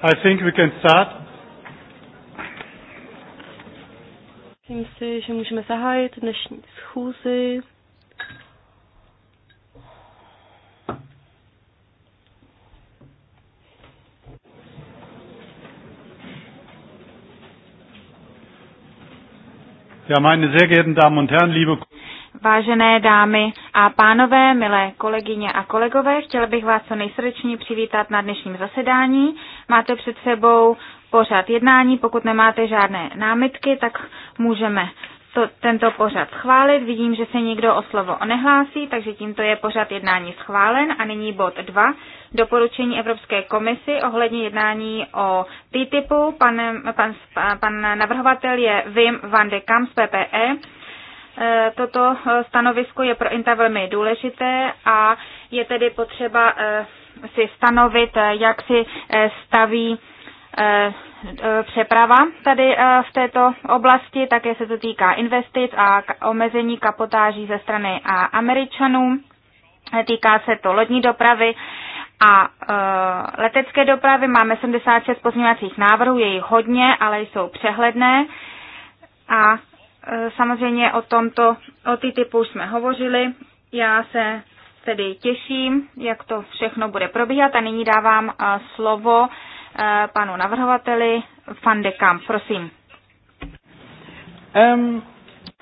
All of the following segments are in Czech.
I think we can start. Myslím si, že můžeme zahájit dnešní schůzi. Ja, meine sehr geehrten Damen und Herren, liebe Vážené dámy a pánové, milé kolegyně a kolegové, chtěla bych vás co nejsrdečněji přivítat na dnešním zasedání. Máte před sebou pořad jednání. Pokud nemáte žádné námitky, tak můžeme to, tento pořad schválit. Vidím, že se nikdo o slovo nehlásí, takže tímto je pořad jednání schválen. A nyní bod 2. Doporučení Evropské komisi ohledně jednání o TTIPu. Pan, pan, pan navrhovatel je Wim van de Kamp z PPE. E, toto stanovisko je pro INTA velmi důležité a je tedy potřeba e, si stanovit, eh, jak si eh, staví eh, přeprava tady v této oblasti, také se to týká investic a omezení kapotáží ze strany Američanů. Týká se to lodní dopravy a letecké dopravy. Máme 76 pozměňovacích návrhů, je jich hodně, ale jsou přehledné. A samozřejmě o tomto, o ty typu už jsme hovořili. Já se tedy těším, jak to všechno bude probíhat a nyní dávám eh, slovo eh, panu navrhovateli Fandekam. Prosím. Um.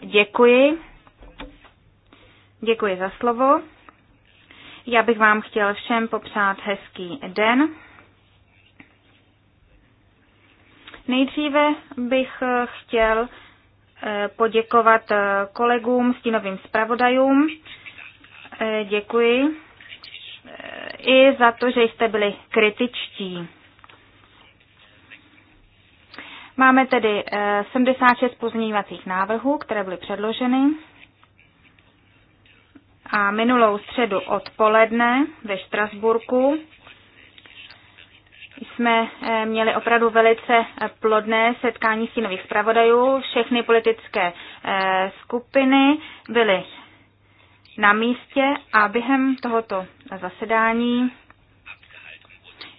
Děkuji. Děkuji za slovo. Já bych vám chtěl všem popřát hezký den. Nejdříve bych eh, chtěl poděkovat kolegům, stínovým zpravodajům, E, děkuji e, i za to, že jste byli kritičtí. Máme tedy 76 e, pozměňovacích návrhů, které byly předloženy. A minulou středu odpoledne ve Štrasburku jsme měli opravdu velice plodné setkání stínových zpravodajů. Všechny politické skupiny byly na místě a během tohoto zasedání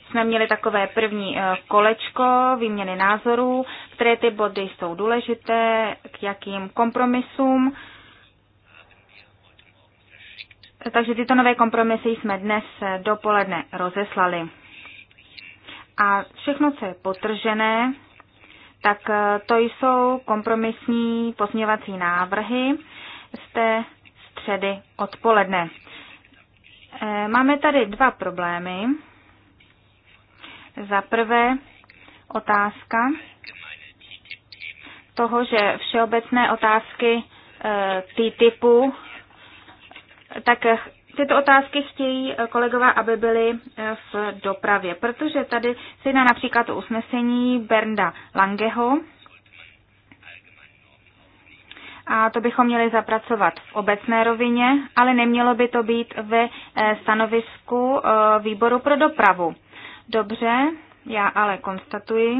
jsme měli takové první eh, kolečko výměny názorů, které ty body jsou důležité, k jakým kompromisům. Takže tyto nové kompromisy jsme dnes eh, dopoledne rozeslali. A všechno, co je potržené, tak eh, to jsou kompromisní pozměňovací návrhy z té středy odpoledne. Eh, máme tady dva problémy. Za prvé otázka toho, že všeobecné otázky eh, typu tak eh, tyto otázky chtějí kolegové, aby byly v dopravě, protože tady se jedná například o usnesení Bernda Langeho, a to bychom měli zapracovat v obecné rovině, ale nemělo by to být ve eh, stanovisku eh, výboru pro dopravu. Dobře, já ale konstatuji,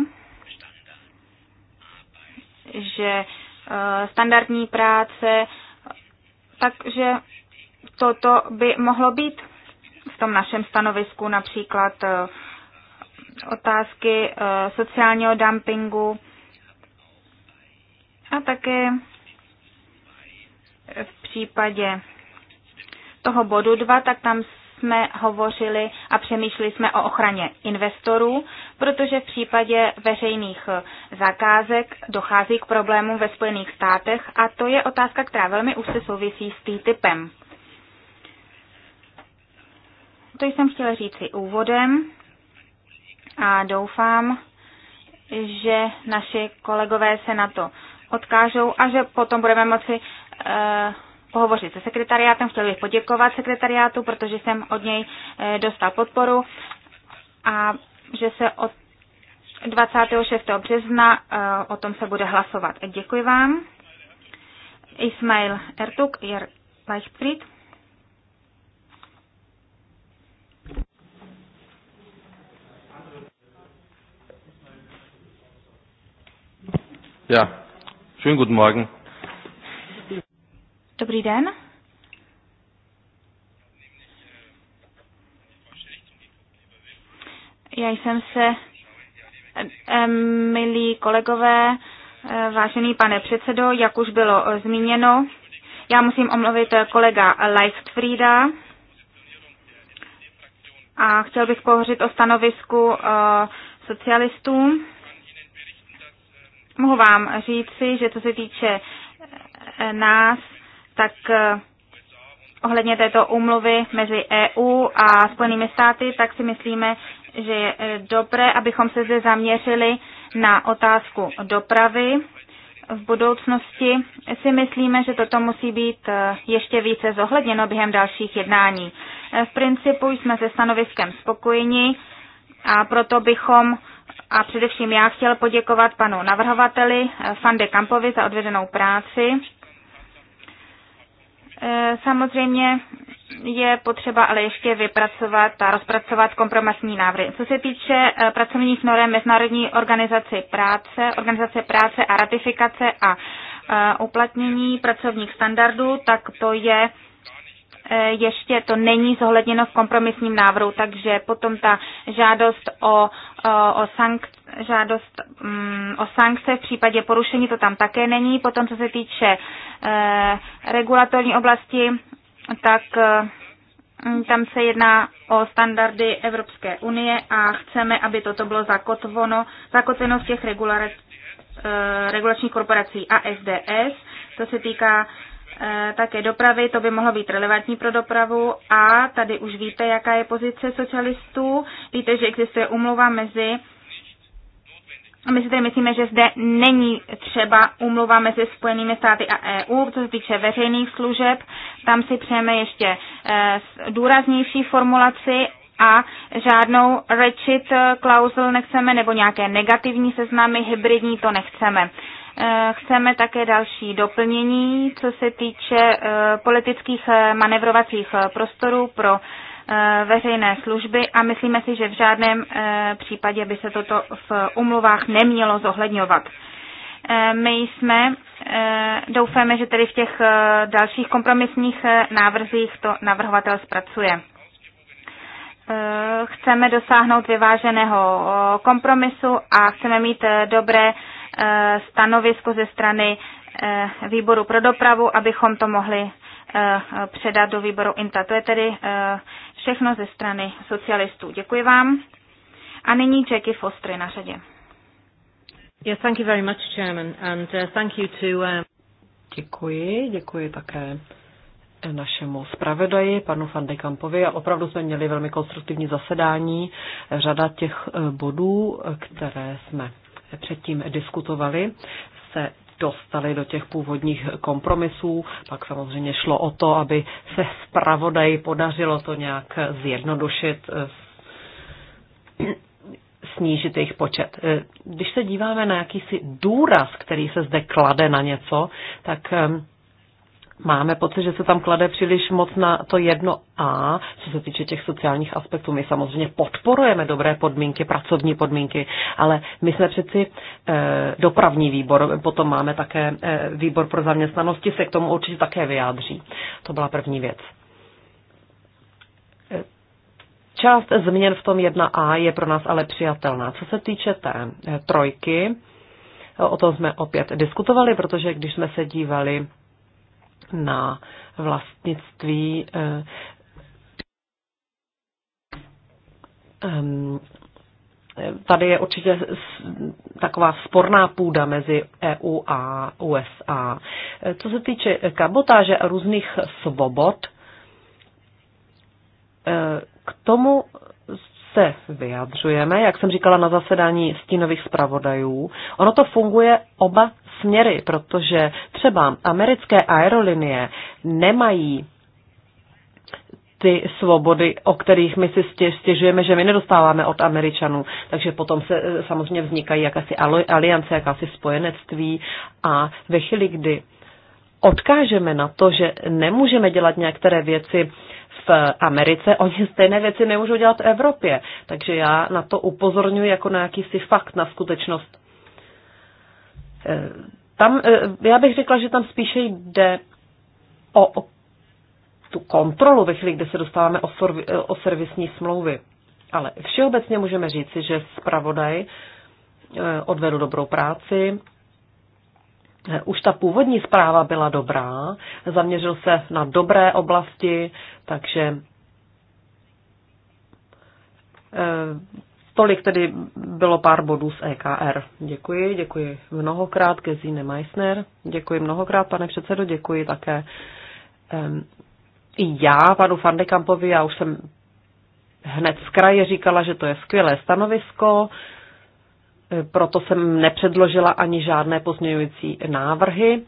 že eh, standardní práce, takže toto by mohlo být v tom našem stanovisku například otázky sociálního dumpingu a také v případě toho bodu 2, tak tam jsme hovořili a přemýšleli jsme o ochraně investorů, protože v případě veřejných zakázek dochází k problémům ve Spojených státech a to je otázka, která velmi úzce souvisí s TTIPem. To jsem chtěla říct si úvodem a doufám, že naši kolegové se na to odkážou a že potom budeme moci Eh, pohovořit se sekretariátem. Chtěl bych poděkovat sekretariátu, protože jsem od něj eh, dostal podporu a že se od 26. března eh, o tom se bude hlasovat. Děkuji vám. Ismail Ertuk, Jer Leichtfried. Ja, schönen guten Morgen. Dobrý den. Já jsem se, milí kolegové, eh, vážený pane předsedo, jak už bylo eh, zmíněno, já musím omluvit eh, kolega Leichtfrieda a chtěl bych pohořit o stanovisku socialistů. Mohu vám říci, že co se týče nás, tak eh, ohledně této úmluvy mezi EU a Spojenými státy, tak si myslíme, že je eh, dobré, abychom se zde zaměřili na otázku dopravy. V budoucnosti si myslíme, že toto musí být eh, ještě více zohledněno během dalších jednání. V principu jsme se stanoviskem spokojeni a proto bychom a především já chtěl poděkovat panu navrhovateli Fande Kampovi za odvedenou práci E, samozřejmě je potřeba ale ještě vypracovat a rozpracovat kompromisní návrhy. Co se týče e, pracovních norem Mezinárodní organizace práce, organizace práce a ratifikace a e, uplatnění pracovních standardů, tak to je ještě to není zohledněno v kompromisním návrhu, takže potom ta žádost o, o, o sankce žádost mm, o sankce v případě porušení, to tam také není. Potom, co se týče eh, regulatorní oblasti, tak eh, tam se jedná o standardy Evropské unie a chceme, aby toto bylo zakotveno, zakotveno v těch regular, eh, regulačních korporací a SDS. To se týká také dopravy, to by mohlo být relevantní pro dopravu a tady už víte, jaká je pozice socialistů. Víte, že existuje umluva mezi a my si tedy myslíme, že zde není třeba umluva mezi Spojenými státy a EU, co se týče veřejných služeb. Tam si přejeme ještě eh, důraznější formulaci a žádnou rečit klauzul nechceme nebo nějaké negativní seznamy, hybridní to nechceme. Eh, chceme také další doplnění, co se týče eh, politických manevrovacích prostorů pro Eh, veřejné služby a myslíme si, že v žádném eh, případě by se toto v umluvách nemělo zohledňovat. Eh, my jsme, doufáme, že tedy v těch dalších kompromisních návrzích to navrhovatel zpracuje. Chceme dosáhnout vyváženého kompromisu a chceme mít dobré stanovisko ze strany výboru pro dopravu, abychom to mohli Eh, předat do výboru INTA. To je tedy eh, všechno ze strany socialistů. Děkuji vám. A nyní Jackie Foster na řadě. Yes, thank you very much, Chairman, and uh, thank you to... uh... Děkuji, děkuji také našemu zpravodaji, panu Van de Kampovi. A opravdu jsme měli velmi konstruktivní zasedání. Řada těch eh, bodů, které jsme předtím diskutovali, se dostali do těch původních kompromisů. Pak samozřejmě šlo o to, aby se zpravodaji podařilo to nějak zjednodušit, eh, snížit jejich počet. Eh, když se díváme na jakýsi důraz, který se zde klade na něco, tak eh, Máme pocit, že se tam klade příliš moc na to jedno A, co se týče těch sociálních aspektů. My samozřejmě podporujeme dobré podmínky, pracovní podmínky, ale my jsme přeci e, dopravní výbor, potom máme také e, výbor pro zaměstnanosti, se k tomu určitě také vyjádří. To byla první věc. Eh, část změn v tom 1A je pro nás ale přijatelná. Co se týče té trojky, o tom jsme opět diskutovali, protože když jsme se dívali na vlastnictví eh, ehm, tady je určitě taková sporná půda mezi EU a USA. Eh, co se týče kabotáže a různých svobod, eh, k tomu se vyjadřujeme, jak jsem říkala na zasedání stínových zpravodajů. Ono to funguje oba směry, protože třeba americké aerolinie nemají ty svobody, o kterých my si stěžujeme, že my nedostáváme od Američanů. Takže potom se e, samozřejmě vznikají jakási aliance, jakási spojenectví a ve chvíli, kdy odkážeme na to, že nemůžeme dělat některé věci v Americe, oni stejné věci nemůžou dělat v Evropě. Takže já na to upozorňuji jako na jakýsi fakt, na skutečnost. Tam, eh, já bych řekla, že tam spíše jde o, o tu kontrolu ve chvíli, kde se dostáváme o, sorvi, o servisní smlouvy. Ale všeobecně můžeme říci, že zpravodaj eh, odvedl dobrou práci. Eh, už ta původní zpráva byla dobrá, zaměřil se na dobré oblasti, takže Tolik tedy bylo pár bodů z EKR. Děkuji, děkuji mnohokrát Gezine Meissner, děkuji mnohokrát pane předsedo, děkuji také um, já panu Fandekampovi, já už jsem hned z kraje říkala, že to je skvělé stanovisko, e, proto jsem nepředložila ani žádné pozměňující návrhy.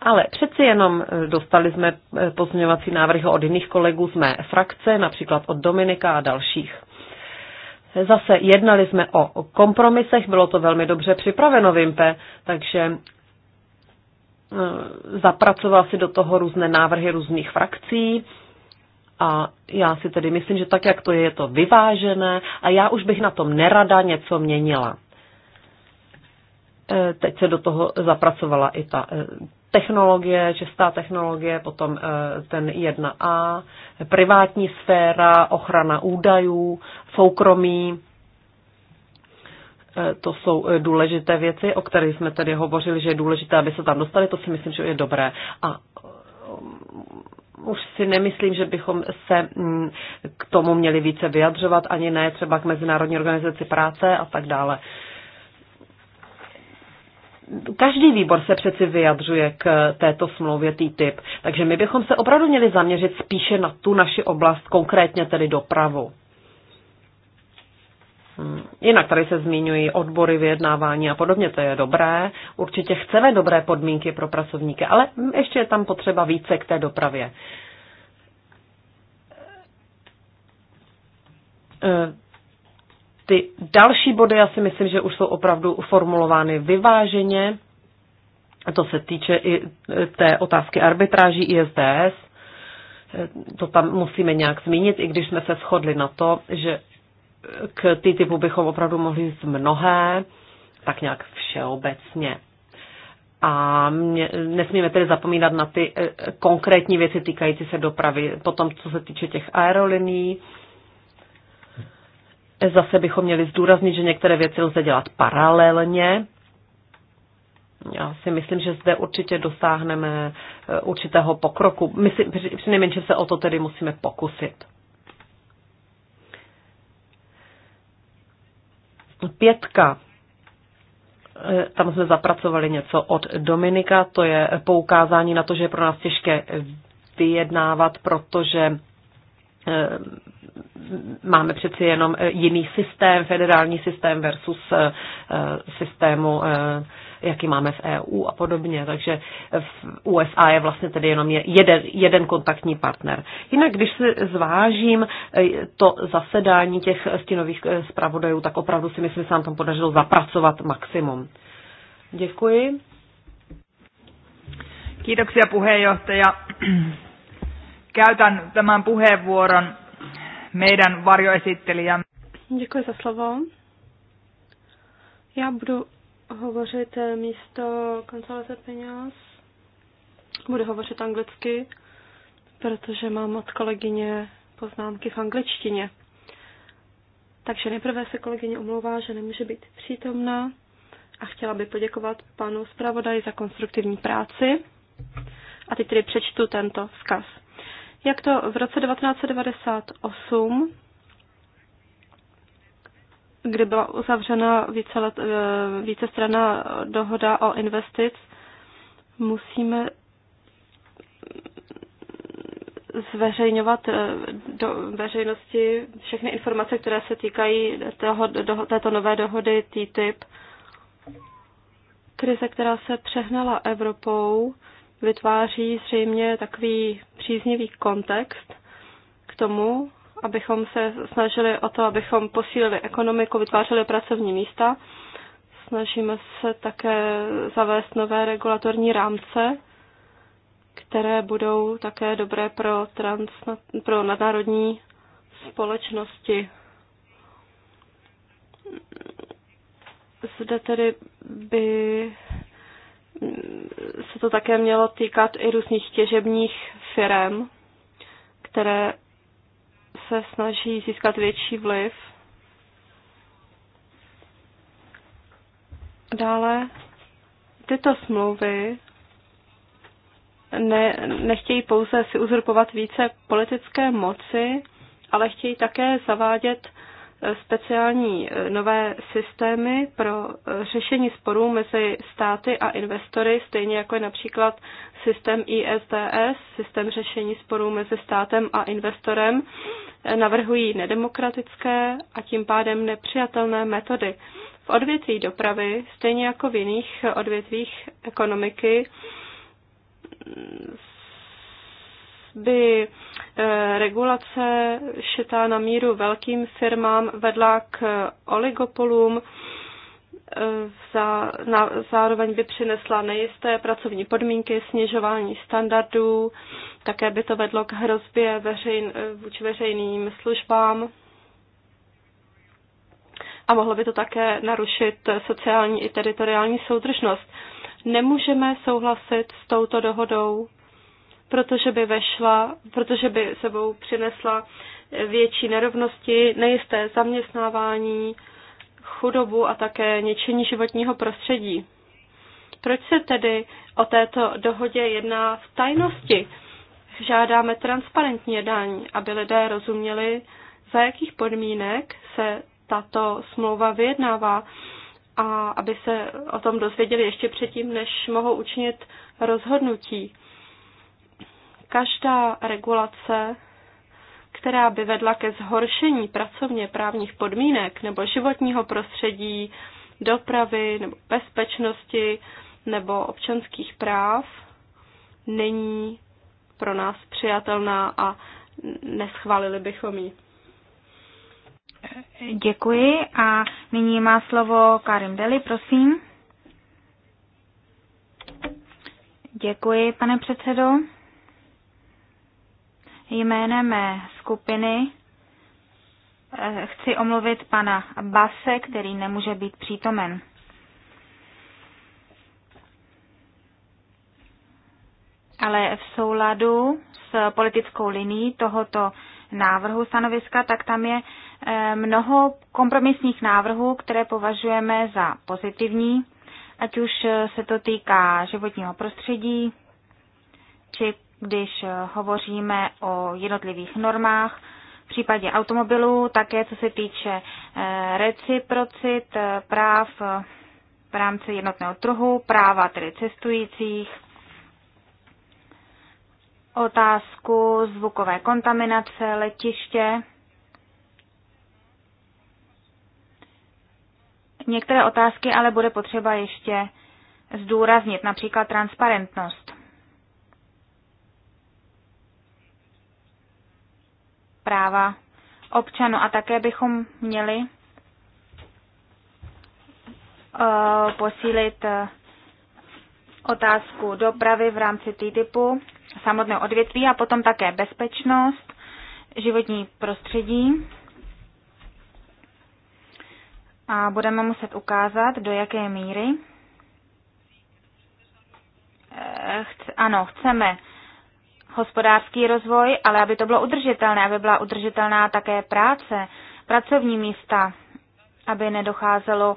Ale přeci jenom e, dostali jsme e, pozměňovací návrhy od jiných kolegů z mé frakce, například od Dominika a dalších. Zase jednali jsme o kompromisech, bylo to velmi dobře připraveno, Vimpe, takže eh, zapracoval si do toho různé návrhy různých frakcí a já si tedy myslím, že tak, jak to je, je to vyvážené a já už bych na tom nerada něco měnila. Eh, teď se do toho zapracovala i ta eh, technologie, čistá technologie, potom eh, ten 1A, privátní sféra, ochrana údajů, soukromí. Eh, to jsou eh, důležité věci, o kterých jsme tady hovořili, že je důležité, aby se tam dostali, to si myslím, že je dobré. A um, už si nemyslím, že bychom se mm, k tomu měli více vyjadřovat, ani ne třeba k Mezinárodní organizaci práce a tak dále. Každý výbor se přeci vyjadřuje k této smlouvě TTIP, takže my bychom se opravdu měli zaměřit spíše na tu naši oblast, konkrétně tedy dopravu. Hmm. Jinak tady se zmiňují odbory, vyjednávání a podobně, to je dobré. Určitě chceme dobré podmínky pro pracovníky, ale ještě je tam potřeba více k té dopravě. Eh, ty další body, já si myslím, že už jsou opravdu formulovány vyváženě. To se týče i e, té otázky arbitráží ISDS. E, to tam musíme nějak zmínit, i když jsme se shodli na to, že e, k typu bychom opravdu mohli z mnohé, tak nějak všeobecně. A mě, nesmíme tedy zapomínat na ty konkrétní věci týkající se dopravy. Potom, co se týče těch aerolinií, Zase bychom měli zdůraznit, že některé věci lze dělat paralelně. Já si myslím, že zde určitě dosáhneme eh, určitého pokroku. My si, přinejmenším se o to tedy musíme pokusit. Pětka. Eh, tam jsme zapracovali něco od Dominika, to je poukázání na to, že je pro nás těžké vyjednávat, protože eh, máme přeci jenom eh, jiný systém, federální systém versus eh, eh, systému, jaký máme v EU a podobně. Takže v USA je vlastně tedy jenom jeden, jeden kontaktní partner. Jinak, když si zvážím to zasedání těch stinových zpravodajů, tak opravdu si myslím, že se nám tam podařilo zapracovat maximum. Děkuji. Kiitoksia puheenjohtaja. Käytän tämän puheenvuoron meidän varjoesittelijämme. Děkuji za slovo. Já budu hovořit eh, místo kanceláře peněz. Budu hovořit anglicky, protože mám od kolegyně poznámky v angličtině. Takže nejprve se kolegyně omlouvá, že nemůže být přítomná a chtěla by poděkovat panu zpravodaji za konstruktivní práci. A teď tedy přečtu tento vzkaz jak to v roce 1998, kdy byla uzavřena více let, eh, vícestraná dohoda o investic, musíme zveřejňovat eh, do veřejnosti všechny informace, které se týkají toho, do, této nové dohody TTIP. Krize, která se přehnala Evropou, vytváří zřejmě takový příznivý kontext k tomu, abychom se snažili o to, abychom posílili ekonomiku, vytvářeli pracovní místa. Snažíme se také zavést nové regulatorní rámce, které budou také dobré pro, trans, pro nadnárodní společnosti. Zde tedy by se to také mělo týkat i různých těžebních firm, které se snaží získat větší vliv. Dále tyto smlouvy ne, nechtějí pouze si uzurpovat více politické moci, ale chtějí také zavádět speciální eh, nové systémy pro eh, řešení sporů mezi státy a investory, stejně jako je například systém ISDS, systém řešení sporů mezi státem a investorem, eh, navrhují nedemokratické a tím pádem nepřijatelné metody. V odvětví dopravy, stejně jako v jiných odvětvích ekonomiky, by eh, regulace šitá na míru velkým firmám vedla k oligopolům, eh, za, na, zároveň by přinesla nejisté pracovní podmínky, snižování standardů, také by to vedlo k hrozbě veřejn, eh, vůči veřejným službám a mohlo by to také narušit sociální i teritoriální soudržnost. Nemůžeme souhlasit s touto dohodou protože by vešla, protože by sebou přinesla větší nerovnosti, nejisté zaměstnávání, chudobu a také ničení životního prostředí. Proč se tedy o této dohodě jedná v tajnosti? Žádáme transparentní jednání, aby lidé rozuměli, za jakých podmínek se tato smlouva vyjednává a aby se o tom dozvěděli ještě předtím, než mohou učinit rozhodnutí. Každá regulace, která by vedla ke zhoršení pracovně právních podmínek nebo životního prostředí, dopravy nebo bezpečnosti nebo občanských práv, není pro nás přijatelná a neschválili bychom ji. Děkuji a nyní má slovo Karim Deli, prosím. Děkuji, pane předsedo. Jménem mé skupiny eh, chci omluvit pana Base, který nemůže být přítomen. Ale v souladu s politickou linií tohoto návrhu stanoviska, tak tam je eh, mnoho kompromisních návrhů, které považujeme za pozitivní, ať už eh, se to týká životního prostředí či když eh, hovoříme o jednotlivých normách, v případě automobilů, také co se týče eh, reciprocit eh, práv v rámci jednotného trhu, práva tedy cestujících, otázku zvukové kontaminace letiště. Některé otázky ale bude potřeba ještě zdůraznit, například transparentnost. práva občanů. A také bychom měli eh, posílit eh, otázku dopravy v rámci TTIPu, samotné odvětví a potom také bezpečnost, životní prostředí. A budeme muset ukázat, do jaké míry eh, ano, chceme hospodářský rozvoj, ale aby to bylo udržitelné, aby byla udržitelná také práce, pracovní místa, aby nedocházelo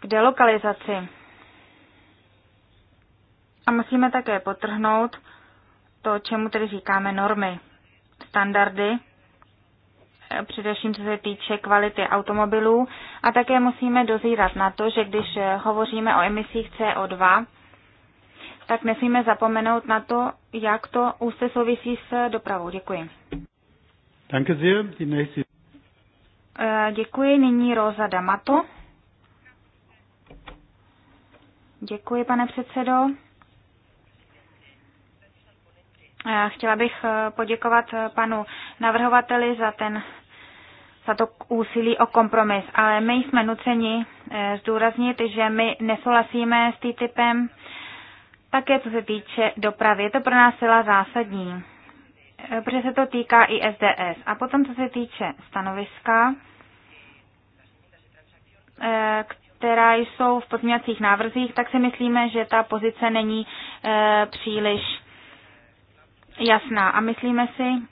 k delokalizaci. A musíme také potrhnout to, čemu tedy říkáme normy, standardy, především co se týče kvality automobilů. A také musíme dozírat na to, že když hovoříme o emisích CO2, tak nesmíme zapomenout na to, jak to úzce souvisí s dopravou. Děkuji. Danke sehr. Die nächste... Eh, děkuji. Nyní Rosa Damato. Děkuji, pane předsedo. Eh, chtěla bych eh, poděkovat panu navrhovateli za ten za to úsilí o kompromis, ale my jsme nuceni zdůraznit, že my nesouhlasíme s TTIPem, také co se týče dopravy, je to pro nás celá zásadní, eh, protože se to týká i SDS. A potom, co se týče stanoviska, eh, která jsou v pozměňovacích návrzích, tak si myslíme, že ta pozice není eh, příliš jasná. A myslíme si,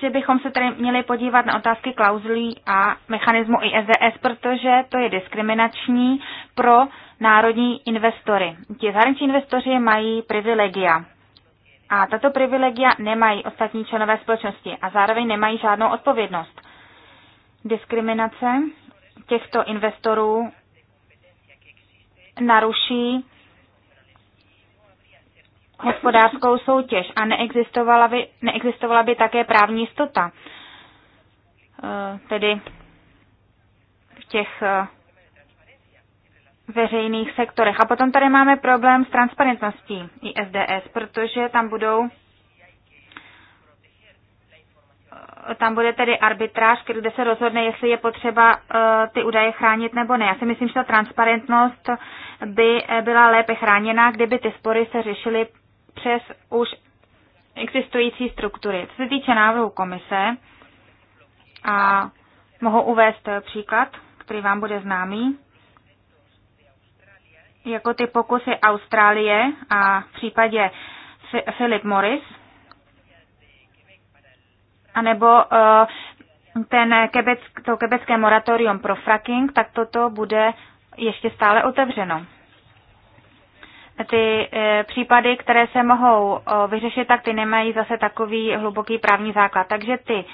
že bychom se tedy měli podívat na otázky klauzulí a mechanismu ISDS, protože to je diskriminační pro národní investory. Ti zahraniční investoři mají privilegia. A tato privilegia nemají ostatní členové společnosti a zároveň nemají žádnou odpovědnost. Diskriminace těchto investorů naruší hospodářskou soutěž a neexistovala by, neexistovala by také právní jistota. E, tedy v těch e, veřejných sektorech. A potom tady máme problém s transparentností ISDS, protože tam budou e, tam bude tedy arbitráž, kde se rozhodne, jestli je potřeba ty údaje chránit nebo ne. Já si myslím, že ta transparentnost by byla lépe chráněna, kdyby ty spory se řešily přes už existující struktury. Co se týče návrhu komise, a mohu uvést příklad, který vám bude známý, jako ty pokusy Austrálie a v případě Philip Morris, anebo eh, ten kebeck, to kebecké moratorium pro fracking, tak toto bude ještě stále otevřeno ty e, případy, které se mohou e, vyřešit, tak ty nemají zase takový hluboký právní základ. Takže ty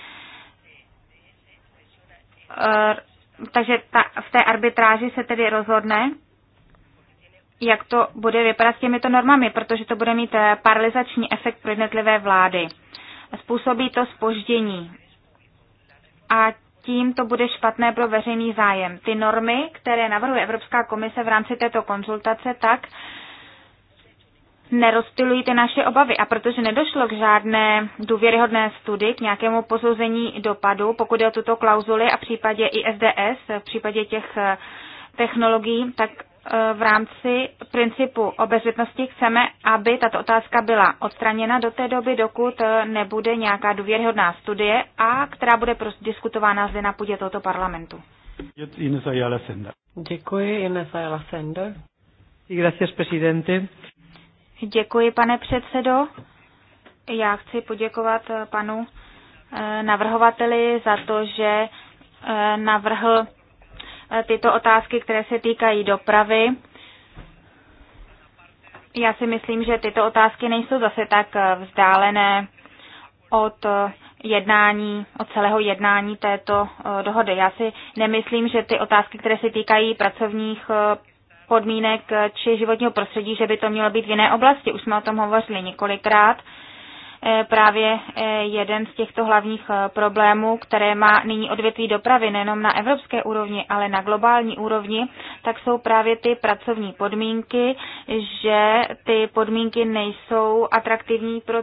e, takže ta, v té arbitráži se tedy rozhodne, jak to bude vypadat s těmito normami, protože to bude mít paralizační efekt pro jednotlivé vlády. Způsobí to spoždění a tím to bude špatné pro veřejný zájem. Ty normy, které navrhuje Evropská komise v rámci této konzultace, tak nerozptilují naše obavy. A protože nedošlo k žádné důvěryhodné studii, k nějakému posouzení dopadu, pokud je o tuto klauzuli a v případě ISDS, v případě těch eh, technologií, tak eh, v rámci principu obezřetnosti chceme, aby tato otázka byla odstraněna do té doby, dokud eh, nebude nějaká důvěryhodná studie, a která bude prostě diskutována zde na půdě tohoto parlamentu. Děkuji, Ines Ayala Sender. Děkuji, pane předsedo. Já chci poděkovat panu eh, navrhovateli za to, že eh, navrhl eh, tyto otázky, které se týkají dopravy. Já si myslím, že tyto otázky nejsou zase tak vzdálené od jednání, od celého jednání této dohody. Já si nemyslím, že ty otázky, které se týkají pracovních podmínek eh, či životního prostředí, že by to mělo být v jiné oblasti. Už jsme o tom hovořili několikrát. Eh, právě eh, jeden z těchto hlavních problémů, které má nyní odvětví dopravy nejenom na evropské úrovni, ale na globální úrovni, tak jsou právě ty pracovní podmínky, že ty podmínky nejsou atraktivní pro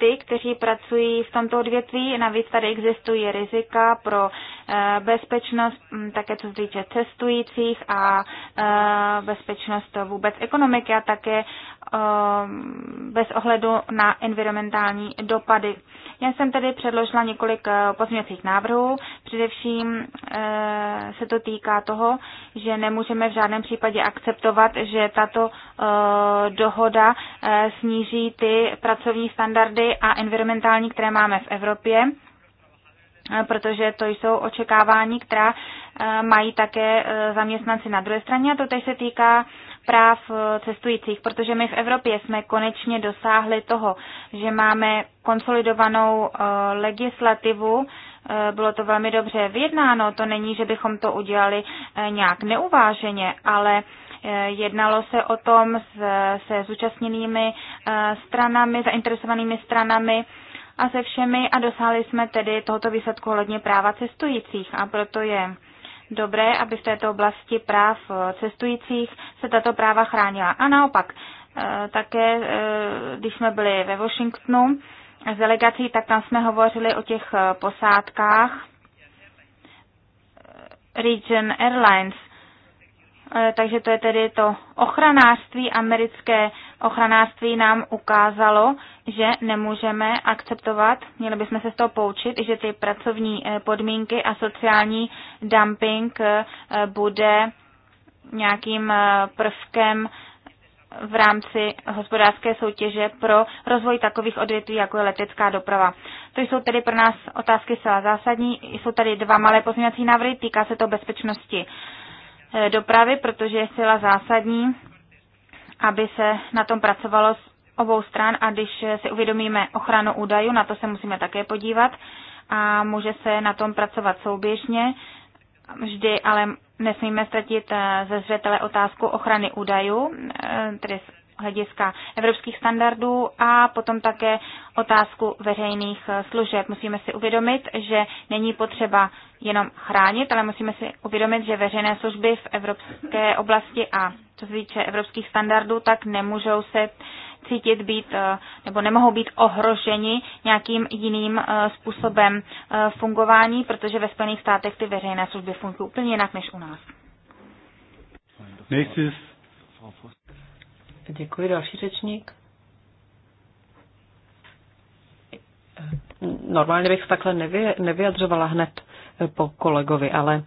ty, kteří pracují v tomto odvětví. Navíc tady existují rizika pro eh, bezpečnost, mm, také co se týče cestujících a eh, bezpečnost vůbec ekonomiky a také eh, bez ohledu na environmentální dopady. Já jsem tedy předložila několik pozměňovacích návrhů. Především se to týká toho, že nemůžeme v žádném případě akceptovat, že tato dohoda sníží ty pracovní standardy a environmentální, které máme v Evropě, protože to jsou očekávání, která eh, mají také eh, zaměstnanci na druhé straně a to teď se týká práv eh, cestujících, protože my v Evropě jsme konečně dosáhli toho, že máme konsolidovanou legislativu, bylo to velmi dobře vyjednáno, to není, že bychom to udělali nějak neuváženě, ale Eh, jednalo se o tom se zúčastněnými eh, stranami, zainteresovanými stranami a se všemi a dosáhli jsme tedy tohoto výsledku ohledně práva cestujících a proto je dobré, aby v této oblasti práv eh, cestujících se tato práva chránila. A naopak, také když jsme byli ve Washingtonu s delegací, tak tam jsme hovořili o těch posádkách Region Airlines, Eh, takže to je tedy to ochranářství, americké ochranářství nám ukázalo, že nemůžeme akceptovat, měli bychom se z toho poučit, že ty pracovní eh, podmínky a sociální dumping eh, bude nějakým prvkem v rámci hospodářské soutěže pro rozvoj takových odvětví, jako je letecká doprava. To jsou tedy pro nás otázky zcela zásadní. Jsou tady dva malé pozměňovací návrhy, týká se to bezpečnosti Eh, dopravy, protože je sila zásadní, aby se na tom pracovalo s obou stran a když si uvědomíme ochranu údajů, na to se musíme také podívat a může se na tom pracovat souběžně, vždy ale nesmíme ztratit eh, ze zřetele otázku ochrany údajů, eh, tedy z hlediska evropských standardů a potom také otázku veřejných služeb. Musíme si uvědomit, že není potřeba jenom chránit, ale musíme si uvědomit, že veřejné služby v evropské oblasti a co se týče evropských standardů, tak nemůžou se cítit být eh, nebo nemohou být ohroženi nějakým jiným eh, způsobem eh, fungování, protože ve Spojených státech ty veřejné služby fungují úplně jinak než u nás. Děkuji, další řečník. Normálně bych se takhle nevy, nevyjadřovala hned po kolegovi, ale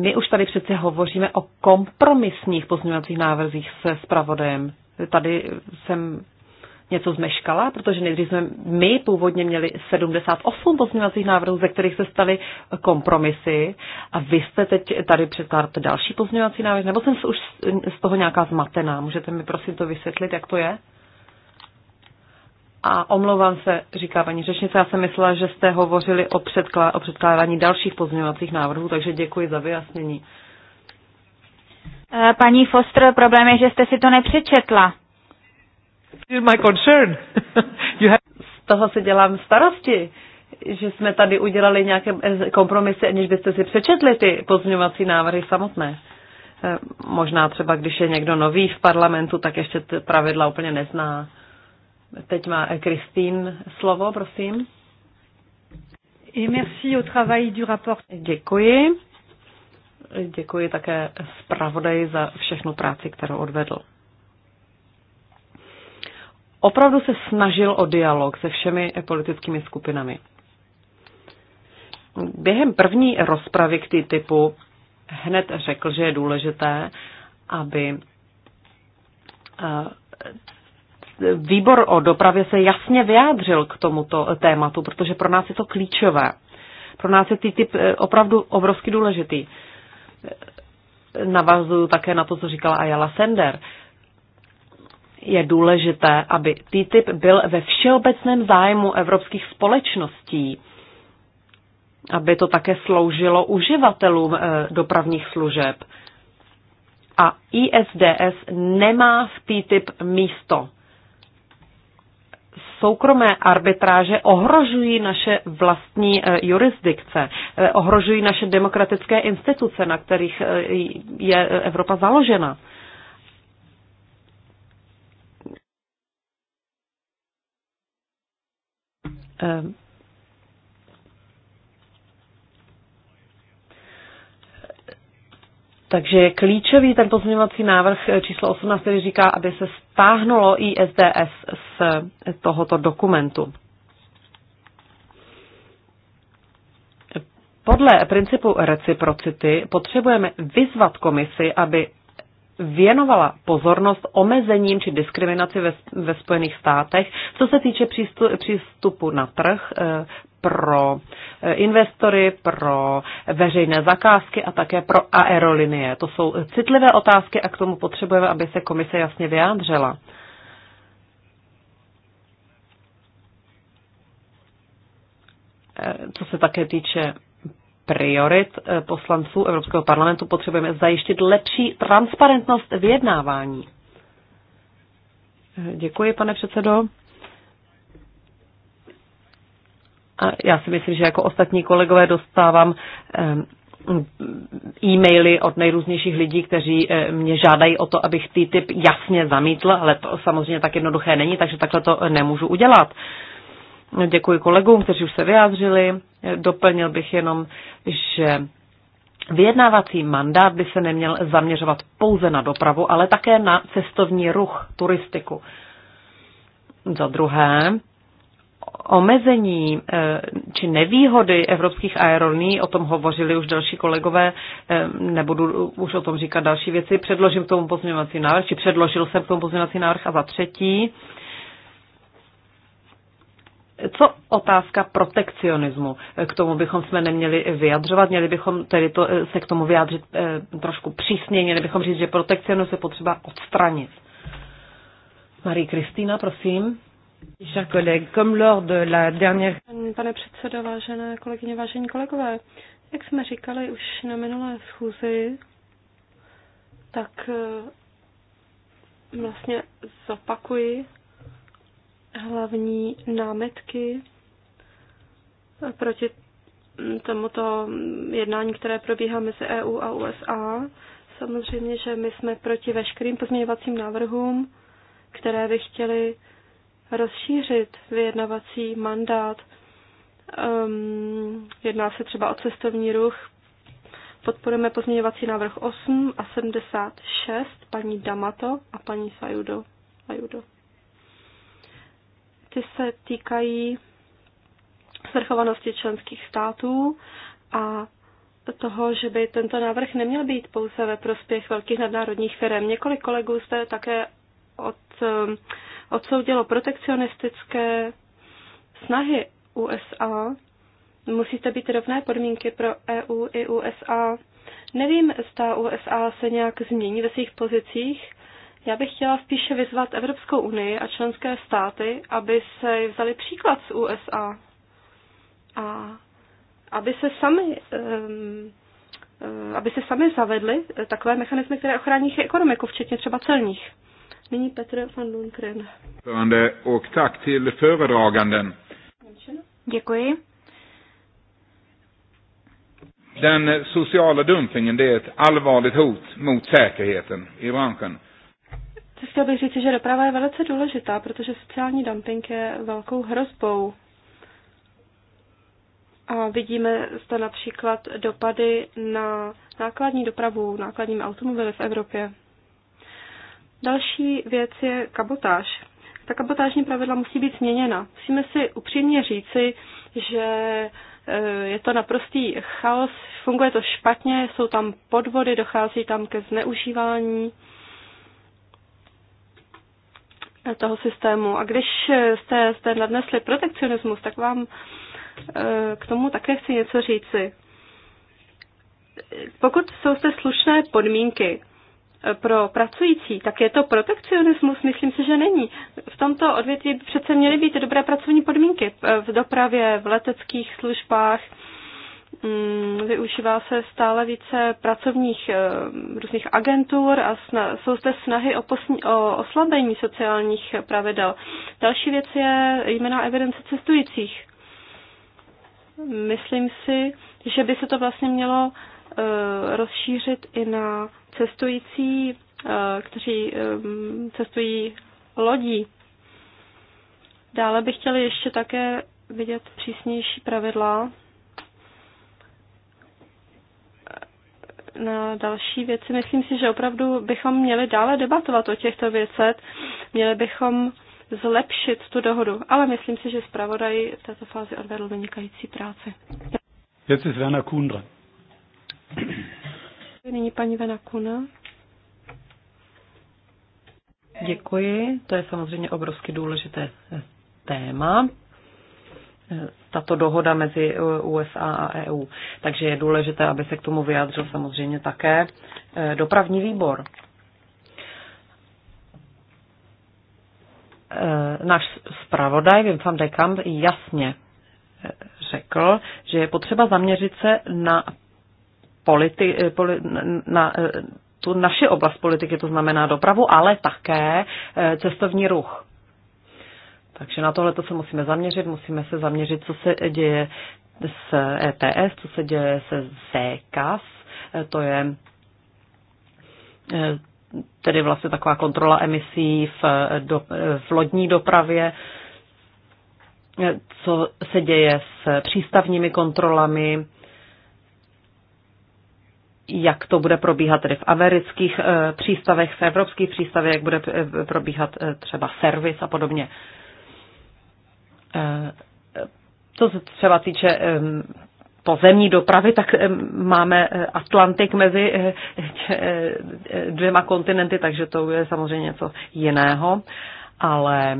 my už tady přece hovoříme o kompromisních pozměňovacích návrzích se zpravodajem. Tady jsem něco zmeškala, protože nejdřív jsme my původně měli 78 pozměňovacích návrhů, ze kterých se staly kompromisy a vy jste teď tady předkládáte další pozměňovací návrh, nebo jsem se už z toho nějaká zmatená. Můžete mi prosím to vysvětlit, jak to je? A omlouvám se, říká paní řečnice, já jsem myslela, že jste hovořili o, předklá, o předkládání dalších pozměňovacích návrhů, takže děkuji za vyjasnění. Eh, paní Foster, problém je, že jste si to nepřečetla. My concern. you have... Z toho se dělám starosti, že jsme tady udělali nějaké eh, kompromisy, aniž byste si přečetli ty pozměňovací návrhy samotné. Eh, možná třeba, když je někdo nový v parlamentu, tak ještě ty pravidla úplně nezná. Teď má Kristýn slovo, prosím. merci au travail du rapport. Děkuji. Děkuji také zpravodaji za všechnu práci, kterou odvedl. Opravdu se snažil o dialog se všemi politickými skupinami. Během první rozpravy k typu hned řekl, že je důležité, aby eh, výbor o dopravě se jasně vyjádřil k tomuto tématu, protože pro nás je to klíčové. Pro nás je ty typ eh, opravdu obrovsky důležitý. Eh, navazuju také na to, co říkala Ayala Sender. Je důležité, aby TTIP byl ve všeobecném zájmu evropských společností, aby to také sloužilo uživatelům eh, dopravních služeb. A ISDS nemá v TTIP místo soukromé arbitráže ohrožují naše vlastní eh, jurisdikce, eh, ohrožují naše demokratické instituce, na kterých eh, je Evropa založena. Takže je klíčový ten pozměňovací návrh číslo 18, který říká, aby se stáhnulo ISDS z tohoto dokumentu. Podle principu reciprocity potřebujeme vyzvat komisi, aby věnovala pozornost omezením či diskriminaci ve, ve Spojených státech, co se týče přístupu na trh eh, pro eh, investory, pro veřejné zakázky a také pro aerolinie. To jsou citlivé otázky a k tomu potřebujeme, aby se komise jasně vyjádřila. Eh, co se také týče priorit eh, poslanců Evropského parlamentu potřebujeme zajištit lepší transparentnost vyjednávání. Eh, děkuji, pane předsedo. A já si myslím, že jako ostatní kolegové dostávám eh, e-maily od nejrůznějších lidí, kteří mě žádají o to, abych TTIP jasně zamítl, ale to samozřejmě tak jednoduché není, takže takhle to nemůžu udělat. Děkuji kolegům, kteří už se vyjádřili. Doplnil bych jenom, že vyjednávací mandát by se neměl zaměřovat pouze na dopravu, ale také na cestovní ruch, turistiku. Za druhé, omezení eh, či nevýhody evropských aerolíní, o tom hovořili už další kolegové, eh, nebudu už o tom říkat další věci, předložím k tomu pozměňovací návrh, či předložil jsem k tomu pozměňovací návrh a za třetí, co otázka protekcionismu? K tomu bychom jsme neměli vyjadřovat, měli bychom tedy to, eh, se k tomu vyjádřit eh, trošku přísně, měli bychom říct, že protekcionismus je potřeba odstranit. Marie Kristýna, prosím. Pane předsedo, vážené kolegyně, vážení kolegové, jak jsme říkali už na minulé schůzi, tak eh, vlastně zopakuji hlavní námetky proti tomuto jednání, které probíhá mezi EU a USA. Samozřejmě, že my jsme proti veškerým pozměňovacím návrhům, které by chtěli rozšířit vyjednavací mandát. Um, jedná se třeba o cestovní ruch. Podporujeme pozměňovací návrh 8 a 76 paní Damato a paní Sajudo. Sajudo. Ty se týkají svrchovanosti členských států a toho, že by tento návrh neměl být pouze ve prospěch velkých nadnárodních firm. Několik kolegů zde také od, um, odsoudilo protekcionistické snahy USA. Musíte být rovné podmínky pro EU i USA. Nevím, zda USA se nějak změní ve svých pozicích, já bych chtěla spíše vyzvat Evropskou unii a členské státy, aby se vzali příklad z USA a aby se sami um, aby se sami zavedli takové mechanismy, které ochrání jejich ekonomiku, včetně třeba celních. Nyní Petr van Lundgren. Děkuji. Den sociala dumpingen det är ett allvarligt hot mot säkerheten i branschen. Chtěl bych říct, že doprava je velice důležitá, protože sociální dumping je velkou hrozbou. A vidíme zde například dopady na nákladní dopravu nákladními automobily v Evropě. Další věc je kabotáž. Ta kabotážní pravidla musí být změněna. Musíme si upřímně říci, že eh, je to naprostý chaos, funguje to špatně, jsou tam podvody, dochází tam ke zneužívání toho systému. A když jste jste nadnesli protekcionismus, tak vám eh, k tomu také chci něco říci. Pokud jsou zde slušné podmínky eh, pro pracující, tak je to protekcionismus? Myslím si, že není. V tomto odvětví přece měly být dobré pracovní podmínky eh, v dopravě, v leteckých službách, Mm, využívá se stále více pracovních eh, různých agentur a sna, jsou zde snahy o, posni, o oslabení sociálních pravidel. Další věc je jména evidence cestujících. Myslím si, že by se to vlastně mělo eh, rozšířit i na cestující, eh, kteří cestují lodí. Dále bych chtěla ještě také vidět přísnější pravidla na další věci. Myslím si, že opravdu bychom měli dále debatovat o těchto věcech. Měli bychom zlepšit tu dohodu. Ale myslím si, že zpravodaj v této fázi odvedl vynikající práci. Jetzt ist Werner Nyní paní Vena Kuna. Děkuji. To je samozřejmě obrovsky důležité téma tato dohoda mezi USA a EU. Takže je důležité, aby se k tomu vyjádřil samozřejmě také eh, dopravní výbor. Eh, náš zpravodaj Wim van de Kamp jasně eh, řekl, že je potřeba zaměřit se na, politi, poli, na tu naši oblast politiky, to znamená dopravu, ale také cestovní ruch. Takže na tohle se musíme zaměřit, musíme se zaměřit, co se děje s ETS, co se děje se ZKAS, e, to je e, tedy vlastně taková kontrola emisí v, do, v lodní dopravě, e, co se děje s přístavními kontrolami, jak to bude probíhat tedy v amerických přístavech, v evropských přístavech, jak bude probíhat třeba servis a podobně. Co eh, se třeba týče pozemní dopravy, tak máme eh, Atlantik mezi eh, dvěma kontinenty, takže to je samozřejmě něco jiného, ale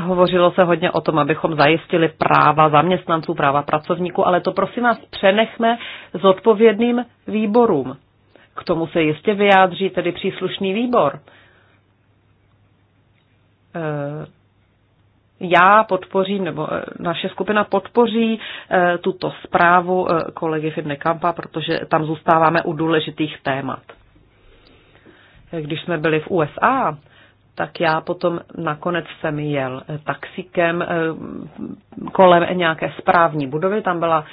hovořilo se hodně o tom, abychom zajistili práva zaměstnanců, práva pracovníků, ale to prosím vás přenechme s odpovědným výborům. K tomu se jistě vyjádří tedy příslušný výbor. Eh, já podpořím, nebo eh, naše skupina podpoří eh, tuto zprávu kolegy Fidne Kampa, protože tam zůstáváme u důležitých témat. Když jsme byli v USA, tak já potom nakonec jsem jel taxíkem kolem nějaké správní budovy, tam byla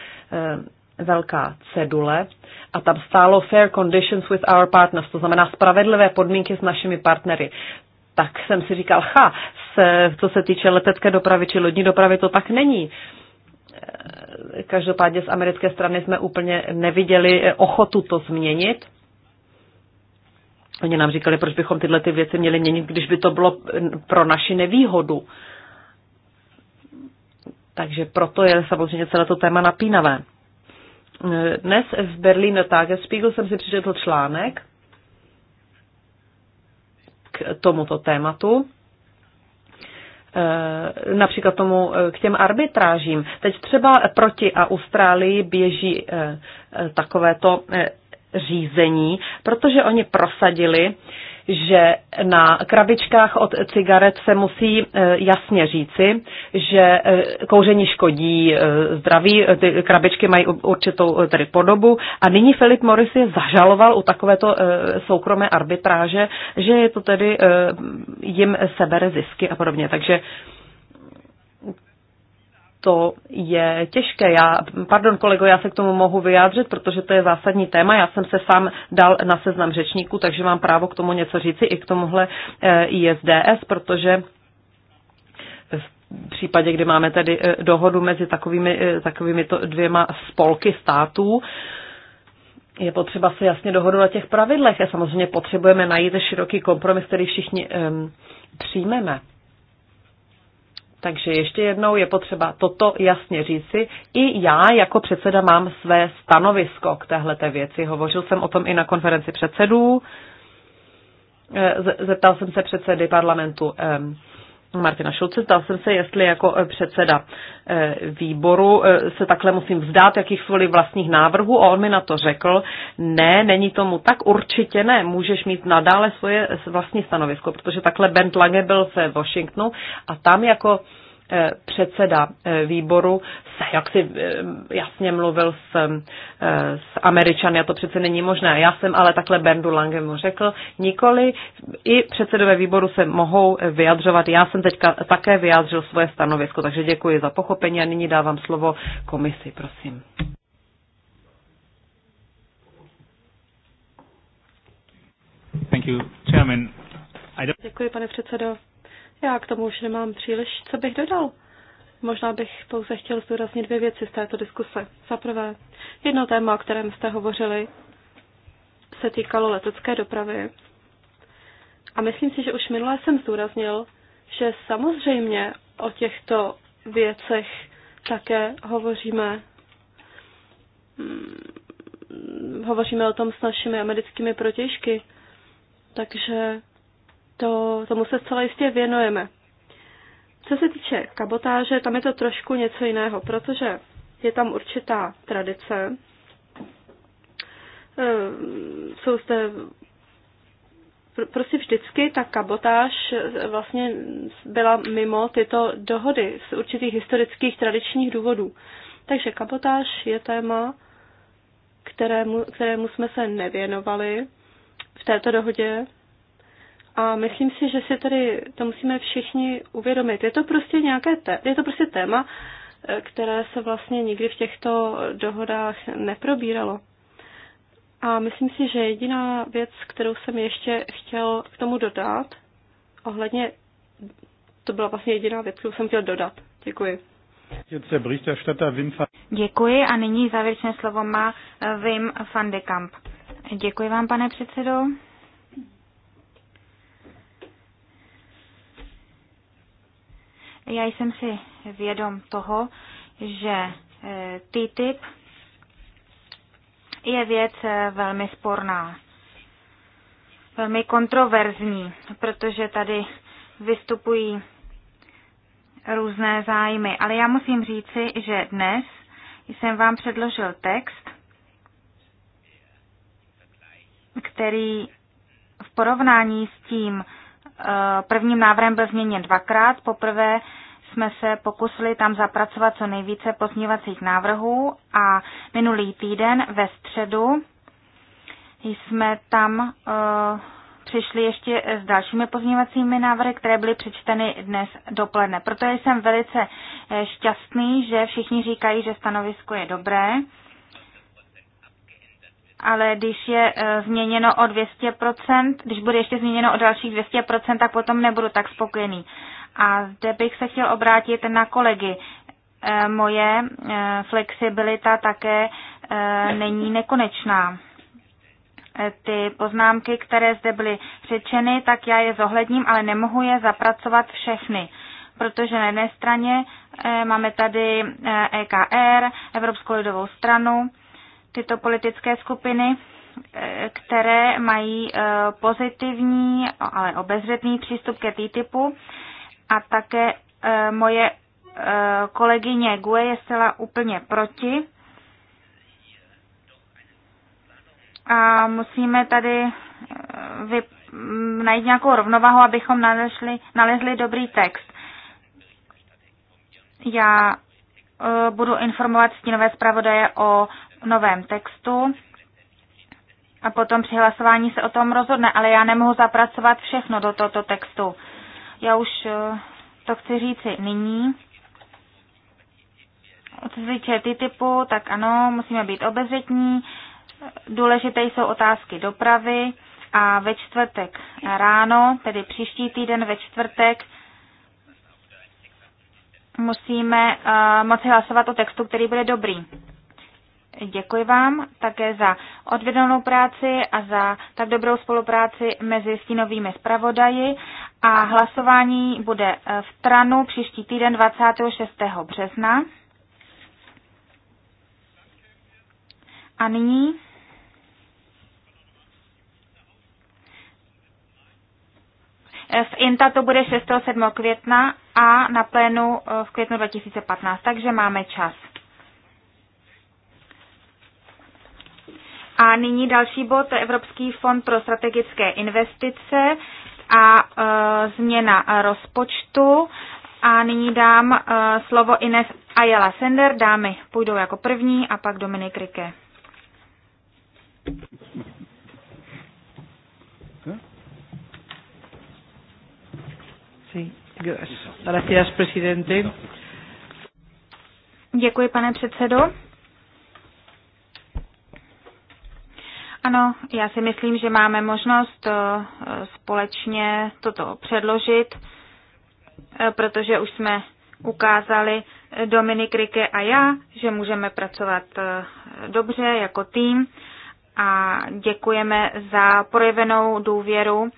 velká cedule a tam stálo Fair Conditions with our partners, to znamená spravedlivé podmínky s našimi partnery tak jsem si říkal, ha, se, co se týče letecké dopravy či lodní dopravy, to tak není. Eh, každopádně z americké strany jsme úplně neviděli eh, ochotu to změnit. Oni nám říkali, proč bychom tyhle ty věci měli měnit, když by to bylo eh, pro naši nevýhodu. Takže proto je samozřejmě celé to téma napínavé. Dnes v Berlín Tagesspiegel jsem si přečetl článek, k tomuto tématu e, například tomu e, k těm arbitrážím. Teď třeba proti Austrálii běží e, takovéto řízení, protože oni prosadili že na krabičkách od cigaret se musí eh, jasně říci, že eh, kouření škodí eh, zdraví, ty krabičky mají určitou tedy podobu a nyní Filip Morris je zažaloval u takovéto soukromé arbitráže, že je to tedy jim sebere zisky a podobně. Takže to je těžké. Já, pardon kolego, já se k tomu mohu vyjádřit, protože to je zásadní téma. Já jsem se sám dal na seznam řečníků, takže mám právo k tomu něco říci i k tomuhle eh, ISDS, protože v případě, kdy máme tedy eh, dohodu mezi takovými, eh, takovými to dvěma spolky států, je potřeba se jasně dohodnout na těch pravidlech a samozřejmě potřebujeme najít široký kompromis, který všichni um, přijmeme. Takže ještě jednou je potřeba toto jasně říci. I já jako předseda mám své stanovisko k téhleté věci. Hovořil jsem o tom i na konferenci předsedů. E, zeptal jsem se předsedy parlamentu Martina Šulce. Zdal jsem se, jestli jako eh, předseda eh, výboru eh, se takhle musím vzdát jakýchkoliv vlastních návrhů a on mi na to řekl, ne, není tomu tak, určitě ne, můžeš mít nadále svoje vlastní stanovisko, protože takhle Bent Lange byl ve Washingtonu a tam jako Eh, předseda eh, výboru se jaksi eh, jasně mluvil s, s Američany a to přece není možné. Já jsem ale takhle Berndu Langemu řekl, nikoli, i předsedové výboru se mohou vyjadřovat. Já jsem teďka také vyjádřil svoje stanovisko, takže děkuji za pochopení a nyní dávám slovo komisi, prosím. Thank you, Chairman. Děkuji, pane předsedo. Já k tomu už nemám příliš, co bych dodal. Možná bych pouze chtěl zdůraznit dvě věci z této diskuse. Za prvé, jedno téma, o kterém jste hovořili, se týkalo letecké dopravy. A myslím si, že už minule jsem zdůraznil, že samozřejmě o těchto věcech také hovoříme. Mm, hovoříme o tom s našimi americkými protěžky. Takže to, tomu se zcela jistě věnujeme. Co se týče kabotáže, tam je to trošku něco jiného, protože je tam určitá tradice. Eh, jsou zde prostě vždycky ta kabotáž eh, vlastně byla mimo tyto dohody z určitých historických tradičních důvodů. Takže kabotáž je téma, kterému, kterému jsme se nevěnovali v této dohodě, a myslím si, že si tady to musíme všichni uvědomit. Je to prostě nějaké je to prostě téma, eh, které se vlastně nikdy v těchto dohodách neprobíralo. A myslím si, že jediná věc, kterou jsem ještě chtěl k tomu dodat, ohledně, to byla vlastně jediná věc, kterou jsem chtěl dodat. Děkuji. Děkuji a nyní závěrečné slovo má eh, Wim van de Kamp. Děkuji vám, pane předsedo. Já jsem si vědom toho, že eh, TTIP je věc eh, velmi sporná, velmi kontroverzní, protože tady vystupují různé zájmy. Ale já musím říci, že dnes jsem vám předložil text, který v porovnání s tím, Eh, prvním návrhem byl změněn dvakrát. Poprvé jsme se pokusili tam zapracovat co nejvíce pozměňovacích návrhů a minulý týden ve středu jsme tam eh, přišli ještě s dalšími pozměňovacími návrhy, které byly přečteny dnes dopoledne. Proto jsem velice eh, šťastný, že všichni říkají, že stanovisko je dobré ale když je e, změněno o 200%, když bude ještě změněno o dalších 200%, tak potom nebudu tak spokojený. A zde bych se chtěl obrátit na kolegy. E, moje e, flexibilita také není nekonečná. Ty poznámky, které zde byly řečeny, tak já je zohledním, ale nemohu je zapracovat všechny protože na jedné straně máme tady EKR, Evropskou lidovou stranu tyto politické skupiny, e, které mají e, pozitivní, ale obezřetný přístup ke TTIPu a také e, moje kolegyně Gue je zcela úplně proti. A musíme tady vy, najít nějakou rovnováhu, abychom nalezli, nalezli dobrý text. Já budu informovat stínové zpravodaje o novém textu a potom při hlasování se o tom rozhodne, ale já nemohu zapracovat všechno do tohoto textu. Já už eh, to chci říci nyní. Co se týče typu, tak ano, musíme být obezřetní. Důležité jsou otázky dopravy a ve čtvrtek ráno, tedy příští týden ve čtvrtek, musíme uh, moci hlasovat o textu, který bude dobrý. Děkuji vám také za odvedenou práci a za tak dobrou spolupráci mezi stínovými zpravodaji a hlasování bude v Tranu příští týden 26. března. A nyní V INTA to bude 6. 7. května a na plénu v květnu 2015, takže máme čas. A nyní další bod, Evropský fond pro strategické investice a e, změna rozpočtu. A nyní dám e, slovo Ines Ayala Sender, dámy půjdou jako první a pak Dominik Rike. Děkuji, pane předsedo. Ano, já si myslím, že máme možnost eh, společně toto předložit, eh, protože už jsme ukázali eh, Dominik Rike a já, že můžeme pracovat dobře jako tým a děkujeme za projevenou důvěru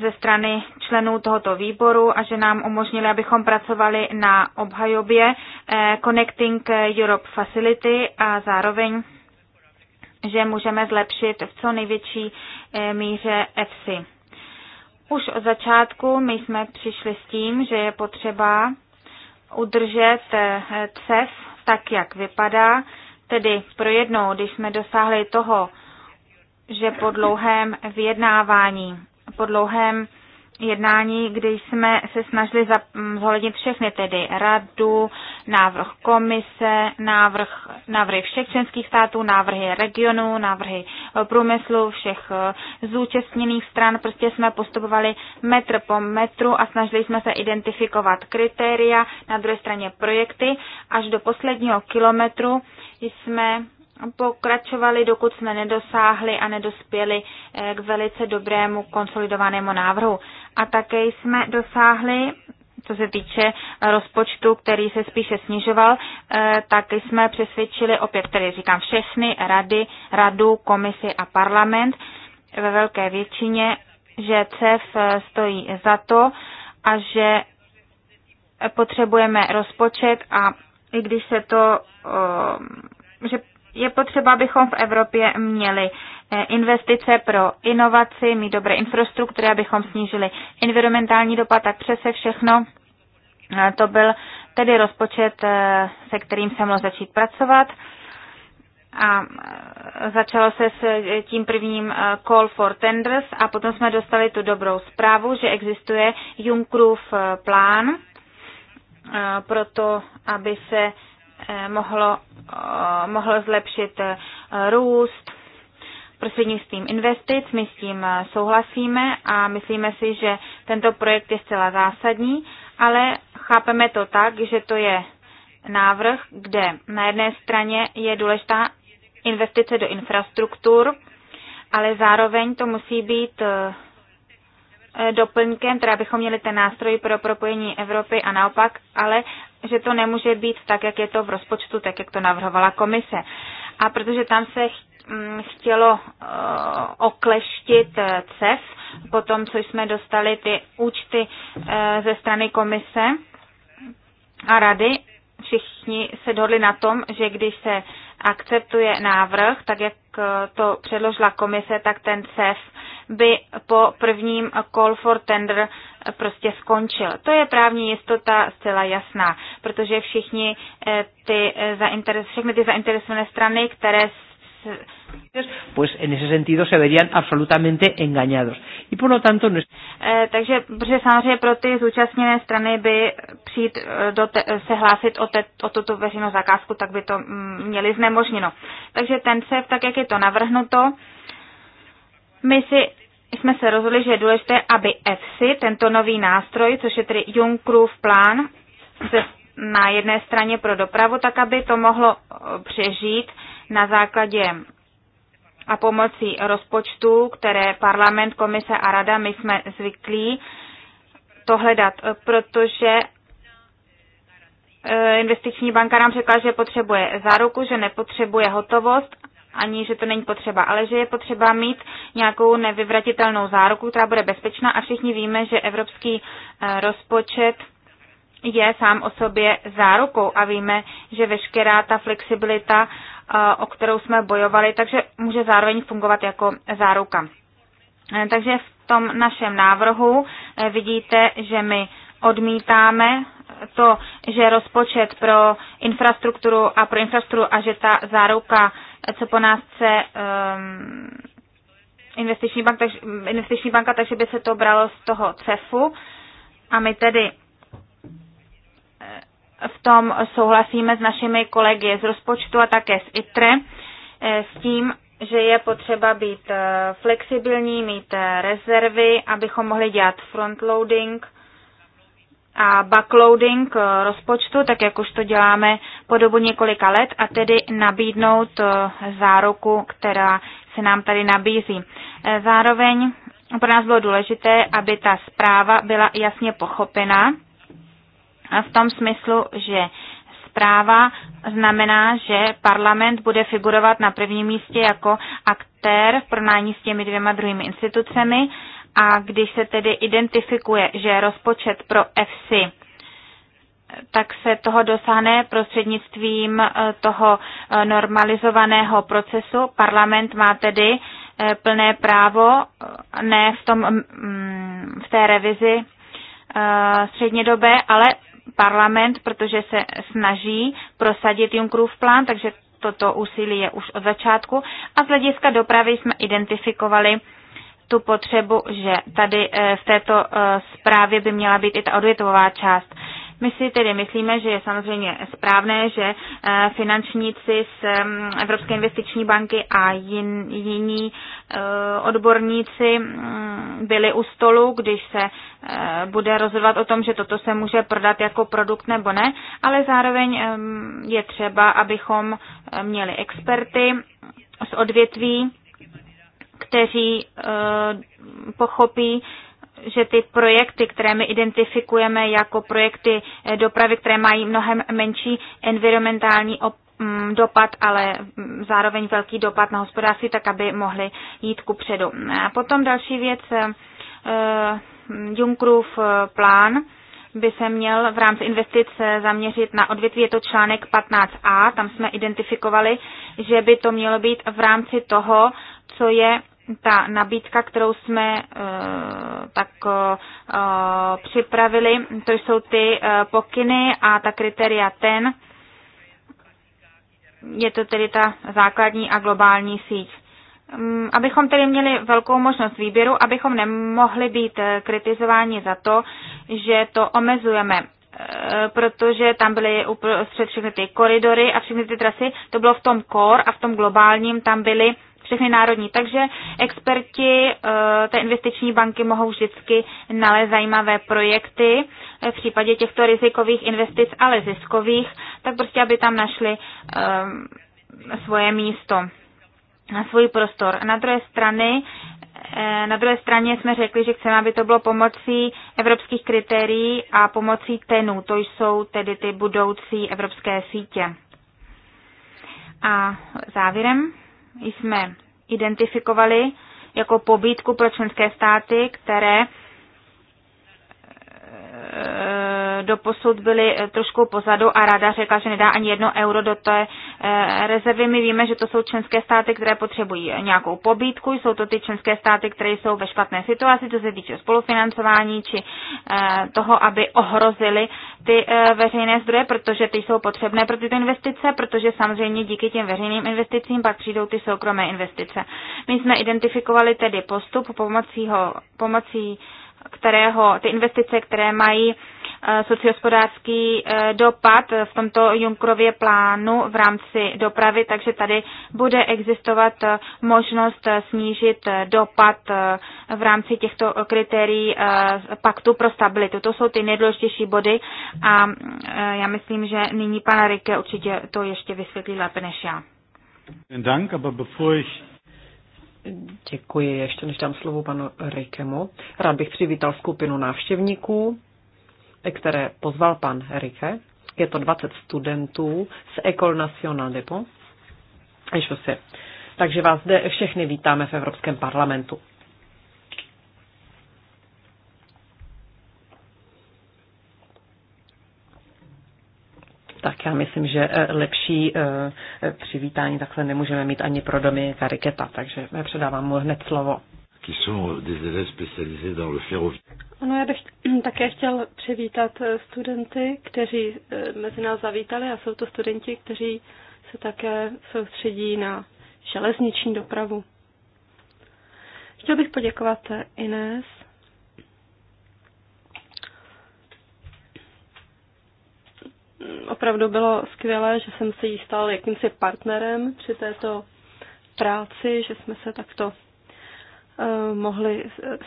ze strany členů tohoto výboru a že nám umožnili, abychom pracovali na obhajobě Connecting Europe Facility a zároveň že můžeme zlepšit v co největší eh, míře EFSI. Už od začátku my jsme přišli s tím, že je potřeba udržet eh, CEF tak, jak vypadá, tedy pro jednou, když jsme dosáhli toho, že po dlouhém vyjednávání, po dlouhém jednání, kde jsme se snažili mm, zohlednit všechny, tedy radu, návrh komise, návrh, návrhy všech členských států, návrhy regionů, návrhy eh, průmyslu, všech eh, zúčastněných stran. Prostě jsme postupovali metr po metru a snažili jsme se identifikovat kritéria, na druhé straně projekty. Až do posledního kilometru jsme pokračovali, dokud jsme nedosáhli a nedospěli eh, k velice dobrému konsolidovanému návrhu. A také jsme dosáhli co se týče rozpočtu, který se spíše snižoval, eh, tak jsme přesvědčili opět, tedy říkám všechny rady, radu, komisi a parlament ve velké většině, že CEF eh, stojí za to a že potřebujeme rozpočet a i když se to, že je potřeba, abychom v Evropě měli eh, investice pro inovaci, mít dobré infrastruktury, abychom snížili environmentální dopad, tak přese všechno. Eh, to byl tedy rozpočet, eh, se kterým se mělo začít pracovat. A začalo se s tím prvním call for tenders a potom jsme dostali tu dobrou zprávu, že existuje Junckerův plán pro to, aby se Eh, mohlo, eh, mohlo zlepšit eh, růst prostřednictvím investic. My s tím souhlasíme a myslíme si, že tento projekt je zcela zásadní, ale chápeme to tak, že to je návrh, kde na jedné straně je důležitá investice do infrastruktur, ale zároveň to musí být doplňkem, teda bychom měli ten nástroj pro propojení Evropy a naopak, ale že to nemůže být tak, jak je to v rozpočtu, tak, jak to navrhovala komise. A protože tam se mm, chtělo eh, okleštit eh, CEF, potom, co jsme dostali ty účty eh, ze strany komise a rady, všichni se dohodli na tom, že když se akceptuje návrh, tak jak to předložila komise, tak ten CEF by po prvním call for tender prostě skončil. To je právní jistota zcela jasná, protože všichni eh, ty eh, zainteres, všechny ty zainteresované strany, které pues en ese sentido se verían absolutamente engañados. Y por lo tanto no es... eh, takže protože samozřejmě pro ty zúčastněné strany by přijít eh, do te, se hlásit o, te, o tuto veřejnou zakázku, tak by to mm, měli znemožněno. Takže ten CEF, tak jak je to navrhnuto, my si jsme se rozhodli, že je důležité, aby EFSI, tento nový nástroj, což je tedy Junckerův plán, ze na jedné straně pro dopravu, tak aby to mohlo eh, přežít na základě a pomocí rozpočtu, které parlament, komise a rada, my jsme zvyklí to hledat, protože e, investiční banka nám řekla, že potřebuje záruku, že nepotřebuje hotovost, ani že to není potřeba, ale že je potřeba mít nějakou nevyvratitelnou záruku, která bude bezpečná a všichni víme, že evropský e, rozpočet je sám o sobě zárukou a víme, že veškerá ta flexibilita o kterou jsme bojovali, takže může zároveň fungovat jako záruka. E, takže v tom našem návrhu e, vidíte, že my odmítáme to, že rozpočet pro infrastrukturu a pro infrastrukturu a že ta záruka, e, co po nás chce um, investiční, bank, takže, investiční banka, takže by se to bralo z toho CEFu. A my tedy v tom souhlasíme s našimi kolegy z rozpočtu a také z ITRE, eh, s tím, že je potřeba být eh, flexibilní, mít eh, rezervy, abychom mohli dělat frontloading a backloading rozpočtu, tak jak už to děláme po dobu několika let, a tedy nabídnout záruku, která se nám tady nabízí. Zároveň pro nás bylo důležité, aby ta zpráva byla jasně pochopena v tom smyslu, že zpráva znamená, že parlament bude figurovat na prvním místě jako aktér v pronání s těmi dvěma druhými institucemi a když se tedy identifikuje, že rozpočet pro EFSI tak se toho dosáhne prostřednictvím eh, toho eh, normalizovaného procesu. Parlament má tedy eh, plné právo, ne v, tom, mm, v té revizi střednědobé, ale parlament, protože se snaží prosadit Junckerův plán, takže toto úsilí je už od začátku. A z hlediska dopravy jsme identifikovali tu potřebu, že tady eh, v této eh, zprávě by měla být i ta odvětvová část. My si tedy myslíme, že je samozřejmě správné, že eh, finančníci z mm, Evropské investiční banky a jin, jiní eh, odborníci mm, byli u stolu, když se eh, bude rozhodovat o tom, že toto se může prodat jako produkt nebo ne, ale zároveň je třeba, abychom měli experty z odvětví, kteří pochopí, že ty projekty, které my identifikujeme jako projekty eh, dopravy, které mají mnohem menší environmentální mm, dopad, ale mm, zároveň velký dopad na hospodářství, tak aby mohly jít ku předu. A potom další věc, eh, mm, Junckerův eh, plán by se měl v rámci investic zaměřit na odvětví, je to článek 15a, tam jsme identifikovali, že by to mělo být v rámci toho, co je ta nabídka, kterou jsme eh, tak eh, připravili, to jsou ty eh, pokyny a ta kritéria ten, je to tedy ta základní a globální síť. Mm, abychom tedy měli velkou možnost výběru, abychom nemohli být kritizováni za to, že to omezujeme protože tam byly uprostřed všechny ty koridory a všechny ty trasy, to bylo v tom core a v tom globálním tam byly všechny národní. Takže experti eh, té investiční banky mohou vždycky nalézt zajímavé projekty eh, v případě těchto rizikových investic, ale ziskových, tak prostě, aby tam našli eh, svoje místo na svůj prostor. Na druhé strany na druhé straně jsme řekli, že chceme, aby to bylo pomocí evropských kritérií a pomocí TENu, to jsou tedy ty budoucí evropské sítě. A závěrem jsme identifikovali jako pobídku pro členské státy, které Eh, do posud byli eh, trošku pozadu a ráda řekla, že nedá ani jedno euro do té eh, rezervy. My víme, že to jsou členské státy, které potřebují nějakou pobídku, jsou to ty členské státy, které jsou ve špatné situaci, co se týče spolufinancování či toho, aby ohrozili ty veřejné zdroje, protože ty jsou potřebné pro tyto investice, protože samozřejmě díky těm veřejným investicím pak přijdou ty soukromé investice. My jsme identifikovali tedy postup pomocí, ho, pomocí kterého, ty investice, které mají eh, sociospodářský eh, dopad v tomto Junkrově plánu v rámci dopravy, takže tady bude existovat eh, možnost snížit dopad v rámci těchto kritérií paktu pro stabilitu. To jsou ty nejdůležitější body a já myslím, že nyní pana Rike určitě to ještě vysvětlí lépe než já. Děkuji, ale bevor ich Děkuji. Ještě než dám slovo panu Rikemu, rád bych přivítal skupinu návštěvníků, které pozval pan Rike. Je to 20 studentů z Ecole Nationale de Takže vás zde všechny vítáme v Evropském parlamentu. tak já myslím, že eh, lepší eh, přivítání takhle nemůžeme mít ani pro domy Kariketa, takže předávám mu hned slovo. Ano, já bych také chtěl přivítat eh, studenty, kteří mezi nás zavítali a jsou to studenti, kteří se také soustředí na železniční dopravu. Chtěl bych poděkovat Inés opravdu bylo skvělé, že jsem se jí stal jakýmsi partnerem při této práci, že jsme se takto eh, mohli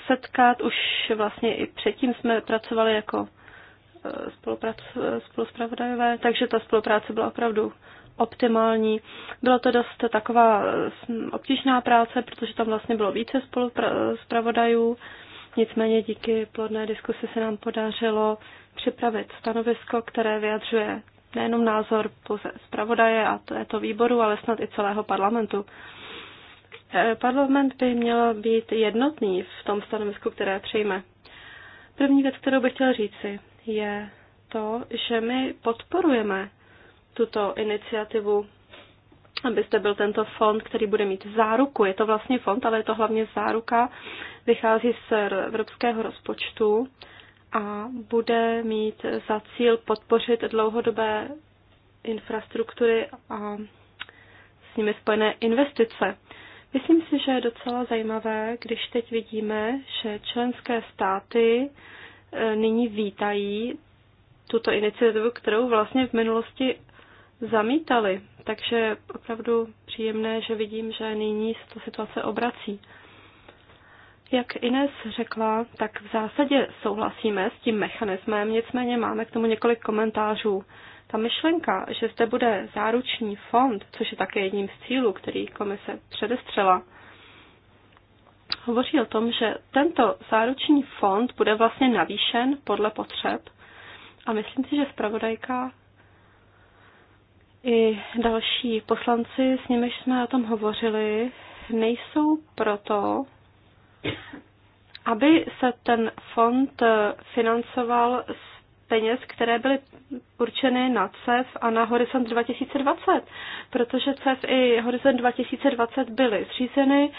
setkat. Už vlastně i předtím jsme pracovali jako eh, spoluspravodajové, takže ta spolupráce byla opravdu optimální. Bylo to dost taková eh, obtížná práce, protože tam vlastně bylo více spoluspravodajů, nicméně díky plodné diskusi se nám podařilo připravit stanovisko, které vyjadřuje nejenom názor pouze zpravodaje a této výboru, ale snad i celého parlamentu. E, parlament by měl být jednotný v tom stanovisku, které přijme. První věc, kterou bych chtěl říci, je to, že my podporujeme tuto iniciativu, aby zde byl tento fond, který bude mít záruku. Je to vlastně fond, ale je to hlavně záruka, vychází z evropského rozpočtu a bude mít za cíl podpořit dlouhodobé infrastruktury a s nimi spojené investice. Myslím si, že je docela zajímavé, když teď vidíme, že členské státy e, nyní vítají tuto iniciativu, kterou vlastně v minulosti zamítali. Takže opravdu příjemné, že vidím, že nyní se to situace obrací. Jak Ines řekla, tak v zásadě souhlasíme s tím mechanismem, nicméně máme k tomu několik komentářů. Ta myšlenka, že zde bude záruční fond, což je také jedním z cílů, který komise předestřela, hovoří o tom, že tento záruční fond bude vlastně navýšen podle potřeb a myslím si, že zpravodajka i další poslanci, s nimiž jsme o tom hovořili, nejsou proto, aby se ten fond eh, financoval z peněz, které byly určeny na CEF a na Horizont 2020, protože CEF i Horizont 2020 byly zřízeny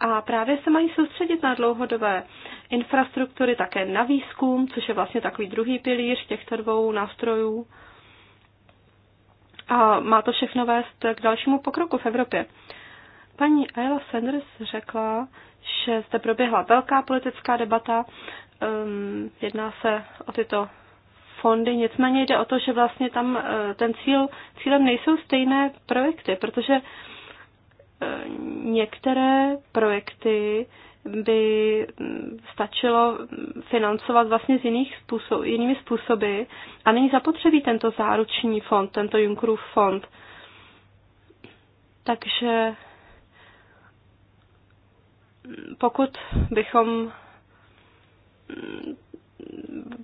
a právě se mají soustředit na dlouhodobé infrastruktury, také na výzkum, což je vlastně takový druhý pilíř těchto dvou nástrojů. A má to všechno vést k dalšímu pokroku v Evropě. Paní Ayla Sanders řekla, že zde proběhla velká politická debata, um, jedná se o tyto fondy, nicméně jde o to, že vlastně tam eh, ten cíl, cílem nejsou stejné projekty, protože eh, některé projekty by mm, stačilo mm, financovat vlastně z jiných způsob, jinými způsoby a není zapotřebí tento záruční fond, tento Junckerův fond. Takže pokud bychom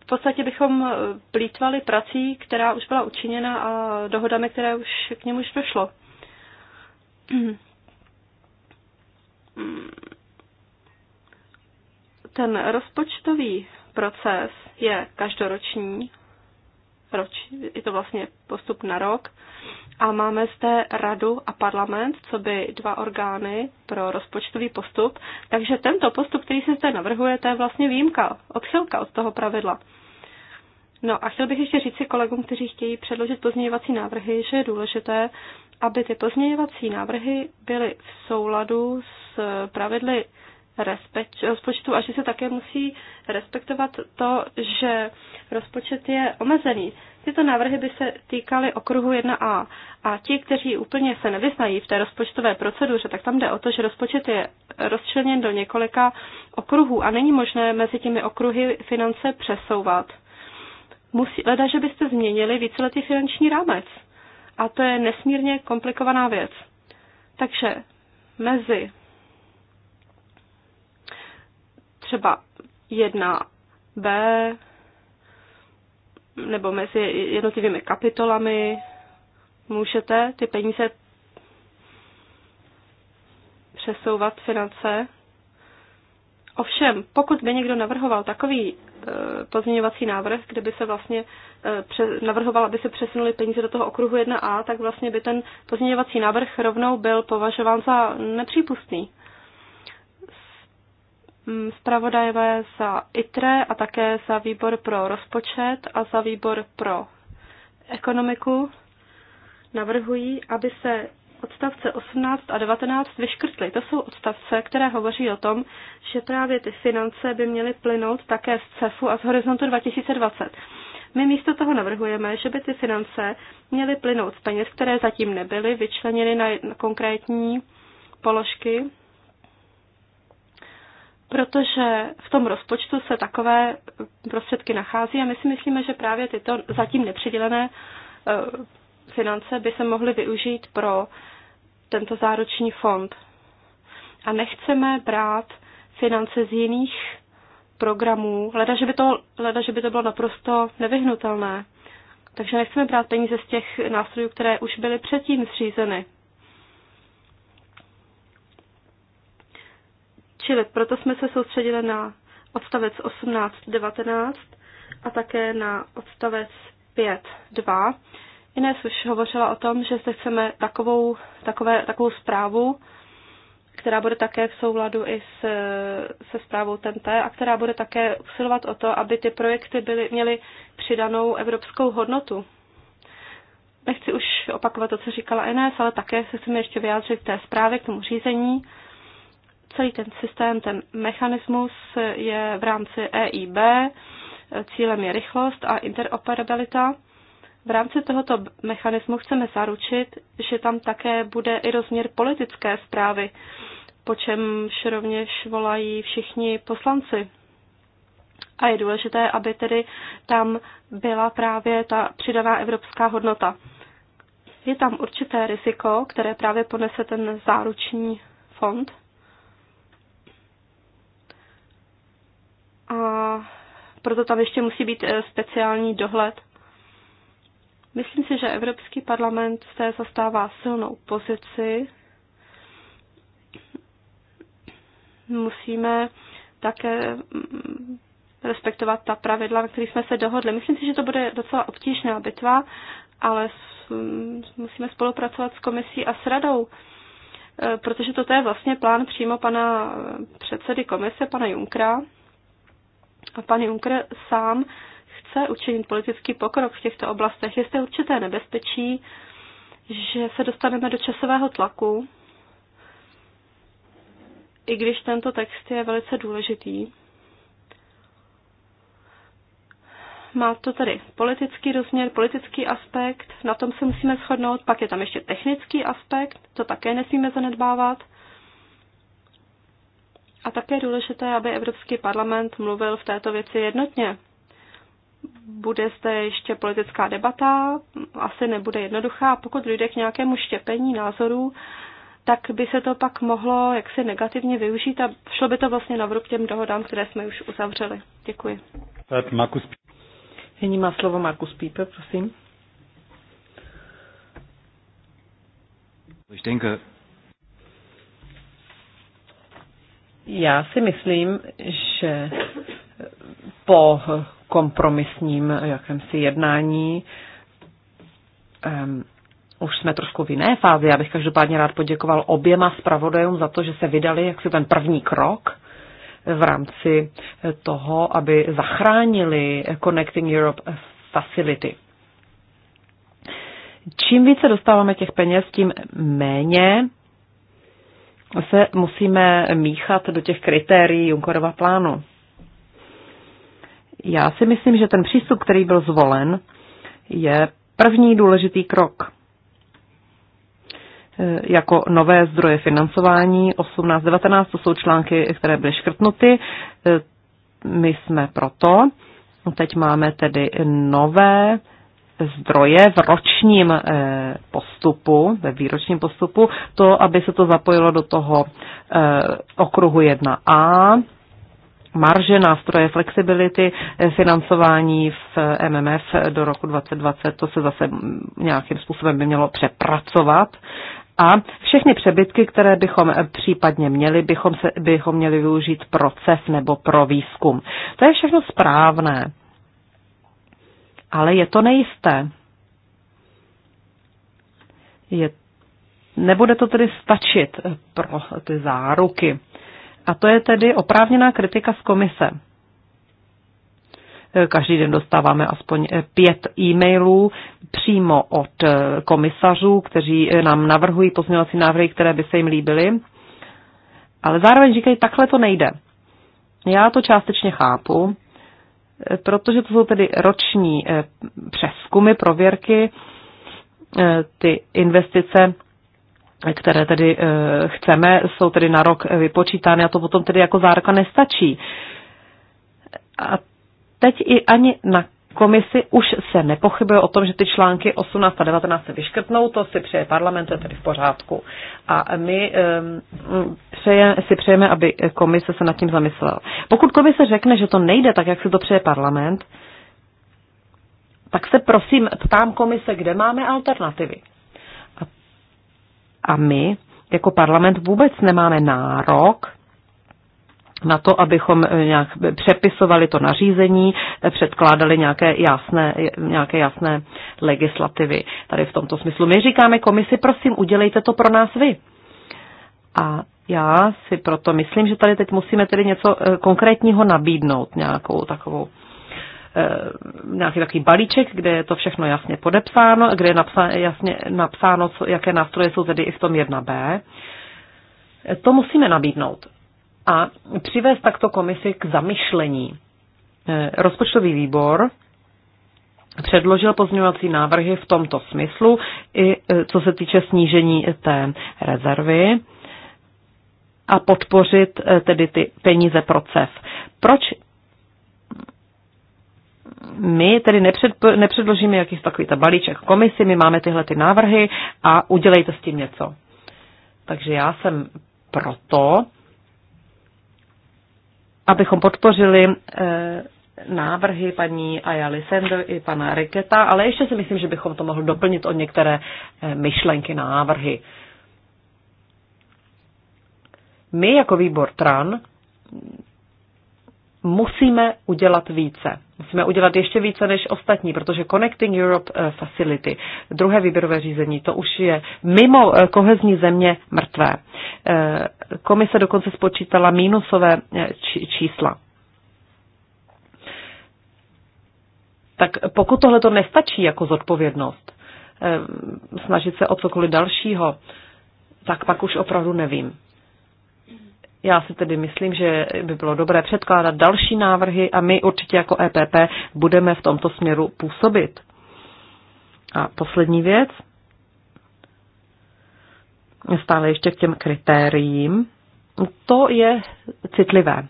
v podstatě bychom plítvali prací, která už byla učiněna a dohodami, které už k němu už došlo. Ten rozpočtový proces je každoroční proč? Je to vlastně postup na rok. A máme zde radu a parlament, co by dva orgány pro rozpočtový postup. Takže tento postup, který se zde navrhuje, to je vlastně výjimka, odchylka od toho pravidla. No a chtěl bych ještě říct si kolegům, kteří chtějí předložit pozměňovací návrhy, že je důležité, aby ty pozměňovací návrhy byly v souladu s pravidly respekt rozpočtu a že se také musí respektovat to, že rozpočet je omezený. Tyto návrhy by se týkaly okruhu 1a a ti, kteří úplně se nevyznají v té rozpočtové proceduře, tak tam jde o to, že rozpočet je rozčleněn do několika okruhů a není možné mezi těmi okruhy finance přesouvat. Musí, leda, že byste změnili víceletý finanční rámec. A to je nesmírně komplikovaná věc. Takže mezi třeba 1b nebo mezi jednotlivými kapitolami můžete ty peníze přesouvat finance. Ovšem, pokud by někdo navrhoval takový e, pozměňovací návrh, kde by se vlastně e, navrhoval, aby se přesunuli peníze do toho okruhu 1a, tak vlastně by ten pozměňovací návrh rovnou byl považován za nepřípustný. Mm, zpravodajové za ITRE a také za výbor pro rozpočet a za výbor pro ekonomiku navrhují, aby se odstavce 18 a 19 vyškrtly. To jsou odstavce, které hovoří o tom, že právě ty finance by měly plynout také z CEFu a z horizontu 2020. My místo toho navrhujeme, že by ty finance měly plynout z peněz, které zatím nebyly vyčleněny na konkrétní položky protože v tom rozpočtu se takové prostředky nachází a my si myslíme, že právě tyto zatím nepřidělené e, finance by se mohly využít pro tento záruční fond. A nechceme brát finance z jiných programů, leda, že by to, leda, že by to bylo naprosto nevyhnutelné. Takže nechceme brát peníze z těch nástrojů, které už byly předtím zřízeny. Čili proto jsme se soustředili na odstavec 18.19 a také na odstavec 5.2. Ines už hovořila o tom, že se chceme takovou, takové, takovou zprávu, která bude také v souladu i s, se zprávou TNT a která bude také usilovat o to, aby ty projekty byly, měly přidanou evropskou hodnotu. Nechci už opakovat to, co říkala Enes, ale také se chceme ještě vyjádřit k té zprávě, k tomu řízení celý ten systém, ten mechanismus je v rámci EIB, cílem je rychlost a interoperabilita. V rámci tohoto mechanismu chceme zaručit, že tam také bude i rozměr politické zprávy, po čemž rovněž volají všichni poslanci. A je důležité, aby tedy tam byla právě ta přidaná evropská hodnota. Je tam určité riziko, které právě ponese ten záruční fond, a proto tam ještě musí být eh, speciální dohled. Myslím si, že Evropský parlament se zastává silnou pozici. Musíme také mm, respektovat ta pravidla, na kterých jsme se dohodli. Myslím si, že to bude docela obtížná bitva, ale mm, musíme spolupracovat s komisí a s radou, eh, protože toto je vlastně plán přímo pana eh, předsedy komise, pana Junkra, a pan Juncker sám chce učinit politický pokrok v těchto oblastech. Je zde určité nebezpečí, že se dostaneme do časového tlaku, i když tento text je velice důležitý. Má to tedy politický rozměr, politický aspekt, na tom se musíme shodnout, pak je tam ještě technický aspekt, to také nesmíme zanedbávat. A také je důležité, aby Evropský parlament mluvil v této věci jednotně. Bude zde ještě politická debata, asi nebude jednoduchá. Pokud dojde k nějakému štěpení názorů, tak by se to pak mohlo jaksi negativně využít a šlo by to vlastně na vrub těm dohodám, které jsme už uzavřeli. Děkuji. Markus Nyní má slovo Markus Pípe, prosím. Ich denke, Já si myslím, že po kompromisním jakémsi jednání um, už jsme trošku v jiné fázi. Já bych každopádně rád poděkoval oběma zpravodajům za to, že se vydali jaksi ten první krok v rámci toho, aby zachránili Connecting Europe Facility. Čím více dostáváme těch peněz, tím méně se musíme míchat do těch kritérií Junkerova plánu. Já si myslím, že ten přístup, který byl zvolen, je první důležitý krok. E, jako nové zdroje financování 18-19, to jsou články, které byly škrtnuty. E, my jsme proto. Teď máme tedy nové zdroje v ročním eh, postupu, ve výročním postupu, to, aby se to zapojilo do toho eh, okruhu 1a, marže, nástroje flexibility, eh, financování v MMF do roku 2020, to se zase nějakým způsobem by mělo přepracovat. A všechny přebytky, které bychom případně měli, bychom, se, bychom měli využít pro CEF nebo pro výzkum. To je všechno správné ale je to nejisté. Je, nebude to tedy stačit eh, pro ty záruky. A to je tedy oprávněná kritika z komise. Eh, každý den dostáváme aspoň eh, pět e-mailů přímo od komisařů, kteří nám navrhují pozměňovací návrhy, které by se jim líbily. Ale zároveň říkají, takhle to nejde. Já to částečně chápu, protože to jsou tedy roční eh, přeskumy, prověrky, eh, ty investice které tedy eh, chceme, jsou tedy na rok vypočítány a to potom tedy jako zárka nestačí. A teď i ani na komisi už se nepochybuje o tom, že ty články 18 a 19 se vyškrtnou, to si přeje parlament, to je tedy v pořádku. A my um, přeje, si přejeme, aby komise se nad tím zamyslela. Pokud komise řekne, že to nejde tak, jak si to přeje parlament, tak se prosím ptám komise, kde máme alternativy. A, a my jako parlament vůbec nemáme nárok na to, abychom eh, nějak přepisovali to nařízení, předkládali nějaké jasné, nějaké jasné legislativy. Tady v tomto smyslu. My říkáme komisi, prosím, udělejte to pro nás vy. A já si proto myslím, že tady teď musíme tedy něco eh, konkrétního nabídnout, nějakou takovou eh, nějaký takový balíček, kde je to všechno jasně podepsáno, kde je napsáno, jasně napsáno, co, jaké nástroje jsou tedy i v tom 1b. To musíme nabídnout a přivést takto komisi k zamyšlení. E, rozpočtový výbor předložil pozměňovací návrhy v tomto smyslu, i e, co se týče snížení té rezervy a podpořit e, tedy ty peníze pro CEF. Proč my tedy nepředložíme jakýsi takový ta balíček komisi, my máme tyhle ty návrhy a udělejte s tím něco. Takže já jsem proto, abychom podpořili eh, návrhy paní Ayali Sender i pana Riketa, ale ještě si myslím, že bychom to mohli doplnit o některé eh, myšlenky, návrhy. My jako výbor TRAN musíme udělat více. Musíme udělat ještě více než ostatní, protože Connecting Europe eh, Facility, druhé výběrové řízení, to už je mimo eh, kohezní země mrtvé. Eh, komise dokonce spočítala mínusové čísla. Tak pokud tohle to nestačí jako zodpovědnost, snažit se o cokoliv dalšího, tak pak už opravdu nevím. Já si tedy myslím, že by bylo dobré předkládat další návrhy a my určitě jako EPP budeme v tomto směru působit. A poslední věc, stále ještě k těm kritériím, to je citlivé.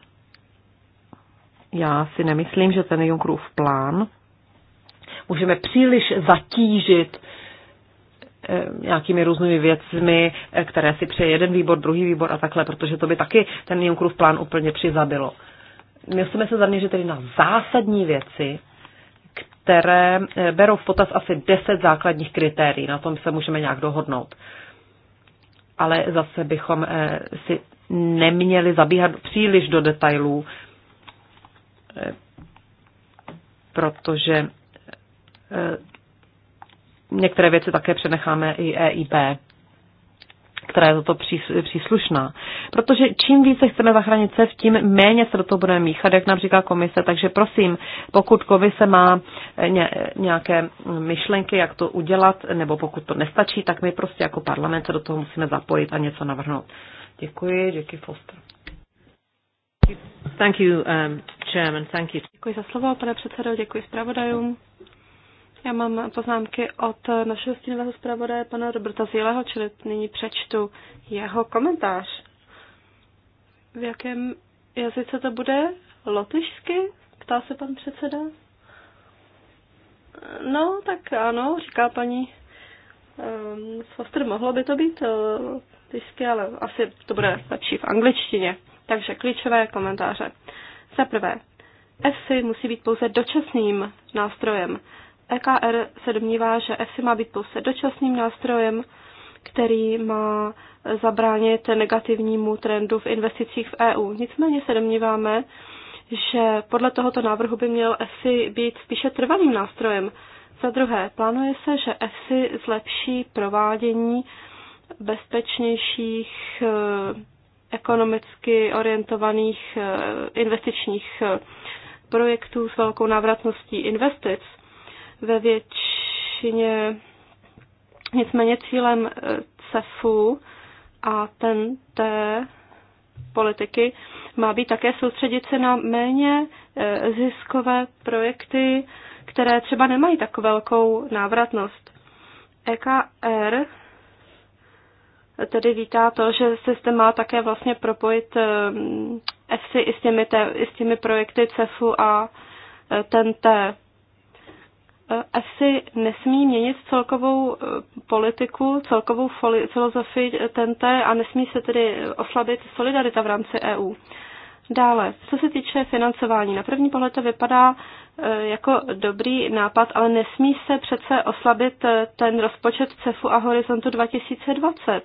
Já si nemyslím, že ten Junckerův plán můžeme příliš zatížit Eh, nějakými různými věcmi, eh, které si přeje jeden výbor, druhý výbor a takhle, protože to by taky ten Junckerův plán úplně přizabilo. jsme se zaměřit tedy na zásadní věci, které eh, berou v potaz asi deset základních kritérií. Na tom se můžeme nějak dohodnout. Ale zase bychom si neměli zabíhat příliš do detailů, protože některé věci také přenecháme i EIB která je za to příslušná. Protože čím více chceme zachránit se, tím méně se do toho budeme míchat, jak nám říká komise. Takže prosím, pokud komise má eh, eh, nějaké myšlenky, jak to udělat, nebo pokud to nestačí, tak my prostě jako parlament se do toho musíme zapojit a něco navrhnout. Děkuji, Jackie Foster. Thank you, um, Chairman. Thank you. Děkuji za slovo, pane předsedo, děkuji zpravodajům. Já mám poznámky od našeho stínového zpravodaje pana Roberta Zíleho, čili nyní přečtu jeho komentář. V jakém jazyce to bude? Lotyšsky? Ptá se pan předseda. No, tak ano, říká paní um, Foster, mohlo by to být eh, lotyšsky, ale asi to bude lepší v angličtině. Takže klíčové komentáře. Za prvé, FC musí být pouze dočasným nástrojem EKR se domnívá, že EFI má být pouze dočasným nástrojem, který má zabránit negativnímu trendu v investicích v EU. Nicméně se domníváme, že podle tohoto návrhu by měl EFI být spíše trvalým nástrojem. Za druhé, plánuje se, že EFI zlepší provádění bezpečnějších eh, ekonomicky orientovaných eh, investičních eh, projektů s velkou návratností investic ve většině. Nicméně cílem eh, CEFu a ten té politiky má být také soustředit se na méně eh, ziskové projekty, které třeba nemají tak velkou návratnost. EKR tedy vítá to, že systém má také vlastně propojit EFSI eh, i s těmi, te, i s těmi projekty CEFu a TNT asi nesmí měnit celkovou eh, politiku, celkovou filozofii TNT eh, a nesmí se tedy oslabit solidarita v rámci EU. Dále, co se týče financování, na první pohled to vypadá eh, jako dobrý nápad, ale nesmí se přece oslabit ten rozpočet CEFu a Horizontu 2020.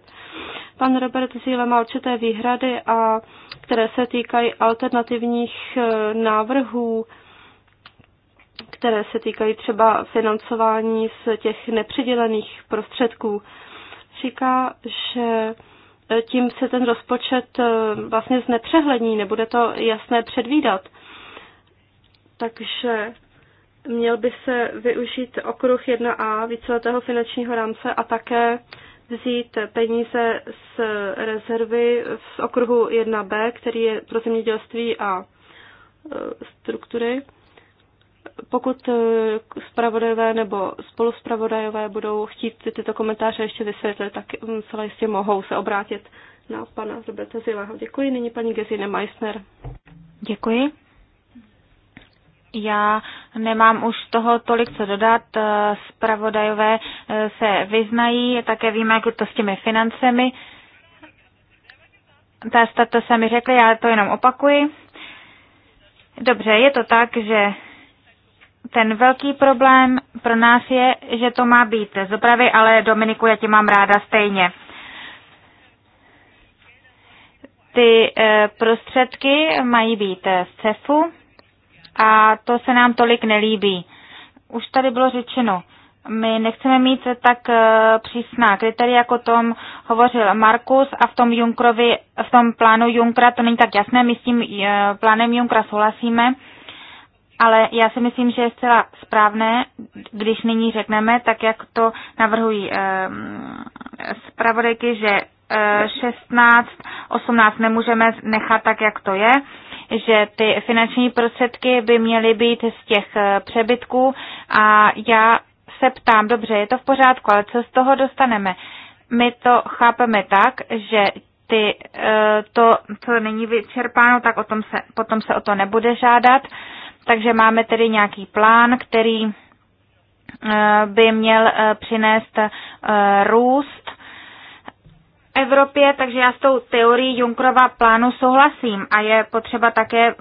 Pan Robert Zíle má určité výhrady, a které se týkají alternativních návrhů které se týkají třeba financování z těch nepřidělených prostředků. Říká, že e, tím se ten rozpočet e, vlastně znepřehlední, nebude to jasné předvídat. Takže měl by se využít okruh 1a víceletého finančního rámce a také vzít peníze z rezervy z okruhu 1b, který je pro zemědělství a e, struktury. Pokud eh, zpravodajové nebo spoluspravodajové budou chtít tyto komentáře ještě vysvětlit, tak mm, celé jistě mohou se obrátit na pana Roberta Zileho. Děkuji. Nyní paní Gesine Meissner. Děkuji. Já nemám už toho tolik co dodat. Spravodajové eh, eh, se vyznají, také víme, jak to s těmi financemi. Ta to sami řekli, já to jenom opakuji. Dobře, je to tak, že ten velký problém pro nás je, že to má být z opravy, ale Dominiku, já tě mám ráda stejně. Ty eh, prostředky mají být z CEFu a to se nám tolik nelíbí. Už tady bylo řečeno, my nechceme mít tak eh, přísná kritéria, jako tom hovořil Markus a v tom, Junkrovi, v tom plánu Junkra to není tak jasné, my s tím eh, plánem Junkra souhlasíme ale já si myslím, že je zcela správné, když nyní řekneme, tak jak to navrhují eh, zpravodajky, že 16, eh, 18 nemůžeme nechat tak, jak to je, že ty finanční prostředky by měly být z těch eh, přebytků a já se ptám, dobře, je to v pořádku, ale co z toho dostaneme? My to chápeme tak, že ty, to, co není vyčerpáno, tak o tom se, potom se o to nebude žádat takže máme tedy nějaký plán, který eh, by měl eh, přinést eh, růst Evropě, takže já s tou teorií Junkrova plánu souhlasím a je potřeba také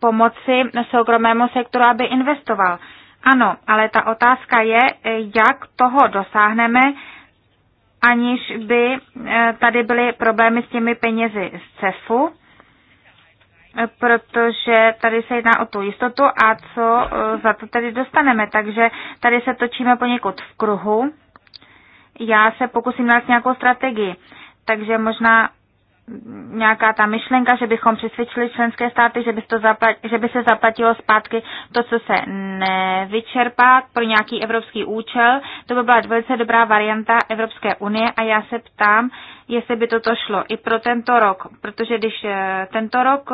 pomoci soukromému sektoru, aby investoval. Ano, ale ta otázka je, jak toho dosáhneme, aniž by tady byly problémy s těmi penězi z CEFu protože tady se jedná o tu jistotu a co e, za to tedy dostaneme. Takže tady se točíme poněkud v kruhu. Já se pokusím dát nějakou strategii. Takže možná nějaká ta myšlenka, že bychom přesvědčili členské státy, že by, to zaplat, že by se zaplatilo zpátky to, co se nevyčerpá pro nějaký evropský účel. To by byla velice dobrá varianta Evropské unie a já se ptám, jestli by toto šlo i pro tento rok, protože když eh, tento rok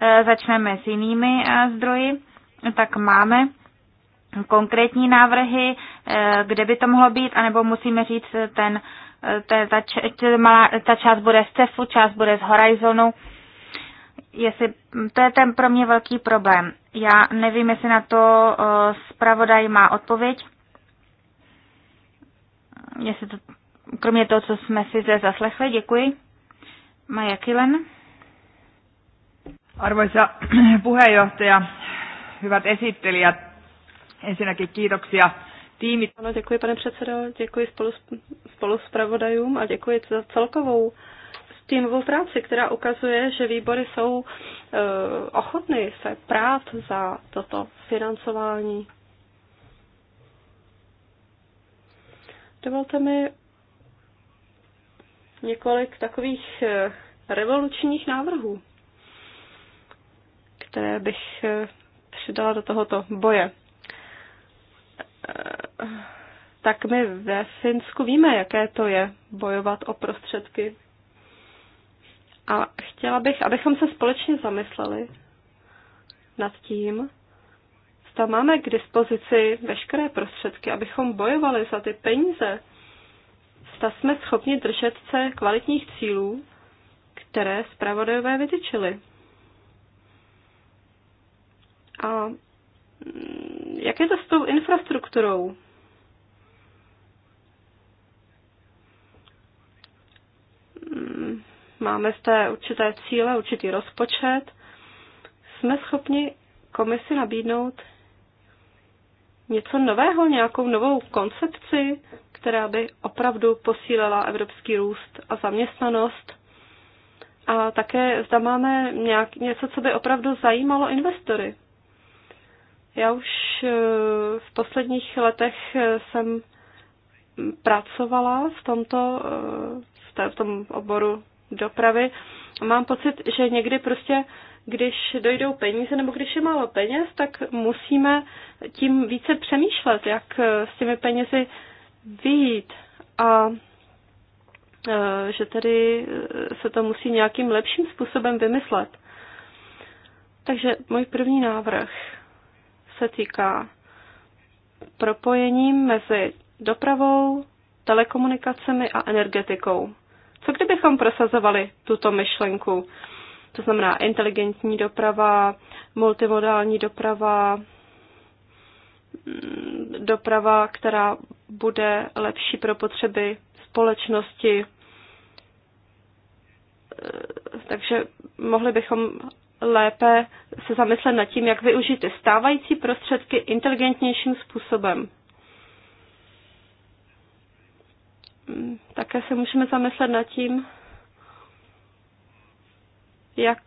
eh, začneme s jinými eh, zdroji, tak máme konkrétní návrhy, kde by to mohlo být, anebo musíme říct ten ta, ta, malá, ta část bude z CEFu, část bude z Horizonu. Jestli, to je ten pro mě velký problém. Já nevím, jestli na to zpravodaj má odpověď. Jestli to, kromě toho, co jsme si zde zaslechli, děkuji. Maja Kilen. Arvoisa puheenjohtaja, hyvät esittelijät, ensinnäkin kiitoksia tiimit. Ano, děkuji pane předsedo, děkuji spolu spoluspravodajům a děkuji za celkovou stínovou práci, která ukazuje, že výbory jsou e, ochotny se prát za toto financování. Dovolte mi několik takových e, revolučních návrhů, které bych e, přidala do tohoto boje tak my ve Finsku víme, jaké to je bojovat o prostředky. A chtěla bych, abychom se společně zamysleli nad tím, zda máme k dispozici veškeré prostředky, abychom bojovali za ty peníze, zda jsme schopni držet se kvalitních cílů, které zpravodajové vytyčili. A mm, jak je to s tou infrastrukturou? máme zde určité cíle, určitý rozpočet, jsme schopni komisi nabídnout něco nového, nějakou novou koncepci, která by opravdu posílala evropský růst a zaměstnanost. A také zda máme nějak, něco, co by opravdu zajímalo investory. Já už eh, v posledních letech eh, jsem pracovala v tomto eh, v tom oboru dopravy. Mám pocit, že někdy prostě, když dojdou peníze nebo když je málo peněz, tak musíme tím více přemýšlet, jak eh, s těmi penězi vyjít. A eh, že tedy se to musí nějakým lepším způsobem vymyslet. Takže můj první návrh se týká propojení mezi dopravou, telekomunikacemi a energetikou. Co kdybychom prosazovali tuto myšlenku? To znamená inteligentní doprava, multimodální doprava, mm, doprava, která bude lepší pro potřeby společnosti. Eh, takže mohli bychom lépe se zamyslet nad tím, jak využít ty stávající prostředky inteligentnějším způsobem. také se můžeme zamyslet nad tím, jak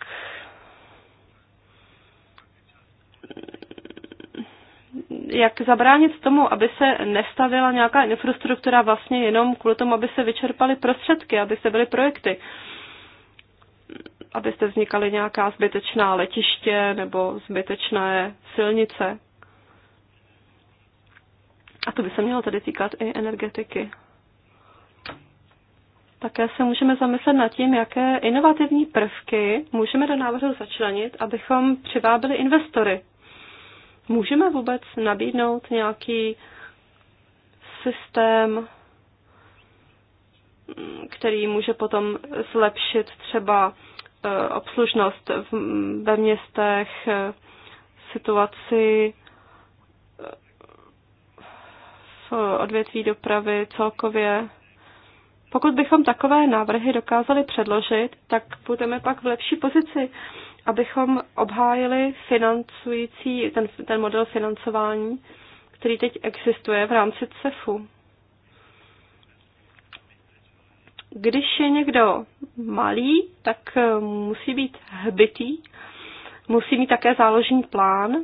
jak zabránit tomu, aby se nestavila nějaká infrastruktura vlastně jenom kvůli tomu, aby se vyčerpaly prostředky, aby se byly projekty, aby se vznikaly nějaká zbytečná letiště nebo zbytečné silnice. A to by se mělo tady týkat i energetiky. Také se můžeme zamyslet nad tím, jaké inovativní prvky můžeme do návrhu začlenit, abychom přivábili investory. Můžeme vůbec nabídnout nějaký systém, který může potom zlepšit třeba eh, obslužnost ve městech, eh, situaci eh, v odvětví dopravy celkově pokud bychom takové návrhy dokázali předložit, tak budeme pak v lepší pozici, abychom obhájili financující, ten, ten model financování, který teď existuje v rámci CEFu. Když je někdo malý, tak musí být hbitý, musí mít také záložní plán.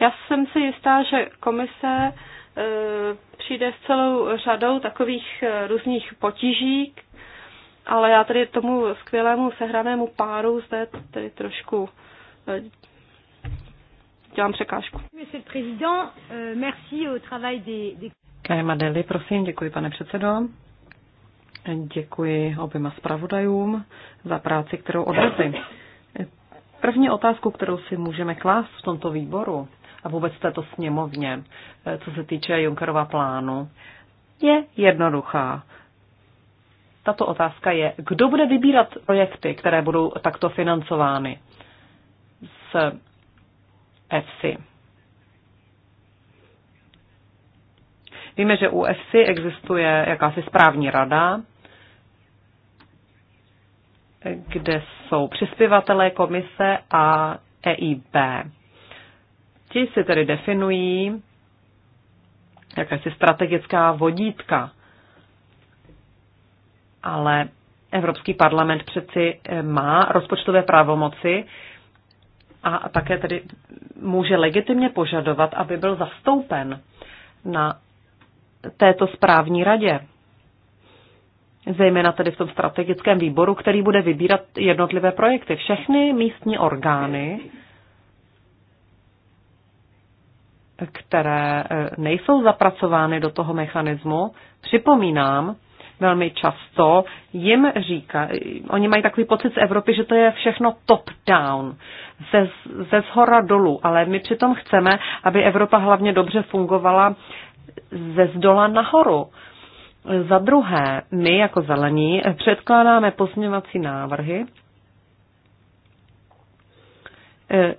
Já jsem si jistá, že komise E, přijde s celou řadou takových e, různých potíží, ale já tady tomu skvělému sehranému páru zde tady trošku e, dělám překážku. Monsieur euh, Deli, prosím, děkuji pane předsedo. Děkuji oběma zpravodajům za práci, kterou odvedli. První otázku, kterou si můžeme klást v tomto výboru, a vůbec této sněmovně, eh, co se týče Junckerova plánu, je jednoduchá. Tato otázka je, kdo bude vybírat projekty, které budou takto financovány z EFSI. Víme, že u EFSI existuje jakási správní rada, kde jsou přispěvatelé komise a EIB. Ti se tedy definují jakási strategická vodítka. Ale Evropský parlament přeci eh, má rozpočtové právomoci a také tedy může legitimně požadovat, aby byl zastoupen na této správní radě. Zejména tedy v tom strategickém výboru, který bude vybírat jednotlivé projekty. Všechny místní orgány které eh, nejsou zapracovány do toho mechanismu, připomínám, velmi často, jim říká, oni mají takový pocit z Evropy, že to je všechno top-down, ze, ze zhora dolů, ale my přitom chceme, aby Evropa hlavně dobře fungovala ze zdola nahoru. Za druhé, my jako zelení předkládáme pozměňovací návrhy, eh,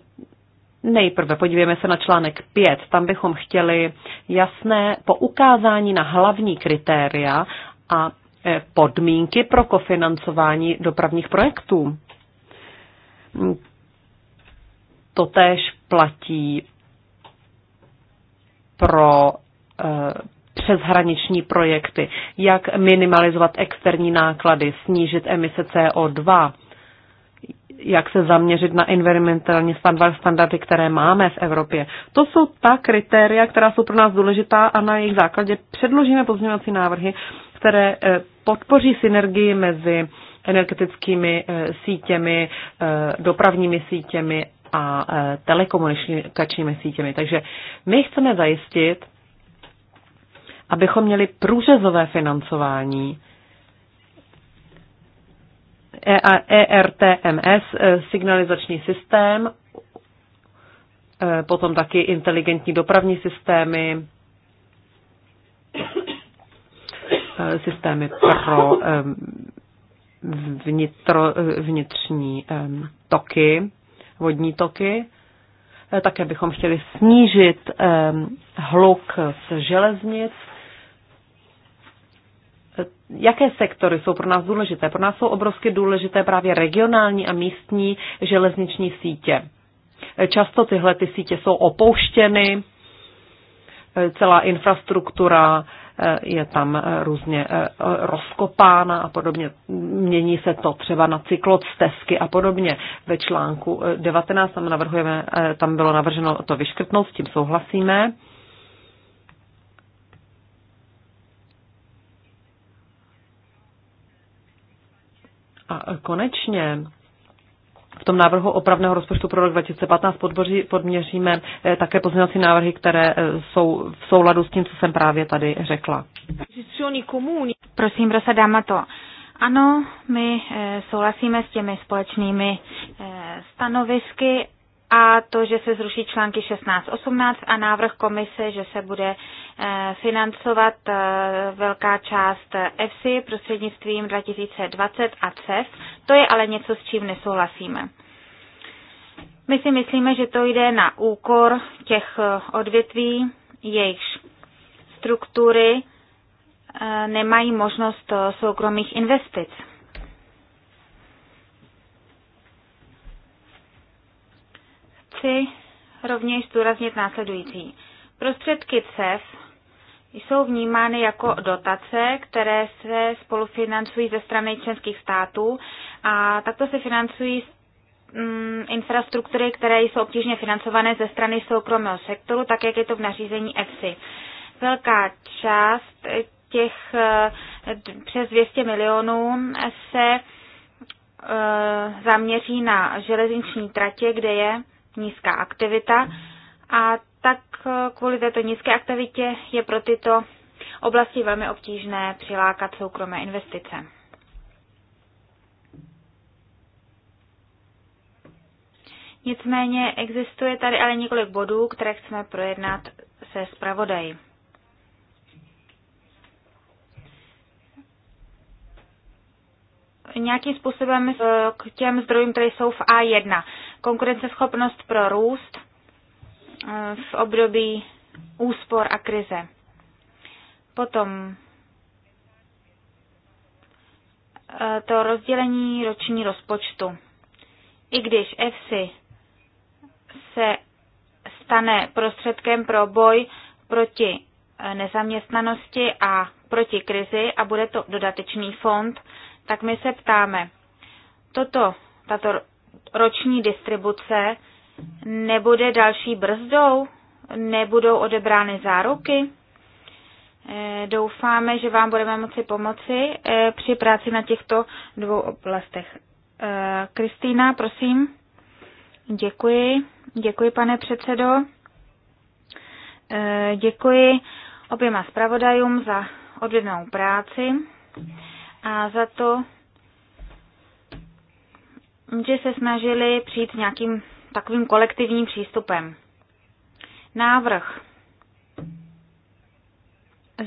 Nejprve podívejme se na článek 5. Tam bychom chtěli jasné poukázání na hlavní kritéria a e, podmínky pro kofinancování dopravních projektů. Hmm. Totéž platí pro e, přeshraniční projekty, jak minimalizovat externí náklady, snížit emise CO2, jak se zaměřit na environmentální standard, standardy, které máme v Evropě. To jsou ta kritéria, která jsou pro nás důležitá a na jejich základě předložíme pozměňovací návrhy, které eh, podpoří synergii mezi energetickými eh, sítěmi, eh, dopravními sítěmi a telekomunikačními sítěmi. Takže my chceme zajistit, abychom měli průřezové financování ERTMS, e eh, signalizační systém, eh, potom taky inteligentní dopravní systémy, eh, systémy pro vnitro, vnitřní toky, vodní toky. Také bychom chtěli snížit hluk z železnic jaké sektory jsou pro nás důležité. Pro nás jsou obrovsky důležité právě regionální a místní železniční sítě. Často tyhle ty sítě jsou opouštěny, celá infrastruktura eh, je tam eh, různě eh, rozkopána a podobně. Mění se to třeba na stezky a podobně. Ve článku 19 tam navrhujeme, tam bylo navrženo to vyškrtnout, s tím souhlasíme. A konečně v tom návrhu opravného rozpočtu pro rok 2015 podboří, podměříme eh, také pozměňovací návrhy, které eh, jsou v souladu s tím, co jsem právě tady řekla. Prosím, Rosa to. Ano, my eh, souhlasíme s těmi společnými stanovisky a to, že se zruší články 16-18 a návrh komise, že se bude eh, financovat eh, velká část eh, EFSI prostřednictvím 2020 a CEF. To je ale něco, s čím nesouhlasíme. My si myslíme, že to jde na úkor těch odvětví, jejich struktury nemají možnost soukromých investic. chci rovněž zdůraznit následující. Prostředky CEF jsou vnímány jako dotace, které se spolufinancují ze strany členských států a takto se financují mm, infrastruktury, které jsou obtížně financované ze strany soukromého sektoru, tak jak je to v nařízení EFSI. Velká část těch eh, přes 200 milionů se eh, zaměří na železniční tratě, kde je nízká aktivita a tak eh, kvůli této nízké aktivitě je pro tyto oblasti velmi obtížné přilákat soukromé investice. Nicméně existuje tady ale několik bodů, které chceme projednat se zpravodají. Nějakým způsobem k těm zdrojům, které jsou v A1 konkurenceschopnost pro růst eh, v období úspor a krize. Potom eh, to rozdělení roční rozpočtu. I když EFSI se stane prostředkem pro boj proti eh, nezaměstnanosti a proti krizi a bude to dodatečný fond, tak my se ptáme, toto, tato roční distribuce nebude další brzdou? Nebudou odebrány záruky? Eh, doufáme, že vám budeme moci pomoci eh, při práci na těchto dvou oblastech. Eh, Kristýna, prosím. Děkuji. Děkuji, pane předsedo. Děkuji oběma zpravodajům za odvědnou práci a za to, že se snažili přijít s nějakým takovým kolektivním přístupem. Návrh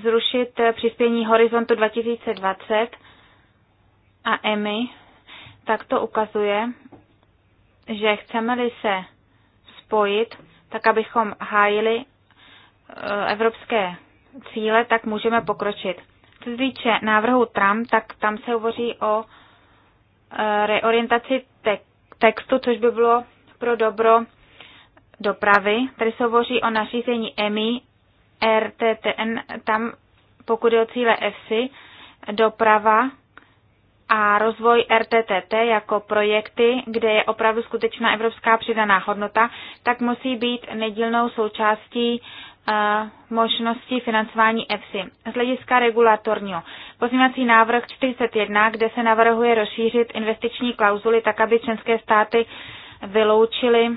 zrušit přispění Horizontu 2020 a EMI, tak to ukazuje, že chceme-li se spojit, tak abychom hájili eh, evropské cíle, tak můžeme pokročit. Co se týče návrhu Trump, tak tam se hovoří o eh, reorientaci textu, což by bylo pro dobro dopravy. Tady se hovoří o nařízení EMI, RTTN, tam pokud je o cíle EFSI, doprava a rozvoj RTTT jako projekty, kde je opravdu skutečná evropská přidaná hodnota, tak musí být nedílnou součástí možností financování EFSI. Z hlediska regulatorního pozměňovací návrh 41, kde se navrhuje rozšířit investiční klauzuly tak, aby členské státy vyloučily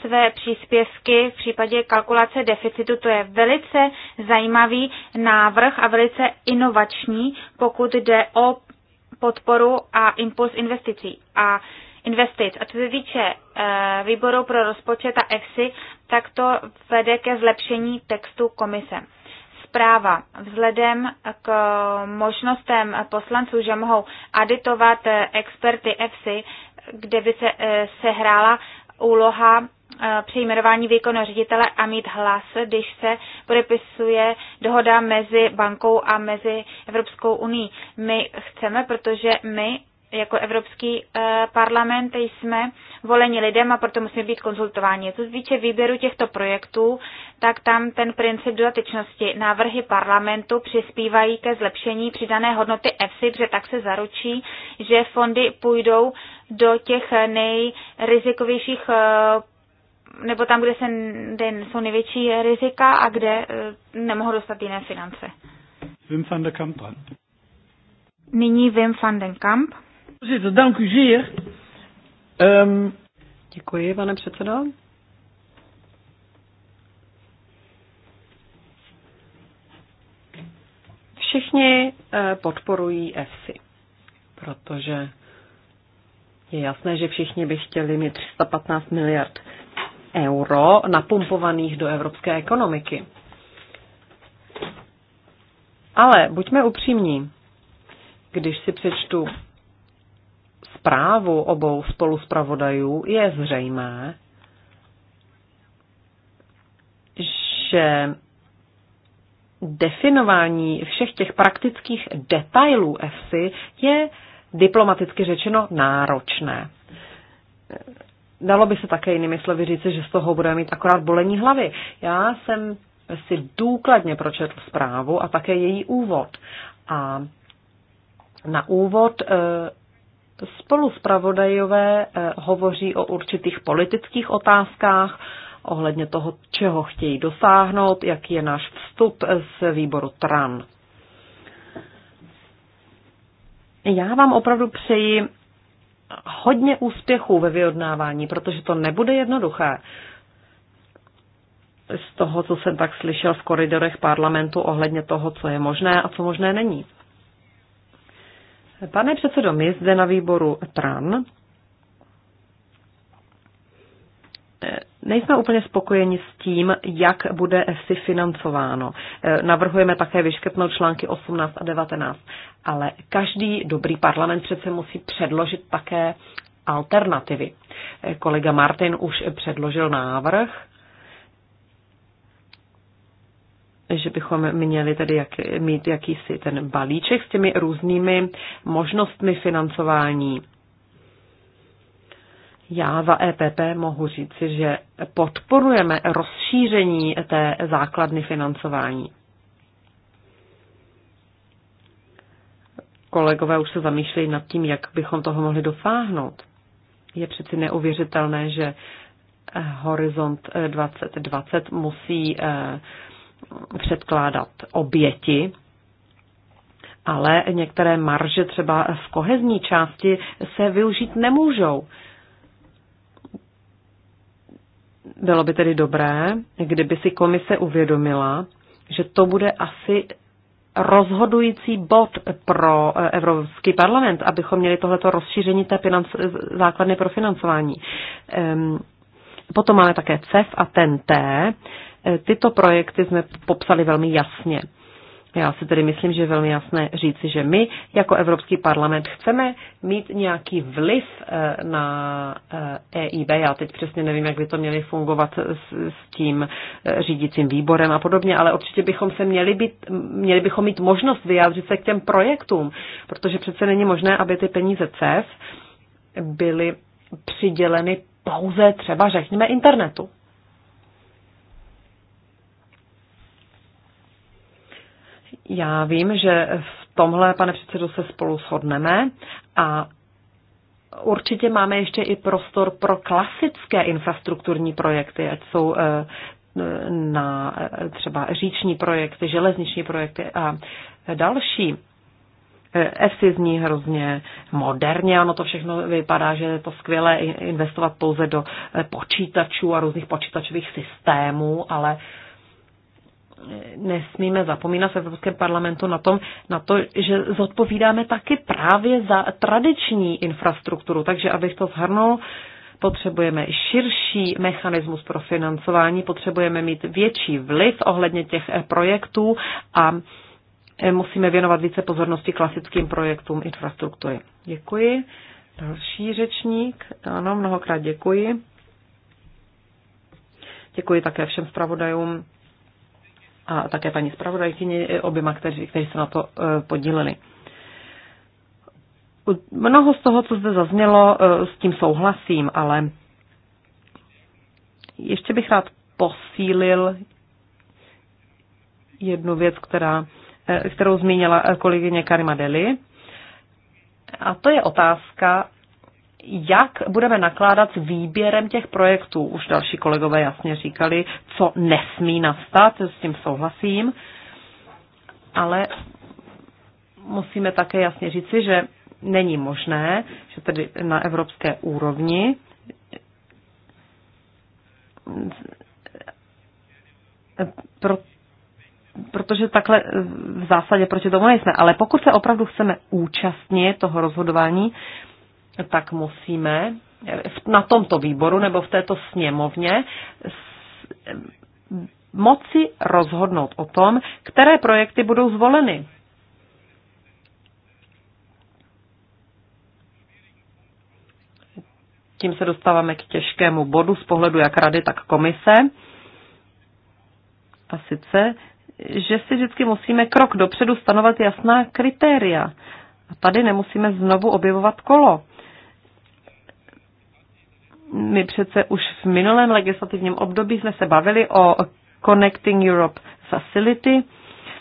své příspěvky v případě kalkulace deficitu. To je velice zajímavý návrh a velice inovační, pokud jde o podporu a impuls investicí. A investic. A co se týče eh, výboru pro rozpočet a EFSI, tak to vede ke zlepšení textu komise. Zpráva vzhledem k možnostem poslanců, že mohou aditovat eh, experty EFSI, kde by se eh, sehrála úloha při jmenování výkonu ředitele a mít hlas, když se podepisuje dohoda mezi bankou a mezi Evropskou uní. My chceme, protože my jako Evropský eh, parlament jsme voleni lidem a proto musíme být konzultováni. Co se týče výběru těchto projektů, tak tam ten princip dodatečnosti návrhy parlamentu přispívají ke zlepšení přidané hodnoty EFSI, protože tak se zaručí, že fondy půjdou do těch nejrizikovějších eh, nebo tam, kde, se, kde jsou největší rizika a kde eh, nemohou dostat jiné finance. Wim van der Kamp. Nyní Wim van den Kamp. Ehm, Děkuji, pane předsedo. Všichni eh, podporují EFSI, protože je jasné, že všichni by chtěli mít 315 miliard euro napumpovaných do evropské ekonomiky. Ale buďme upřímní. Když si přečtu zprávu obou spoluspravodajů, je zřejmé, že definování všech těch praktických detailů EFSI je diplomaticky řečeno náročné. Dalo by se také jinými slovy říci, že z toho budeme mít akorát bolení hlavy. Já jsem si důkladně pročetl zprávu a také její úvod. A na úvod eh, Spolu zpravodajové eh, hovoří o určitých politických otázkách, ohledně toho, čeho chtějí dosáhnout, jaký je náš vstup z výboru TRAN. Já vám opravdu přeji hodně úspěchů ve vyjednávání, protože to nebude jednoduché. Z toho, co jsem tak slyšel v koridorech parlamentu ohledně toho, co je možné a co možné není. Pane předsedo, my zde na výboru TRAN eh, Nejsme úplně spokojeni s tím, jak bude EFSI financováno. Eh, navrhujeme také vyškrtnout články 18 a 19, ale každý dobrý parlament přece musí předložit také alternativy. Eh, kolega Martin už předložil návrh že bychom měli tedy jak, mít jakýsi ten balíček s těmi různými možnostmi financování. Já za EPP mohu říci, že podporujeme rozšíření té základny financování. Kolegové už se zamýšlejí nad tím, jak bychom toho mohli dosáhnout. Je přeci neuvěřitelné, že Horizont 2020 musí eh, předkládat oběti, ale některé marže třeba v kohezní části se využít nemůžou. Bylo by tedy dobré, kdyby si komise uvědomila, že to bude asi rozhodující bod pro eh, Evropský parlament, abychom měli tohleto rozšíření té financ- základny pro financování. Ehm, potom máme také CEF a TNT. Eh, tyto projekty jsme popsali velmi jasně. Já si tedy myslím, že je velmi jasné říci, že my jako Evropský parlament chceme mít nějaký vliv eh, na EIB. Eh, e Já teď přesně nevím, jak by to měli fungovat s, s tím řídícím výborem a podobně, ale určitě bychom se měli, být, měli bychom mít možnost vyjádřit se k těm projektům, protože přece není možné, aby ty peníze CEF byly přiděleny pouze třeba, řekněme, internetu. Já vím, že v tomhle, pane předsedo, se spolu shodneme a určitě máme ještě i prostor pro klasické infrastrukturní projekty, ať jsou eh, na eh, třeba říční projekty, železniční projekty a další. EFSI eh, zní hrozně moderně, ono to všechno vypadá, že je to skvělé investovat pouze do počítačů a různých počítačových systémů, ale uh, nesmíme zapomínat v Evropském parlamentu na, tom, na to, že zodpovídáme taky právě za tradiční infrastrukturu. Takže abych to zhrnul, potřebujeme širší mechanismus pro financování, potřebujeme mít větší vliv ohledně těch eh, projektů a eh, musíme věnovat více pozornosti klasickým projektům infrastruktury. Děkuji. Další řečník. Ano, mnohokrát děkuji. Děkuji také všem zpravodajům a také paní zpravodajkyni, oběma, kteří, kteří se na to eh, podíleli. Mnoho z toho, co zde zaznělo, eh, s tím souhlasím, ale ještě bych rád posílil jednu věc, která, eh, kterou zmínila kolegyně Karima Deli. A to je otázka jak budeme nakládat s výběrem těch projektů. Už další kolegové jasně říkali, co nesmí nastat, s tím souhlasím, ale musíme také jasně říci, že není možné, že tedy na evropské úrovni pro, protože takhle v zásadě proti tomu nejsme. Ale pokud se opravdu chceme účastnit toho rozhodování, tak musíme na tomto výboru nebo v této sněmovně moci rozhodnout o tom, které projekty budou zvoleny. Tím se dostáváme k těžkému bodu z pohledu jak rady, tak komise. A sice, že si vždycky musíme krok dopředu stanovat jasná kritéria. A tady nemusíme znovu objevovat kolo. My přece už v minulém legislativním období jsme se bavili o Connecting Europe Facility.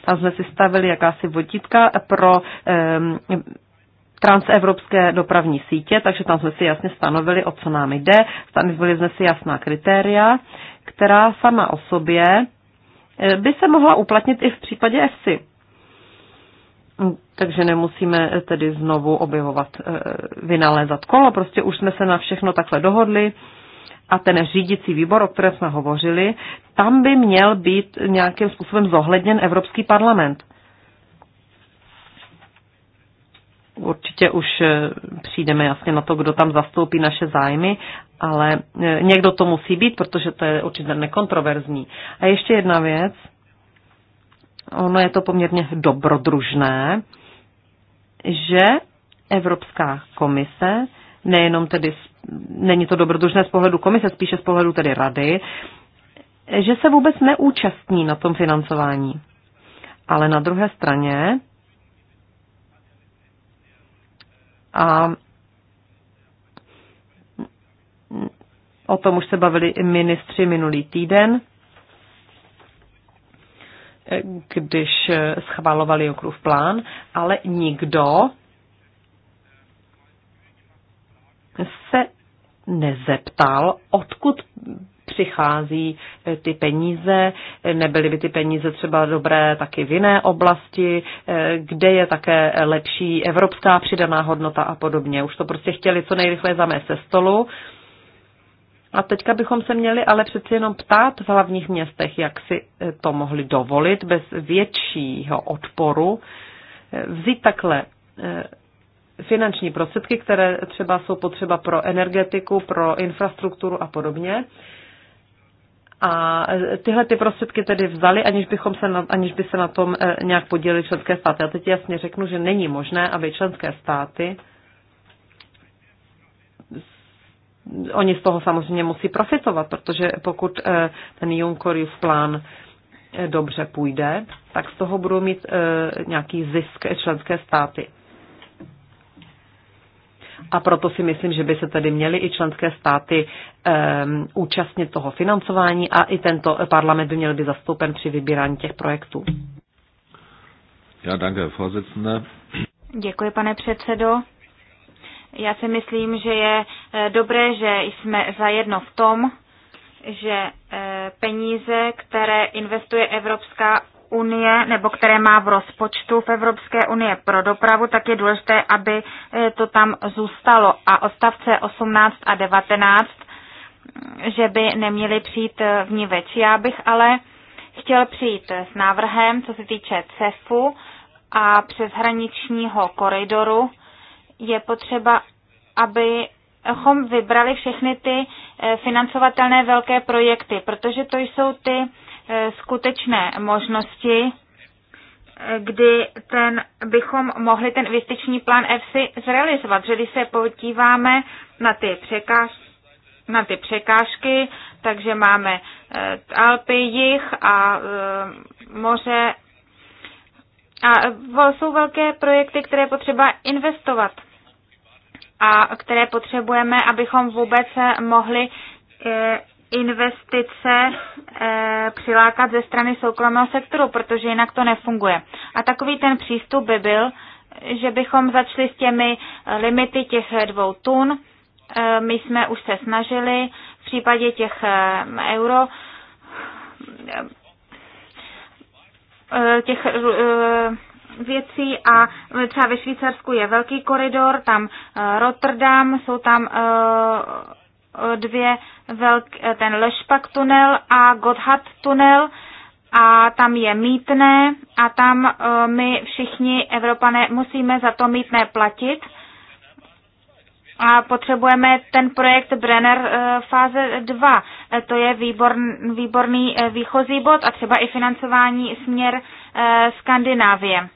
Tam jsme si stavili jakási vodítka pro um, transevropské dopravní sítě, takže tam jsme si jasně stanovili, o co nám jde. Stanovili jsme si jasná kritéria, která sama o sobě eh, by se mohla uplatnit i v případě EFSI. Mm, takže nemusíme tedy znovu objevovat, eh, vynalézat kolo, prostě už jsme se na všechno takhle dohodli a ten řídící výbor, o kterém jsme hovořili, tam by měl být nějakým způsobem zohledněn Evropský parlament. Určitě už eh, přijdeme jasně na to, kdo tam zastoupí naše zájmy, ale eh, někdo to musí být, protože to je určitě nekontroverzní. A ještě jedna věc – ono je to poměrně dobrodružné, že Evropská komise, nejenom tedy, není to dobrodružné z pohledu komise, spíše z pohledu tedy rady, že se vůbec neúčastní na tom financování. Ale na druhé straně, a o tom už se bavili i ministři minulý týden, když eh, schvalovali okruh plán, ale nikdo se nezeptal, odkud přichází eh, ty peníze, eh, nebyly by ty peníze třeba dobré taky v jiné oblasti, kde je také lepší evropská přidaná hodnota a podobně. Už to prostě chtěli co nejrychleji zamést ze stolu a teďka bychom se měli ale přeci jenom ptát v hlavních městech, jak si eh, to mohli dovolit bez většího odporu, eh, vzít takhle eh, finanční prostředky, které třeba jsou potřeba pro energetiku, pro infrastrukturu a podobně. A tyhle ty prostředky tedy vzali, aniž, bychom se na, aniž by se na tom nějak podělili členské státy. A teď jasně řeknu, že není možné, aby členské státy oni z toho samozřejmě musí profitovat, protože pokud eh, ten Junckerův plán eh, dobře půjde, tak z toho budou mít eh, nějaký zisk členské státy. A proto si myslím, že by se tedy měly i členské státy um, účastnit toho financování a i tento parlament by měl být zastoupen při vybírání těch projektů. Já danke, Děkuji, pane předsedo. Já si myslím, že je eh, dobré, že jsme zajedno v tom, že eh, peníze, které investuje Evropská unie nebo které má v rozpočtu v Evropské unie pro dopravu, tak je důležité, aby eh, to tam zůstalo. A odstavce 18 a 19, mm, že by neměly přijít v ní več. Já bych ale chtěl přijít s návrhem, co se týče CEFu a přeshraničního koridoru, je potřeba, abychom vybrali všechny ty eh, financovatelné velké projekty, protože to jsou ty eh, skutečné možnosti, eh, kdy ten, bychom mohli ten investiční plán EFSI zrealizovat. Že když se podíváme na ty překážky, na ty překážky, takže máme Alpy, jich a moře. A jsou velké projekty, které potřeba investovat a které potřebujeme, abychom vůbec mohli eh, investice eh, přilákat ze strany soukromého sektoru, protože jinak to nefunguje. A takový ten přístup by byl, že bychom začali s těmi eh, limity těch dvou tun. My jsme už se snažili v případě těch euro těch věcí a třeba ve Švýcarsku je velký koridor, tam eh, Rotterdam, jsou tam eh, dvě velk, ten Lešpak tunel a Gotthard tunel a tam je mítné a tam eh, my všichni Evropané musíme za to mítné platit a potřebujeme ten projekt Brenner fáze 2. To je výborný výchozí bod a třeba i financování směr Skandinávie.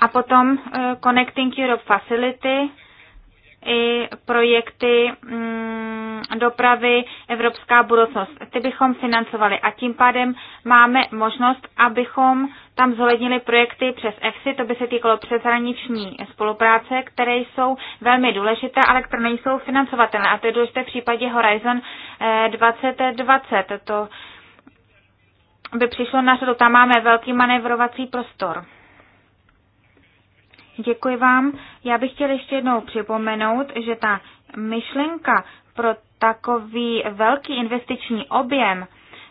A potom eh, Connecting Europe Facility, i projekty mm, dopravy Evropská budoucnost. Ty bychom financovali a tím pádem máme možnost, abychom tam zohlednili projekty přes EFSI, to by se týkalo přeshraniční spolupráce, které jsou velmi důležité, ale které nejsou financovatelné. A to je důležité v případě Horizon 2020. Eh, to by přišlo na řadu, tam máme velký manevrovací prostor. Děkuji vám. Já bych chtěl ještě jednou připomenout, že ta myšlenka pro takový velký investiční objem,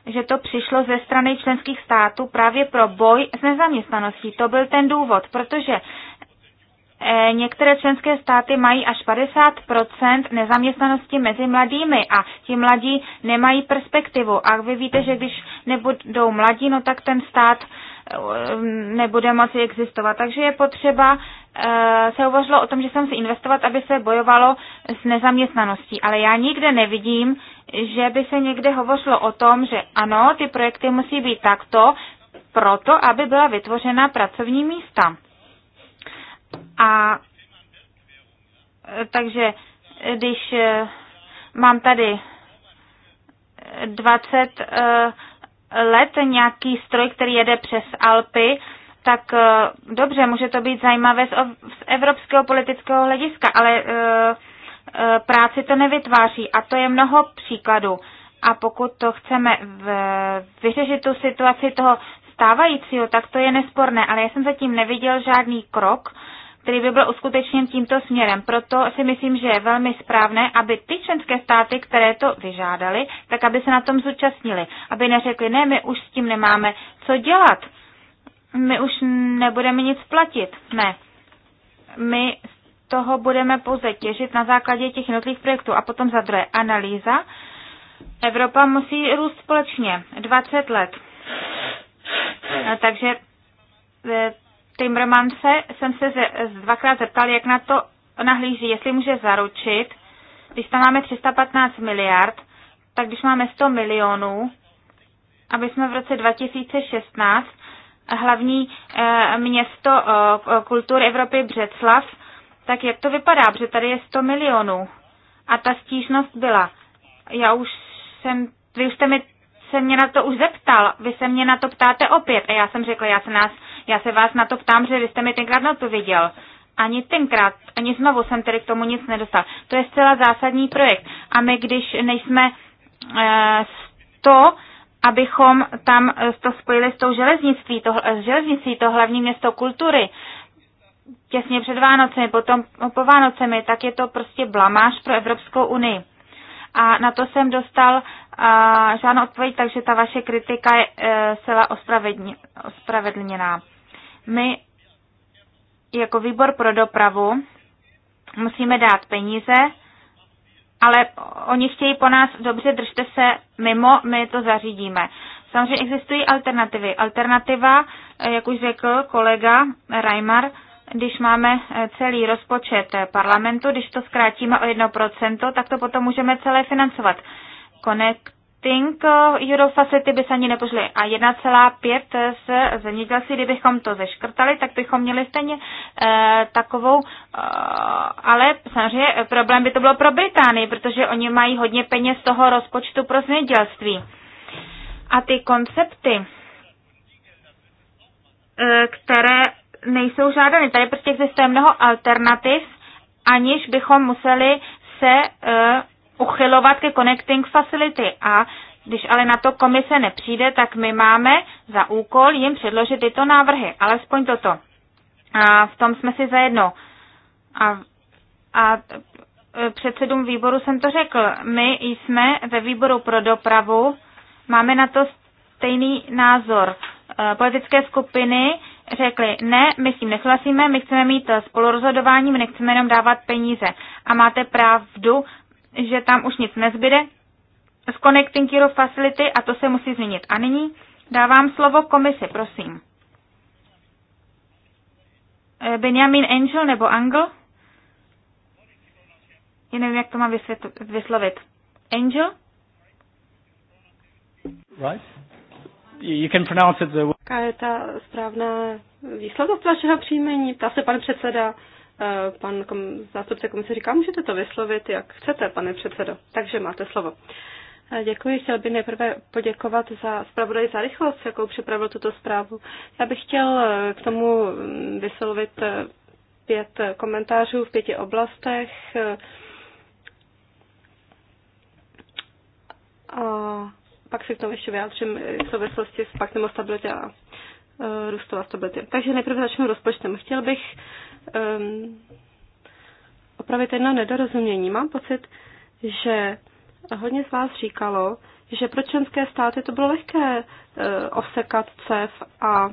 že to přišlo ze strany členských států právě pro boj s nezaměstnaností. To byl ten důvod, protože eh, Některé členské státy mají až 50 nezaměstnanosti mezi mladými a ti mladí nemají perspektivu. A vy víte, že když nebudou mladí, no tak ten stát nebude moci existovat. Takže je potřeba, eh, se hovořilo o tom, že se musí investovat, aby se bojovalo s nezaměstnaností. Ale já nikde nevidím, že by se někde hovořilo o tom, že ano, ty projekty musí být takto, proto, aby byla vytvořena pracovní místa. A eh, takže eh, když mám tady 20 let nějaký stroj, který jede přes Alpy, tak eh, dobře, může to být zajímavé z, evropského politického hlediska, ale eh, eh, práci to nevytváří a to je mnoho příkladů. A pokud to chceme vyřešit tu situaci toho stávajícího, tak to je nesporné, ale já jsem zatím neviděl žádný krok, který by byl uskutečněn tímto směrem. Proto si myslím, že je velmi správné, aby ty členské státy, které to vyžádali, tak aby se na tom zúčastnili. Aby neřekli, ne, my už s tím nemáme co dělat. My už nebudeme nic platit. Ne. My z toho budeme pouze těžit na základě těch jednotlivých projektů. A potom za druhé analýza. Evropa musí růst společně 20 let. Takže eh, Timmermanse jsem se dvakrát zeptal, jak na to nahlíží, jestli může zaručit, když tam máme 315 miliard, tak když máme 100 milionů, aby jsme v roce 2016 hlavní eh, město eh, kultury Evropy Břeclav, tak jak to vypadá, protože tady je 100 milionů. A ta stížnost byla. Já už jsem, vy už jste mi, se mě na to už zeptal, vy se mě na to ptáte opět. A já jsem řekla, já se nás já se vás na to ptám, že vy jste mi tenkrát na to viděl. Ani tenkrát, ani znovu jsem tedy k tomu nic nedostal. To je zcela zásadní projekt. A my, když nejsme e, eh, to, abychom tam eh, to spojili s tou železnictví, to, eh, s železnicí, to hlavní město kultury, těsně před Vánocemi, potom po Vánocemi, tak je to prostě blamáž pro Evropskou unii. A na to jsem dostal a, žádnou odpověď, takže ta vaše kritika je e, ospravedlněná. My jako výbor pro dopravu musíme dát peníze, ale oni chtějí po nás, dobře, držte se mimo, my to zařídíme. Samozřejmě existují alternativy. Alternativa, eh, jak už řekl kolega Reimar, když máme eh, celý rozpočet eh, parlamentu, když to zkrátíme o 1%, tak to potom můžeme celé financovat. Konek- Think eh, Facility by se ani nepožili A 1,5 z zemědělství, kdybychom to zeškrtali, tak bychom měli stejně e, takovou, e, ale samozřejmě problém by to bylo pro Británii, protože oni mají hodně peněz z toho rozpočtu pro zemědělství. A ty koncepty, e, které nejsou žádány, tady prostě existuje mnoho alternativ, aniž bychom museli se e, uchylovat ke Connecting Facility a když ale na to komise nepřijde, tak my máme za úkol jim předložit tyto návrhy, alespoň toto. A v tom jsme si zajedno. A, a e, předsedům výboru jsem to řekl. My jsme ve výboru pro dopravu, máme na to stejný názor. E, politické skupiny řekly ne, my s tím nechlasíme, my chceme mít spolurozhodování, my nechceme jenom dávat peníze. A máte pravdu, že tam už nic nezbyde z Connecting Europe Facility a to se musí změnit. A nyní dávám slovo komisi, prosím. Eh, Benjamin Angel nebo Angel? Já nevím, jak to mám vyslovit. Angel? Right. You can pronounce it the... Jaká je ta správná výslovnost vašeho příjmení? Ptá se pan předseda. Eh, pan kom, zástupce komise říká, můžete to vyslovit, jak chcete, pane předsedo. Takže máte slovo. Eh, děkuji. Chtěl bych nejprve poděkovat za zpravodaj za rychlost, jakou připravil tuto zprávu. Já bych chtěl eh, k tomu mm, vyslovit pět komentářů v pěti oblastech. A pak se k tomu ještě vyjádřím v souvislosti s paktem o stabilitě a růstová stabilitě. Takže nejprve začnu rozpočtem. Chtěl bych um, opravit jedno nedorozumění. Mám pocit, že hodně z vás říkalo, že pro členské státy to bylo lehké uh, osekat CEF a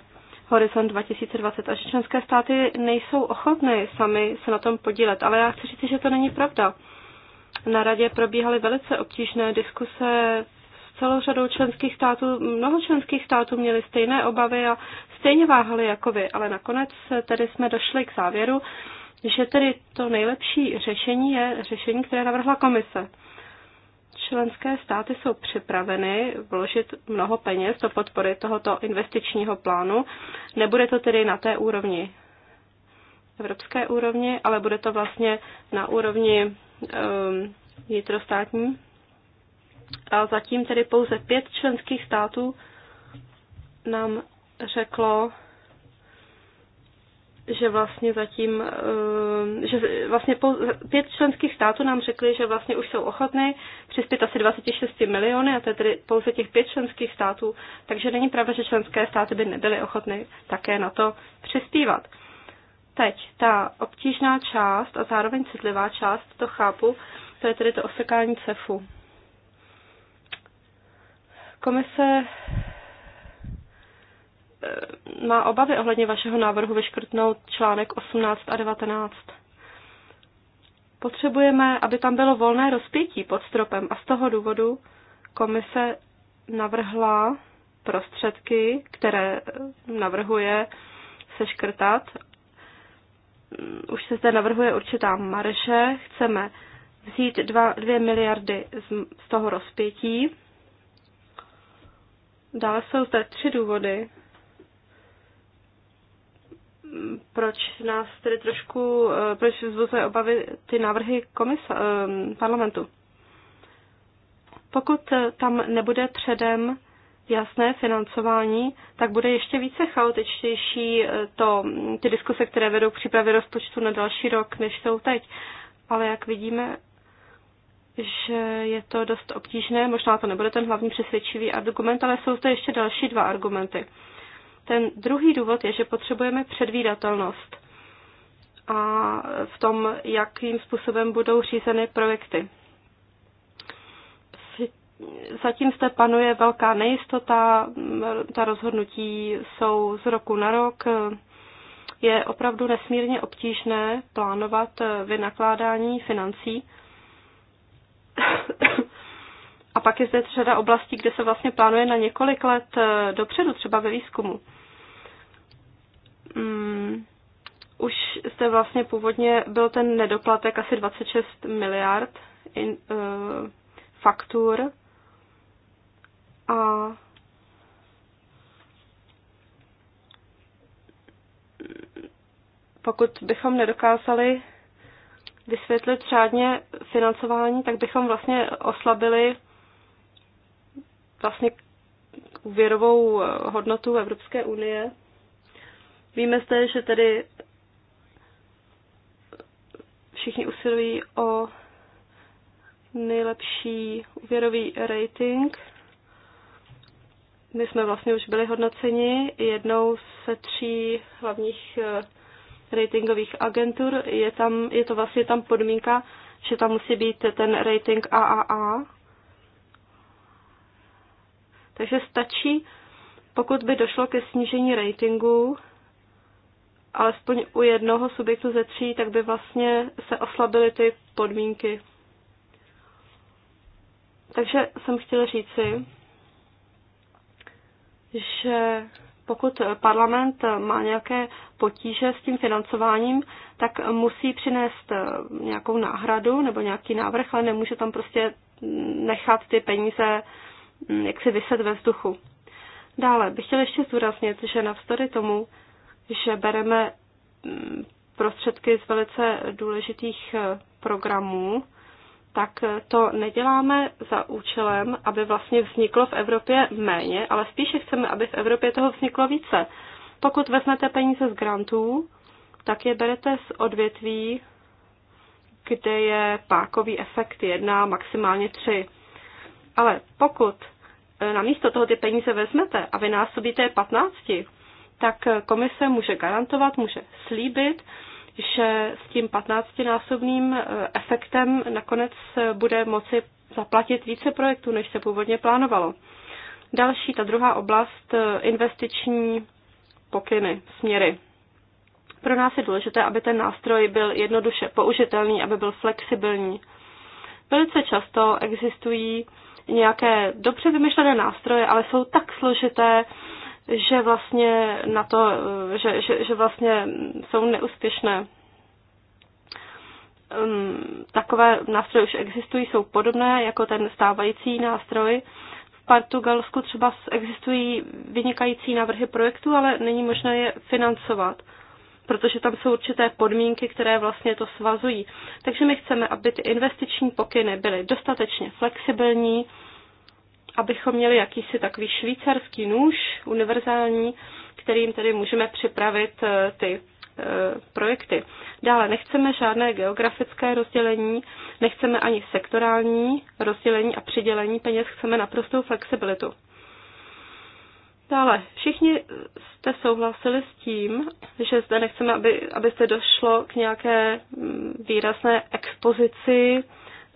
Horizont 2020 a že členské státy nejsou ochotny sami se na tom podílet. Ale já chci říct, že to není pravda. Na radě probíhaly velice obtížné diskuse s celou řadou členských států. Mnoho členských států měli stejné obavy a stejně váhali jako vy, ale nakonec tedy jsme došli k závěru, že tedy to nejlepší řešení je řešení, které navrhla komise. Členské státy jsou připraveny vložit mnoho peněz do podpory tohoto investičního plánu. Nebude to tedy na té úrovni evropské úrovni, ale bude to vlastně na úrovni um, A zatím tedy pouze pět členských států nám řeklo, že vlastně zatím, eh, že vlastně pět členských států nám řekli, že vlastně už jsou ochotny přispět asi 26 miliony, a to je tedy pouze těch pět členských států, takže není pravda, že členské státy by nebyly ochotny také na to přispívat. Teď ta obtížná část a zároveň citlivá část, to chápu, to je tedy to osekání cefu. Komise Eh, má obavy ohledně vašeho návrhu vyškrtnout článek 18 a 19. Potřebujeme, aby tam bylo volné rozpětí pod stropem a z toho důvodu komise navrhla prostředky, které navrhuje seškrtat. Už se zde navrhuje určitá marše. Chceme vzít 2 miliardy z, z toho rozpětí. Dále jsou zde tři důvody, proč nás tedy trošku, eh, proč vzbuzuje obavy ty návrhy komisa, eh, parlamentu. Pokud eh, tam nebude předem jasné financování, tak bude ještě více chaotičtější to, ty diskuse, které vedou k přípravě rozpočtu na další rok, než jsou teď. Ale jak vidíme, že je to dost obtížné, možná to nebude ten hlavní přesvědčivý argument, ale jsou zde ještě další dva argumenty. Ten druhý důvod je, že potřebujeme předvídatelnost a v tom, jakým způsobem budou řízeny projekty. Zatím zde panuje velká nejistota, ta rozhodnutí jsou z roku na rok. Je opravdu nesmírně obtížné plánovat vynakládání financí pak je zde řada oblastí, kde se vlastně plánuje na několik let eh, dopředu, třeba ve výzkumu. Hmm. už zde vlastně původně byl ten nedoplatek asi 26 miliard in, uh, faktur a pokud bychom nedokázali vysvětlit řádně financování, tak bychom vlastně oslabili vlastně úvěrovou eh, hodnotu Evropské unie. Víme zde, že tedy všichni usilují o nejlepší úvěrový rating. My jsme vlastně už byli hodnoceni jednou se tří hlavních eh, ratingových agentur. Je, tam, je to vlastně tam podmínka, že tam musí být ten rating AAA, takže stačí, pokud by došlo ke snížení ratingu alespoň u jednoho subjektu ze tří, tak by vlastně se oslabily ty podmínky. Takže jsem chtěla říci, že pokud parlament má nějaké potíže s tím financováním, tak musí přinést nějakou náhradu nebo nějaký návrh, ale nemůže tam prostě nechat ty peníze Mm, jaksi vyset ve vzduchu. Dále bych chtěla ještě zdůraznit, že navzdory tomu, že bereme mm, prostředky z velice důležitých eh, programů, tak eh, to neděláme za účelem, aby vlastně vzniklo v Evropě méně, ale spíše chceme, aby v Evropě toho vzniklo více. Pokud vezmete peníze z grantů, tak je berete z odvětví, kde je pákový efekt jedna, maximálně tři. Ale pokud Eh, namísto toho ty peníze vezmete a vynásobíte je 15, tak eh, komise může garantovat, může slíbit, že s tím 15-násobným eh, efektem nakonec bude moci zaplatit více projektů, než se původně plánovalo. Další, ta druhá oblast, investiční pokyny, směry. Pro nás je důležité, aby ten nástroj byl jednoduše použitelný, aby byl flexibilní. Velice často existují nějaké dobře vymyšlené nástroje, ale jsou tak složité, že vlastně na to, eh, že, že, že vlastně jsou neúspěšné. Ehm, takové nástroje už existují, jsou podobné jako ten stávající nástroj. V Portugalsku třeba existují vynikající návrhy projektů, ale není možné je financovat protože tam jsou určité podmínky, které vlastně to svazují. Takže my chceme, aby ty investiční pokyny byly dostatečně flexibilní, abychom měli jakýsi takový švýcarský nůž univerzální, kterým tedy můžeme připravit eh, ty eh, projekty. Dále nechceme žádné geografické rozdělení, nechceme ani sektorální rozdělení a přidělení peněz, chceme naprostou flexibilitu stále. všichni jste souhlasili s tím, že zde nechceme, aby, abyste došlo k nějaké mm, výrazné expozici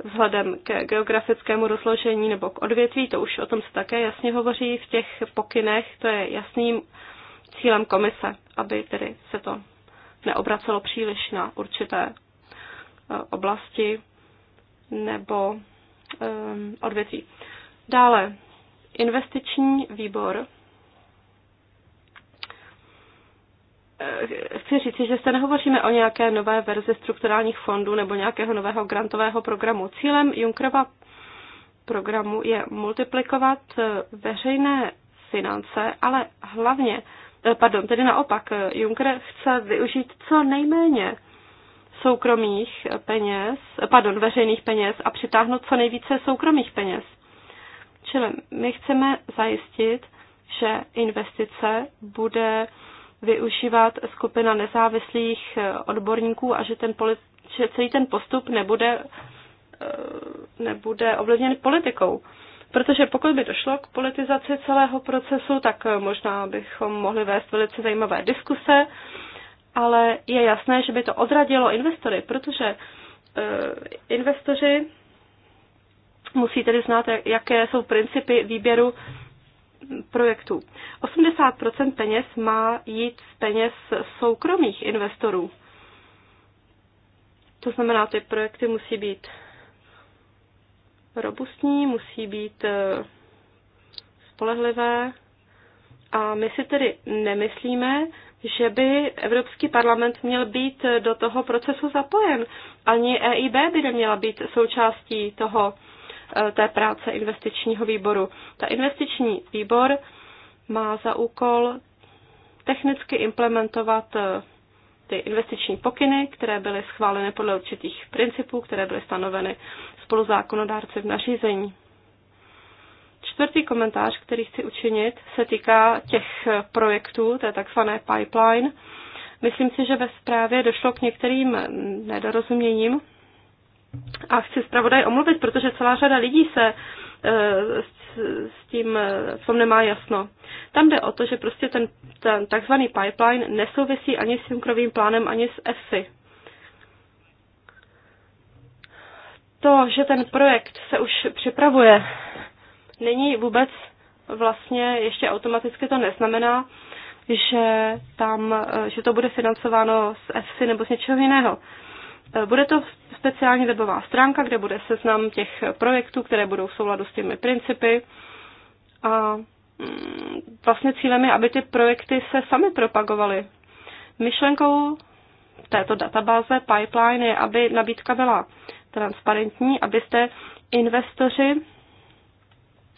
vzhledem ke geografickému rozložení nebo k odvětví, to už o tom se také jasně hovoří v těch pokynech, to je jasným cílem komise, aby tedy se to neobracelo příliš na určité e, oblasti nebo e, odvětví. Dále, investiční výbor Eh, chci říci, že se nehovoříme o nějaké nové verzi strukturálních fondů nebo nějakého nového grantového programu. Cílem Junkrova programu je multiplikovat eh, veřejné finance, ale hlavně, eh, pardon, tedy naopak, Juncker chce využít co nejméně soukromých peněz, pardon, veřejných peněz a přitáhnout co nejvíce soukromých peněz. Čili my chceme zajistit, že investice bude využívat skupina nezávislých eh, odborníků a že, ten polit, že celý ten postup nebude, eh, nebude ovlivněn politikou. Protože pokud by došlo k politizaci celého procesu, tak eh, možná bychom mohli vést velice zajímavé diskuse, ale je jasné, že by to odradilo investory, protože investoři musí tedy znát, jaké jsou principy výběru projektů. 80% peněz má jít z peněz soukromých investorů. To znamená, ty projekty musí být robustní, musí být eh, spolehlivé. A my si tedy nemyslíme, že by Evropský parlament měl být do toho procesu zapojen. Ani EIB by neměla být součástí toho Eh, té práce investičního výboru. Ta investiční výbor má za úkol technicky implementovat eh, ty investiční pokyny, které byly schváleny podle určitých principů, které byly stanoveny spoluzákonodárci v nařízení. Čtvrtý komentář, který chci učinit, se týká těch eh, projektů, té takzvané pipeline. Myslím si, že ve zprávě došlo k některým mm, nedorozuměním. A chci zpravodaj omluvit, protože celá řada lidí se eh, s tím eh, v tom nemá jasno. Tam jde o to, že prostě ten, ten takzvaný pipeline nesouvisí ani s synkrovým plánem, ani s EFI. To, že ten projekt se už připravuje, není vůbec vlastně ještě automaticky to neznamená, že, tam, eh, že to bude financováno z EFSI nebo z něčeho jiného. Eh, bude to speciální webová stránka, kde bude seznam těch projektů, které budou v souladu s těmi principy. A mm, vlastně cílem je, aby ty projekty se sami propagovaly. Myšlenkou této databáze pipeline je, aby nabídka byla transparentní, abyste investoři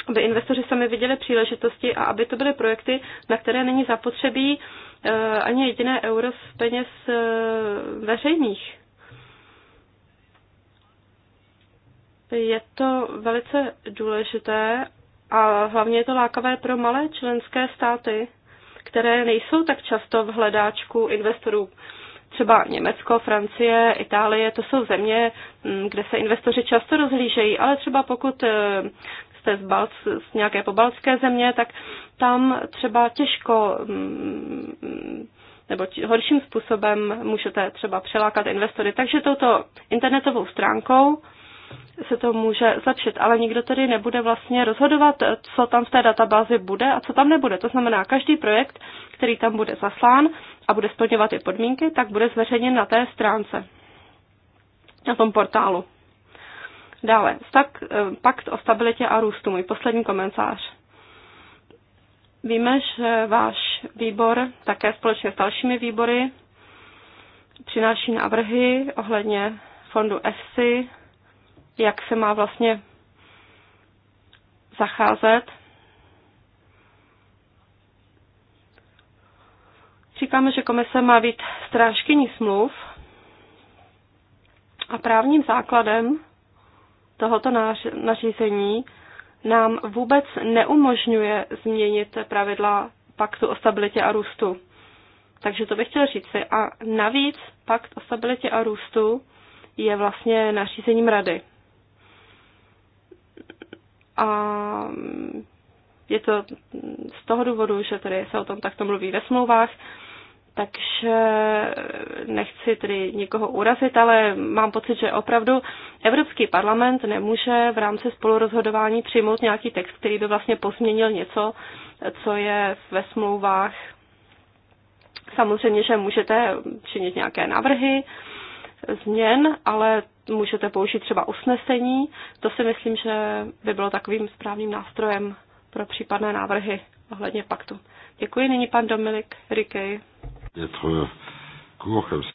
aby investoři sami viděli příležitosti a aby to byly projekty, na které není zapotřebí eh, ani jediné euro z peněz eh, veřejných. Je to velice důležité a hlavně je to lákavé pro malé členské státy, které nejsou tak často v hledáčku investorů. Třeba Německo, Francie, Itálie, to jsou země, mm, kde se investoři často rozhlížejí, ale třeba pokud eh, jste z, Balc, z nějaké pobaltské země, tak tam třeba těžko mm, nebo horším způsobem můžete třeba přelákat investory. Takže touto internetovou stránkou se to může zlepšit, ale nikdo tedy nebude vlastně rozhodovat, co tam v té databázi bude a co tam nebude. To znamená, každý projekt, který tam bude zaslán a bude splňovat i podmínky, tak bude zveřejněn na té stránce, na tom portálu. Dále, stak, eh, pakt o stabilitě a růstu, můj poslední komentář. Víme, že váš výbor také společně s dalšími výbory přináší návrhy ohledně fondu EFSI, jak se má vlastně zacházet. Říkáme, že komise má být strážkyní smluv a právním základem tohoto nařízení nám vůbec neumožňuje změnit pravidla paktu o stabilitě a růstu. Takže to bych chtěl říci. A navíc pakt o stabilitě a růstu je vlastně nařízením rady. A je to z toho důvodu, že tady se o tom takto mluví ve smlouvách, takže nechci tedy nikoho urazit, ale mám pocit, že opravdu Evropský parlament nemůže v rámci spolurozhodování přijmout nějaký text, který by vlastně pozměnil něco, co je ve smlouvách. Samozřejmě, že můžete činit nějaké návrhy, změn, ale můžete použít třeba usnesení. To si myslím, že by bylo takovým správným nástrojem pro případné návrhy ohledně paktu. Děkuji. Nyní pan Dominik Rikej. Eh,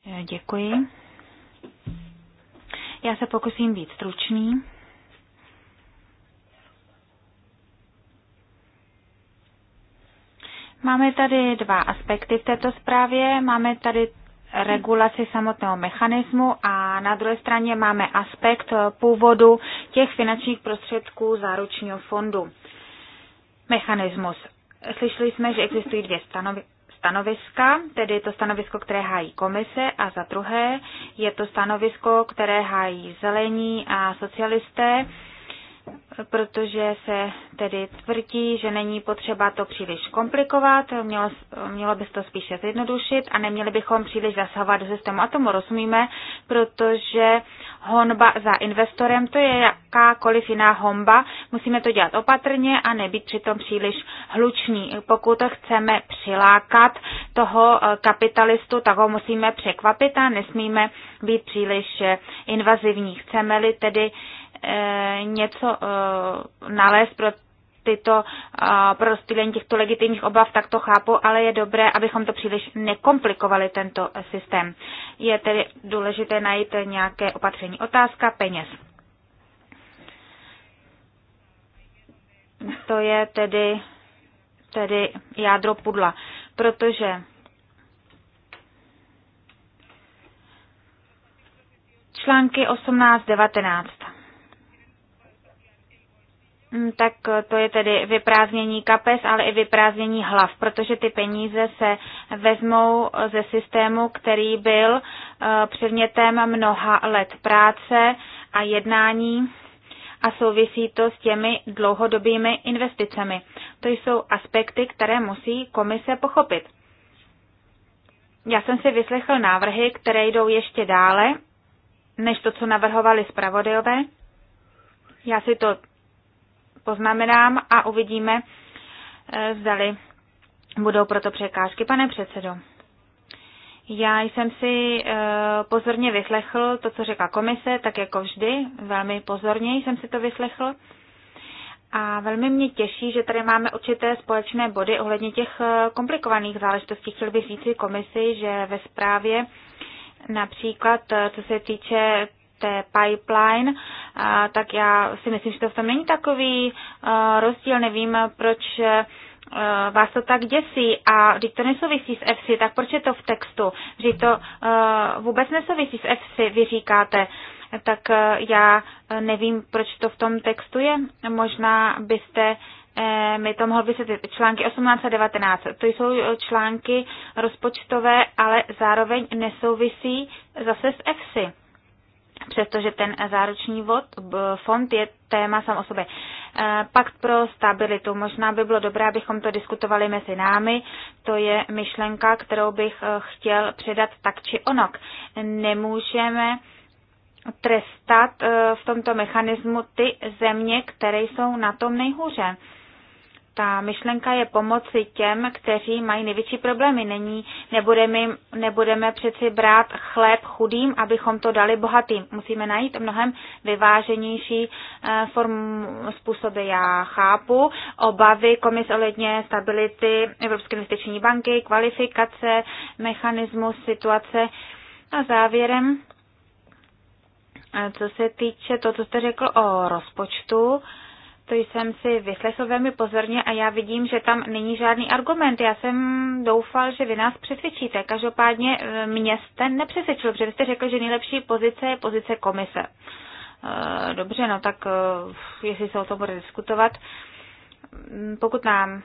eh, děkuji. Já se pokusím být stručný. Máme tady dva aspekty v této zprávě. Máme tady regulaci samotného mechanismu a na druhé straně máme aspekt původu těch finančních prostředků záručního fondu. Mechanismus. Slyšeli jsme, že existují dvě stanovy, stanoviska, tedy to stanovisko, které hájí komise a za druhé je to stanovisko, které hájí zelení a socialisté protože se tedy tvrdí, že není potřeba to příliš komplikovat, mělo, mělo by se to spíše zjednodušit a neměli bychom příliš zasahovat do systému. A tomu rozumíme, protože honba za investorem, to je jakákoliv jiná honba, musíme to dělat opatrně a nebýt přitom příliš hluční. Pokud chceme přilákat toho eh, kapitalistu, tak ho musíme překvapit a nesmíme být příliš eh, invazivní. Chceme-li tedy Eh, něco eh, nalézt pro tyto, eh, pro rozptýlení těchto legitimních obav, tak to chápu, ale je dobré, abychom to příliš nekomplikovali, tento systém. Je tedy důležité najít nějaké opatření. Otázka peněz. To je tedy, tedy jádro pudla, protože články 18-19 Mm, tak eh, to je tedy vyprázdnění kapes, ale i vyprázdnění hlav, protože ty peníze se vezmou eh, ze systému, který byl eh, předmětem mnoha let práce a jednání a souvisí to s těmi dlouhodobými investicemi. To jsou aspekty, které musí komise pochopit. Já jsem si vyslechl návrhy, které jdou ještě dále, než to, co navrhovali zpravodajové. Já si to poznamenám a uvidíme, eh, zdali budou proto překážky. Pane předsedo, já jsem si eh, pozorně vyslechl to, co řekla komise, tak jako vždy, velmi pozorně jsem si to vyslechl. A velmi mě těší, že tady máme určité společné body ohledně těch eh, komplikovaných záležitostí. Chtěl bych říct si komisi, že ve zprávě například, co se týče té pipeline, tak já si myslím, že to v tom není takový eh, rozdíl. Nevím, proč eh, vás to tak děsí a když to nesouvisí s FC, tak proč je to v textu? Že to eh, vůbec nesouvisí s FC, vy říkáte tak já nevím, proč to v tom textu je. Možná byste mi to mohl vysvětlit. Články 18 a 19, to jsou články rozpočtové, ale zároveň nesouvisí zase s EFSI přestože ten záruční vod, fond je téma sam o sobě. E, pakt pro stabilitu. Možná by bylo dobré, abychom to diskutovali mezi námi. To je myšlenka, kterou bych e, chtěl předat tak či onok. Nemůžeme trestat e, v tomto mechanismu ty země, které jsou na tom nejhůře ta myšlenka je pomoci těm, kteří mají největší problémy. Není, nebudeme, nebudeme přeci brát chléb chudým, abychom to dali bohatým. Musíme najít mnohem vyváženější eh, form způsoby. Já chápu obavy o ohledně stability Evropské investiční banky, kvalifikace, mechanismus, situace. A závěrem, eh, co se týče to, co jste řekl o rozpočtu, to jsem si vyslechl velmi pozorně a já vidím, že tam není žádný argument. Já jsem doufal, že vy nás přesvědčíte. Každopádně e, mě jste nepřesvědčil, protože jste řekl, že nejlepší pozice je pozice komise. E, dobře, no tak e, jestli se o tom bude diskutovat, mm, pokud nám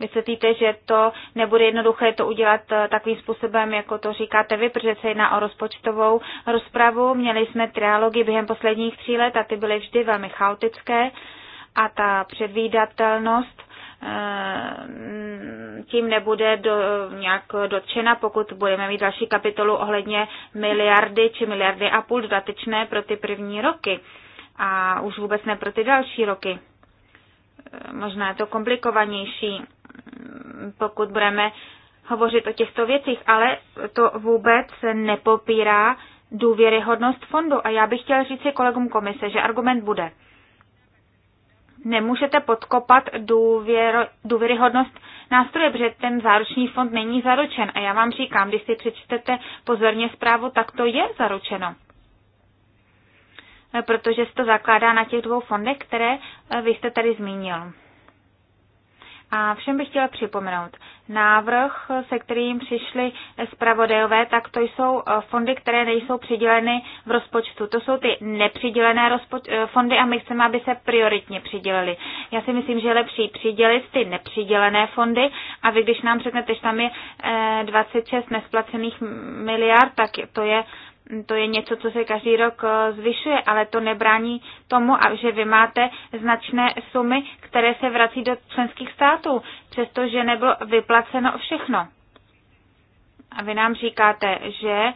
Myslíte, že to nebude jednoduché to udělat eh, takovým způsobem, jako to říkáte vy, protože se jedná o rozpočtovou rozpravu. Měli jsme triálogy během posledních tří let a ty byly vždy velmi chaotické a ta předvídatelnost eh, tím nebude do, nějak dotčena, pokud budeme mít další kapitolu ohledně miliardy či miliardy a půl dodatečné pro ty první roky a už vůbec ne pro ty další roky. Eh, možná je to komplikovanější pokud budeme hovořit o těchto věcích, ale to vůbec nepopírá důvěryhodnost fondu. A já bych chtěl říct si kolegům komise, že argument bude. Nemůžete podkopat důvěro, důvěryhodnost nástroje, protože ten záruční fond není zaručen. A já vám říkám, když si přečtete pozorně zprávu, tak to je zaručeno. Protože se to zakládá na těch dvou fondech, které vy jste tady zmínil. A všem bych chtěla připomenout, návrh, se kterým přišli zpravodajové, tak to jsou eh, fondy, které nejsou přiděleny v rozpočtu. To jsou ty nepřidělené eh, fondy a my chceme, aby se prioritně přidělili. Já si myslím, že je lepší přidělit ty nepřidělené fondy a vy, když nám řeknete, že tam je 26 eh, nesplacených miliard, tak to je to je něco, co se každý rok eh, zvyšuje, ale to nebrání tomu, že vy máte značné sumy, které se vrací do členských států, přestože nebylo vyplaceno všechno. A vy nám říkáte, že eh,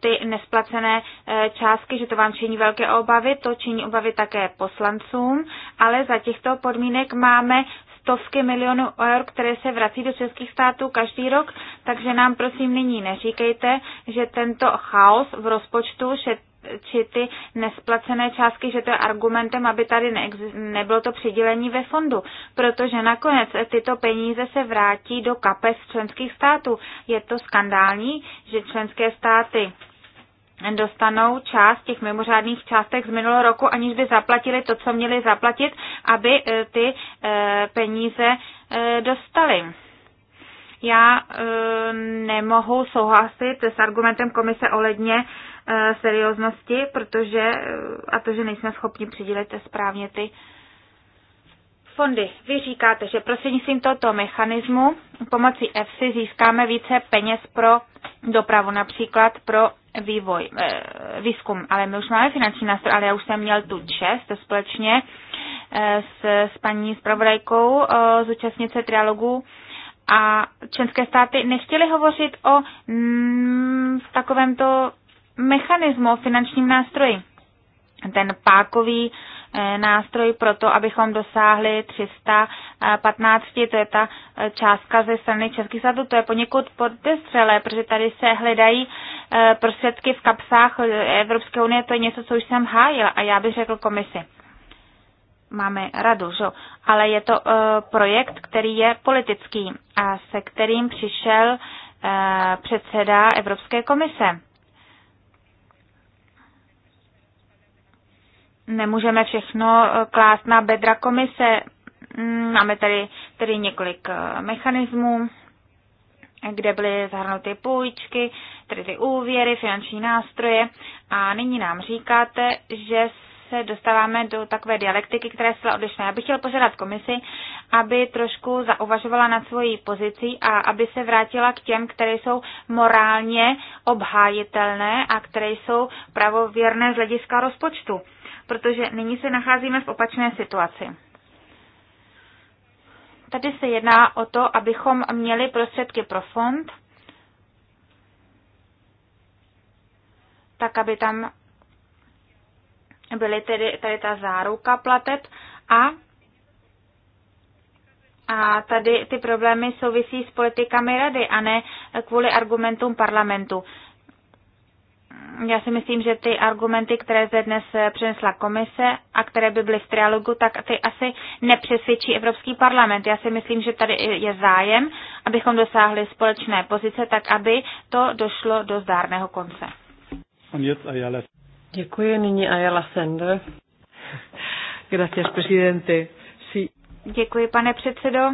ty nesplacené eh, částky, že to vám činí velké obavy, to činí obavy také poslancům, ale za těchto podmínek máme stovky milionů eur, které se vrací do českých států každý rok, takže nám prosím nyní neříkejte, že tento chaos v rozpočtu, že či ty nesplacené částky, že to je argumentem, aby tady nebylo to přidělení ve fondu, protože nakonec tyto peníze se vrátí do kapes členských států. Je to skandální, že členské státy dostanou část těch mimořádných částek z minulého roku, aniž by zaplatili to, co měli zaplatit, aby eh, ty eh, peníze eh, dostali. Já nemohu souhlasit s argumentem komise ohledně serióznosti, protože a to, že nejsme schopni přidělit správně ty fondy. Vy říkáte, že prostřednictvím tohoto mechanismu pomocí EFSI získáme více peněz pro dopravu, například pro vývoj, eh, výzkum. Ale my už máme finanční nástroj, ale já už jsem měl tu čest společně eh, s, s paní zpravodajkou eh, zúčastnit se trialogu a členské státy nechtěly hovořit o mm, takovémto mechanismu, finančním nástroji. Ten pákový Eh, nástroj pro to, abychom dosáhli 315, eh, to je ta eh, částka ze strany Českých států, to je poněkud podestřelé, protože tady se hledají prostředky v kapsách Evropské unie, to je něco, co už jsem hájila a já bych řekl komisi máme radu, že? ale je to projekt, který je politický a se kterým přišel předseda Evropské komise. nemůžeme všechno eh, klást na bedra komise. Mm, Máme tady, tady několik eh, mechanismů, kde byly zahrnuty půjčky, tedy ty úvěry, finanční nástroje. A nyní nám říkáte, že se dostáváme do takové dialektiky, která je zcela odlišná. Já bych chtěl požádat komisi, aby trošku zauvažovala nad svojí pozicí a aby se vrátila k těm, které jsou morálně obhájitelné a které jsou pravověrné z hlediska rozpočtu protože nyní se nacházíme v opačné situaci. Tady se jedná o to, abychom měli prostředky pro fond, tak aby tam byly tedy tady ta záruka plateb a a tady ty problémy souvisí s politikami rady a ne kvůli argumentům parlamentu já si myslím, že ty argumenty, které zde dnes eh, přinesla komise a které by byly v trialogu, tak ty asi nepřesvědčí Evropský parlament. Já si myslím, že tady je zájem, abychom dosáhli společné pozice, tak aby to došlo do zdárného konce. Děkuji, nyní Ayala Sender. Gracias, presidente. Sí. Děkuji, pane předsedo.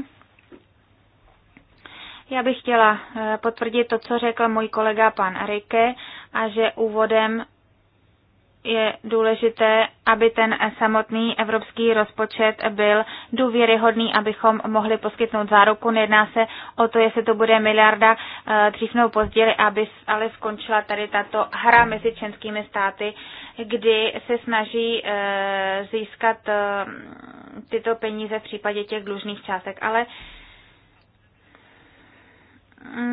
Já bych chtěla eh, potvrdit to, co řekl můj kolega pan Rike a že úvodem je důležité, aby ten samotný evropský rozpočet byl důvěryhodný, abychom mohli poskytnout záruku. Nejedná se o to, jestli to bude miliarda eh, dřív nebo později, aby ale skončila tady tato hra mezi členskými státy, kdy se snaží eh, získat tyto peníze v případě těch dlužných částek. Ale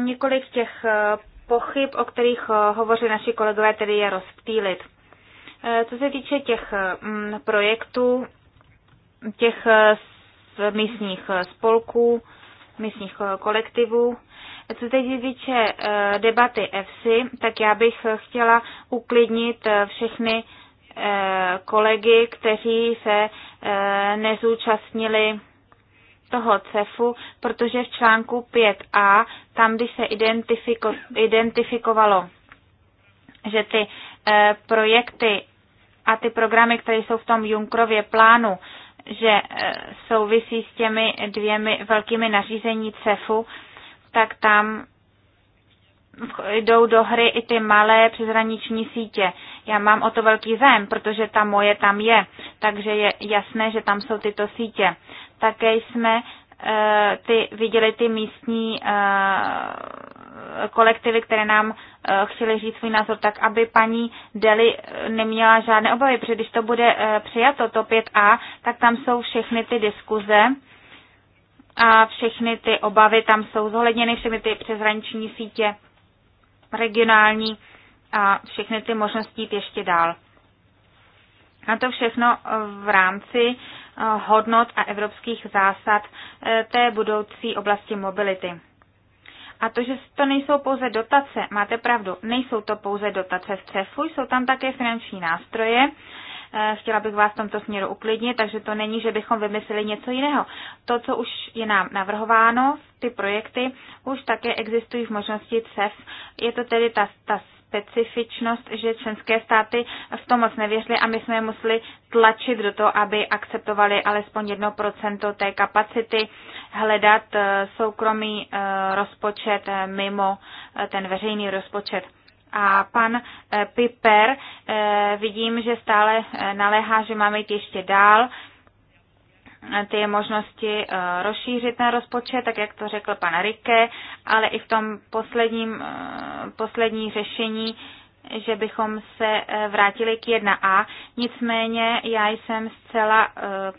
několik těch eh, pochyb, o kterých eh, hovoří naši kolegové, tedy je rozptýlit. Eh, co se týče těch mm, projektů, těch místních spolků, místních kolektivů, co se týče debaty EFSI, tak já bych chtěla uklidnit všechny kolegy, kteří se nezúčastnili toho CEFu, protože v článku 5a, tam, když se identifiko, identifikovalo, že ty e, projekty a ty programy, které jsou v tom Junkrově plánu, že e, souvisí s těmi dvěmi velkými nařízení CEFu, tak tam jdou do hry i ty malé přeshraniční sítě. Já mám o to velký zájem, protože ta moje tam je, takže je jasné, že tam jsou tyto sítě. Také jsme eh, ty, viděli ty místní eh, kolektivy, které nám eh, chtěli říct svůj názor, tak aby paní Deli neměla žádné obavy, protože když to bude přijato, to 5a, tak tam jsou všechny ty diskuze a všechny ty obavy tam jsou zohledněny, všechny ty přeshraniční sítě, regionální a všechny ty možnosti jít ještě dál. A to všechno eh, v rámci eh, hodnot a evropských zásad eh, té budoucí oblasti mobility. A to, že to nejsou pouze dotace, máte pravdu, nejsou to pouze dotace v CEFu, jsou tam také finanční nástroje. Chtěla bych vás v tomto směru uklidnit, takže to není, že bychom vymysleli něco jiného. To, co už je nám navrhováno, ty projekty už také existují v možnosti CEF. Je to tedy ta, ta specifičnost, že členské státy v tom moc nevěřily a my jsme je museli tlačit do toho, aby akceptovali alespoň 1% té kapacity, hledat eh, soukromý eh, rozpočet eh, mimo ten veřejný rozpočet. A pan Piper, vidím, že stále naléhá, že máme jít ještě dál ty možnosti eh, rozšířit ten rozpočet, tak jak to řekl pan Rike, ale i v tom posledním, eh, poslední řešení, že bychom se eh, vrátili k 1a. Nicméně já jsem zcela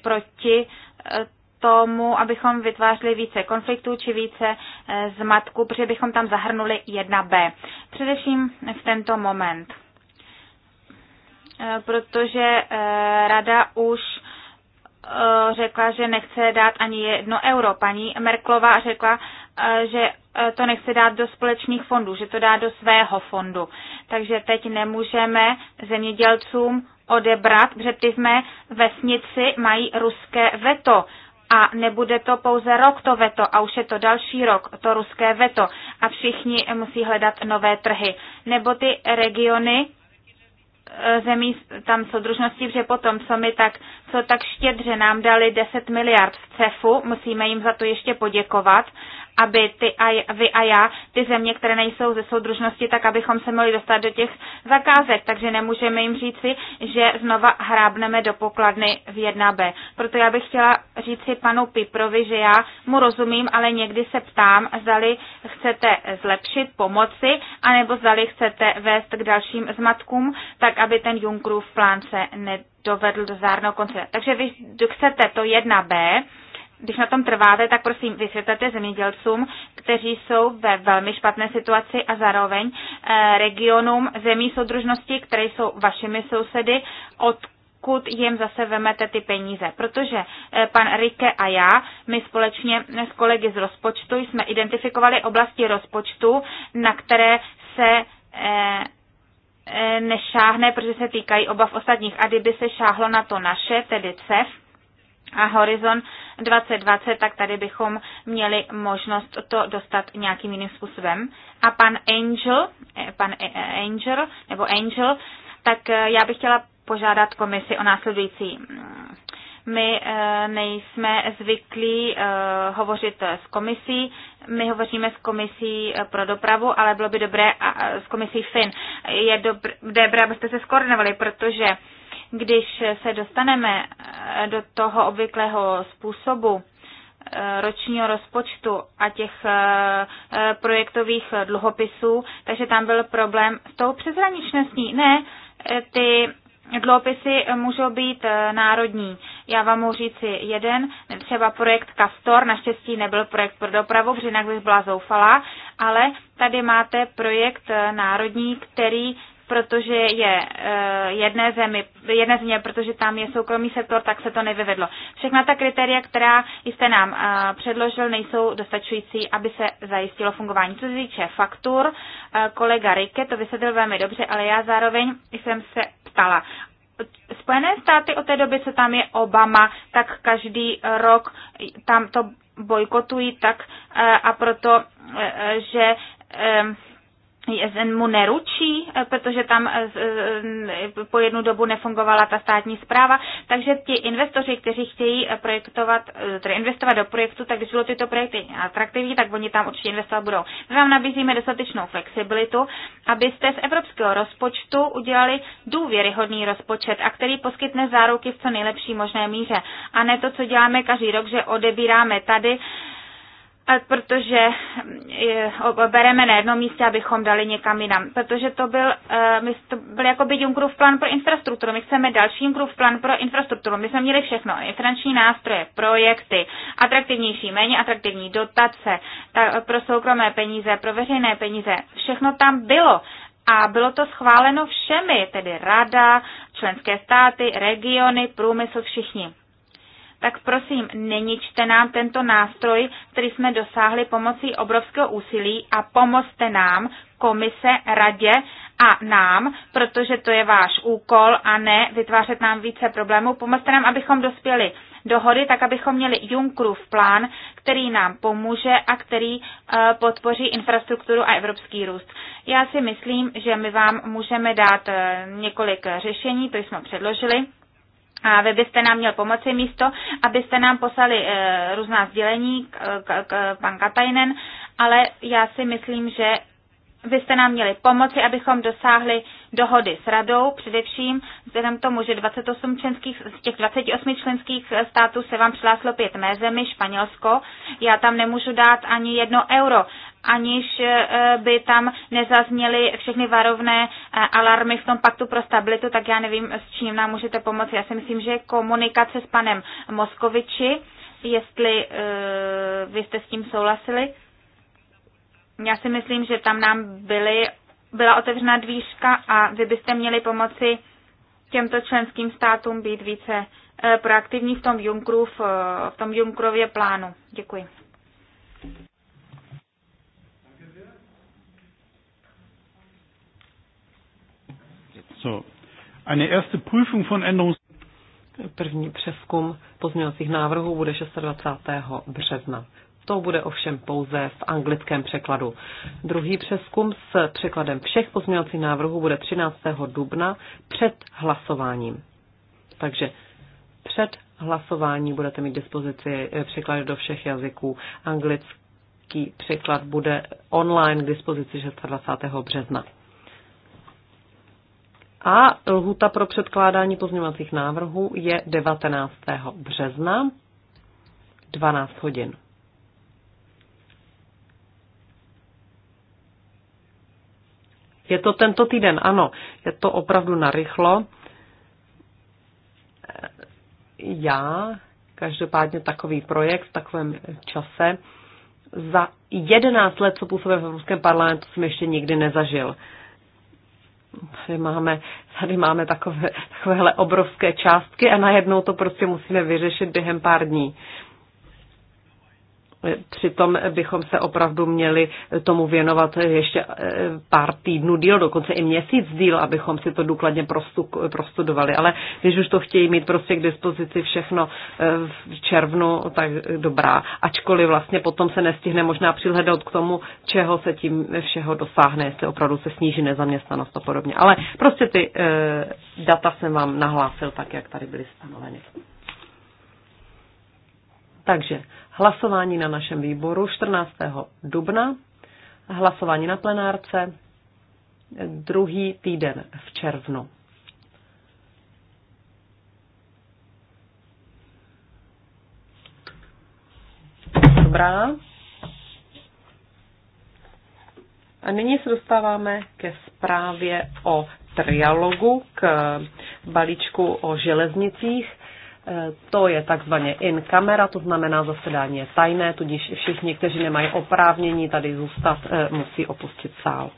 proti tomu, abychom vytvářeli více konfliktů či více zmatku, protože bychom tam zahrnuli 1b. Především v tento moment. Protože rada už Eh, řekla, že nechce dát ani jedno euro. Paní Merklová řekla, eh, že eh, to nechce dát do společných fondů, že to dá do svého fondu. Takže teď nemůžeme zemědělcům odebrat, protože ty jsme vesnici mají ruské veto. A nebude to pouze rok to veto, a už je to další rok, to ruské veto. A všichni musí hledat nové trhy. Nebo ty regiony Eh, zemí tam soudružnosti, že potom co mi tak, co tak štědře nám dali 10 miliard v CEFu, musíme jim za to ještě poděkovat aby ty a, vy a já, ty země, které nejsou ze soudružnosti, tak abychom se mohli dostat do těch zakázek. Takže nemůžeme jim říci, že znova hrábneme do pokladny v 1B. Proto já bych chtěla říci panu Piprovi, že já mu rozumím, ale někdy se ptám, zdali chcete zlepšit, pomoci, anebo zdali chcete vést k dalším zmatkům, tak aby ten Junkrův plán se nedovedl do zárného konce. Takže vy chcete to 1B, když na tom trváte, tak prosím vysvětlete zemědělcům, kteří jsou ve velmi špatné situaci a zároveň eh, regionům zemí soudružnosti, které jsou vašimi sousedy, od odkud jim zase vemete ty peníze. Protože eh, pan Rike a já, my společně s kolegy z rozpočtu jsme identifikovali oblasti rozpočtu, na které se eh, nešáhne, protože se týkají obav ostatních. A kdyby se šáhlo na to naše, tedy CEF, a Horizon 2020, tak tady bychom měli možnost to dostat nějakým jiným způsobem. A pan Angel, eh, pan eh, eh, Angel, nebo Angel, tak já bych chtěla požádat komisi o následující. My nejsme zvyklí hovořit s komisí, my hovoříme s komisí pro dopravu, ale bylo by dobré, a s komisí FIN, je dobré, abyste se skoordinovali, protože když se dostaneme eh, do toho obvyklého způsobu eh, ročního rozpočtu a těch eh, projektových dluhopisů, takže tam byl problém s tou přeshraničností. Ne, ty dluhopisy můžou být národní. Já vám mohu říci jeden, třeba projekt Castor, naštěstí nebyl projekt pro dopravu, protože jinak bych byla zoufalá, ale tady máte projekt národní, který protože je eh, jedné, zemi, jedné země, protože tam je soukromý sektor, tak se to nevyvedlo. Všechna ta kritéria, která jste nám eh, předložil, nejsou dostačující, aby se zajistilo fungování. Co se týče faktur, eh, kolega Rike to vysvětlil velmi dobře, ale já zároveň jsem se ptala. Spojené státy od té doby, co tam je Obama, tak každý rok tam to bojkotují tak a proto, že ISN mu neručí, eh, protože tam eh, eh, po jednu dobu nefungovala ta státní zpráva, takže ti investoři, kteří chtějí projektovat, tedy investovat do projektu, tak když budou tyto projekty atraktivní, tak oni tam určitě investovat budou. My vám nabízíme dostatečnou flexibilitu, abyste z evropského rozpočtu udělali důvěryhodný rozpočet, a který poskytne záruky v co nejlepší možné míře. A ne to, co děláme každý rok, že odebíráme tady protože eh, bereme na jedno místě, abychom dali někam jinam. Protože to byl, eh, my to byl jako by Junckerův plán pro infrastrukturu. My chceme další Junckerův plán pro infrastrukturu. My jsme měli všechno. Finanční nástroje, projekty, atraktivnější, méně atraktivní, dotace ta, pro soukromé peníze, pro veřejné peníze. Všechno tam bylo. A bylo to schváleno všemi, tedy rada, členské státy, regiony, průmysl, všichni tak prosím, neničte nám tento nástroj, který jsme dosáhli pomocí obrovského úsilí a pomozte nám, komise, radě a nám, protože to je váš úkol a ne vytvářet nám více problémů. Pomozte nám, abychom dospěli dohody, tak abychom měli Junckerův plán, který nám pomůže a který eh, podpoří infrastrukturu a evropský růst. Já si myslím, že my vám můžeme dát eh, několik řešení, to jsme předložili. A vy byste nám měl pomoci místo, abyste nám poslali e, různá sdělení, k, k, k, pan Katajnen, ale já si myslím, že vy jste nám měli pomoci, abychom dosáhli dohody s radou, především vzhledem k tomu, že 28 členských, z těch 28 členských států se vám přihlásilo pět mé zemi, Španělsko. Já tam nemůžu dát ani jedno euro aniž eh, by tam nezazněly všechny varovné eh, alarmy v tom paktu pro stabilitu, tak já nevím, s čím nám můžete pomoci. Já si myslím, že komunikace s panem Moskoviči, jestli eh, vy jste s tím souhlasili. Já si myslím, že tam nám byly, byla otevřena dvířka a vy byste měli pomoci těmto členským státům být více proaktivní v tom Junkrově plánu. Děkuji. So. Eine erste Prüfung von Änderungs První přeskum pozměňovacích návrhů bude 26. března. To bude ovšem pouze v anglickém překladu. Druhý přeskum s překladem všech pozměňovacích návrhů bude 13. dubna před hlasováním. Takže před hlasování budete mít dispozici eh, překlady do všech jazyků. Anglický překlad bude online k dispozici 26. března a lhuta pro předkládání pozměňovacích návrhů je 19. března 12 hodin. Je to tento týden, ano, je to opravdu narychlo. Já každopádně takový projekt v takovém čase za 11 let, co působím v Evropském parlamentu, jsem ještě nikdy nezažil tady máme, tady máme takové, takovéhle obrovské částky a najednou to prostě musíme vyřešit během pár dní. Přitom bychom se opravdu měli tomu věnovat ještě eh, pár týdnů díl, dokonce i měsíc díl, abychom si to důkladně prostudovali. Ale když už to chtějí mít prostě k dispozici všechno eh, v červnu, tak dobrá. Ačkoliv vlastně potom se nestihne možná přihledat k tomu, čeho se tím všeho dosáhne, jestli opravdu se sníží nezaměstnanost a podobně. Ale prostě ty eh, data jsem vám nahlásil tak, jak tady byly stanoveny. Takže hlasování na našem výboru 14. dubna, hlasování na plenárce druhý týden v červnu. Dobrá. A nyní se dostáváme ke zprávě o trialogu k balíčku o železnicích. Eh, to je takzvaně in camera, to znamená zasedání je tajné, tudíž všichni, kteří nemají oprávnění tady zůstat, eh, musí opustit sál.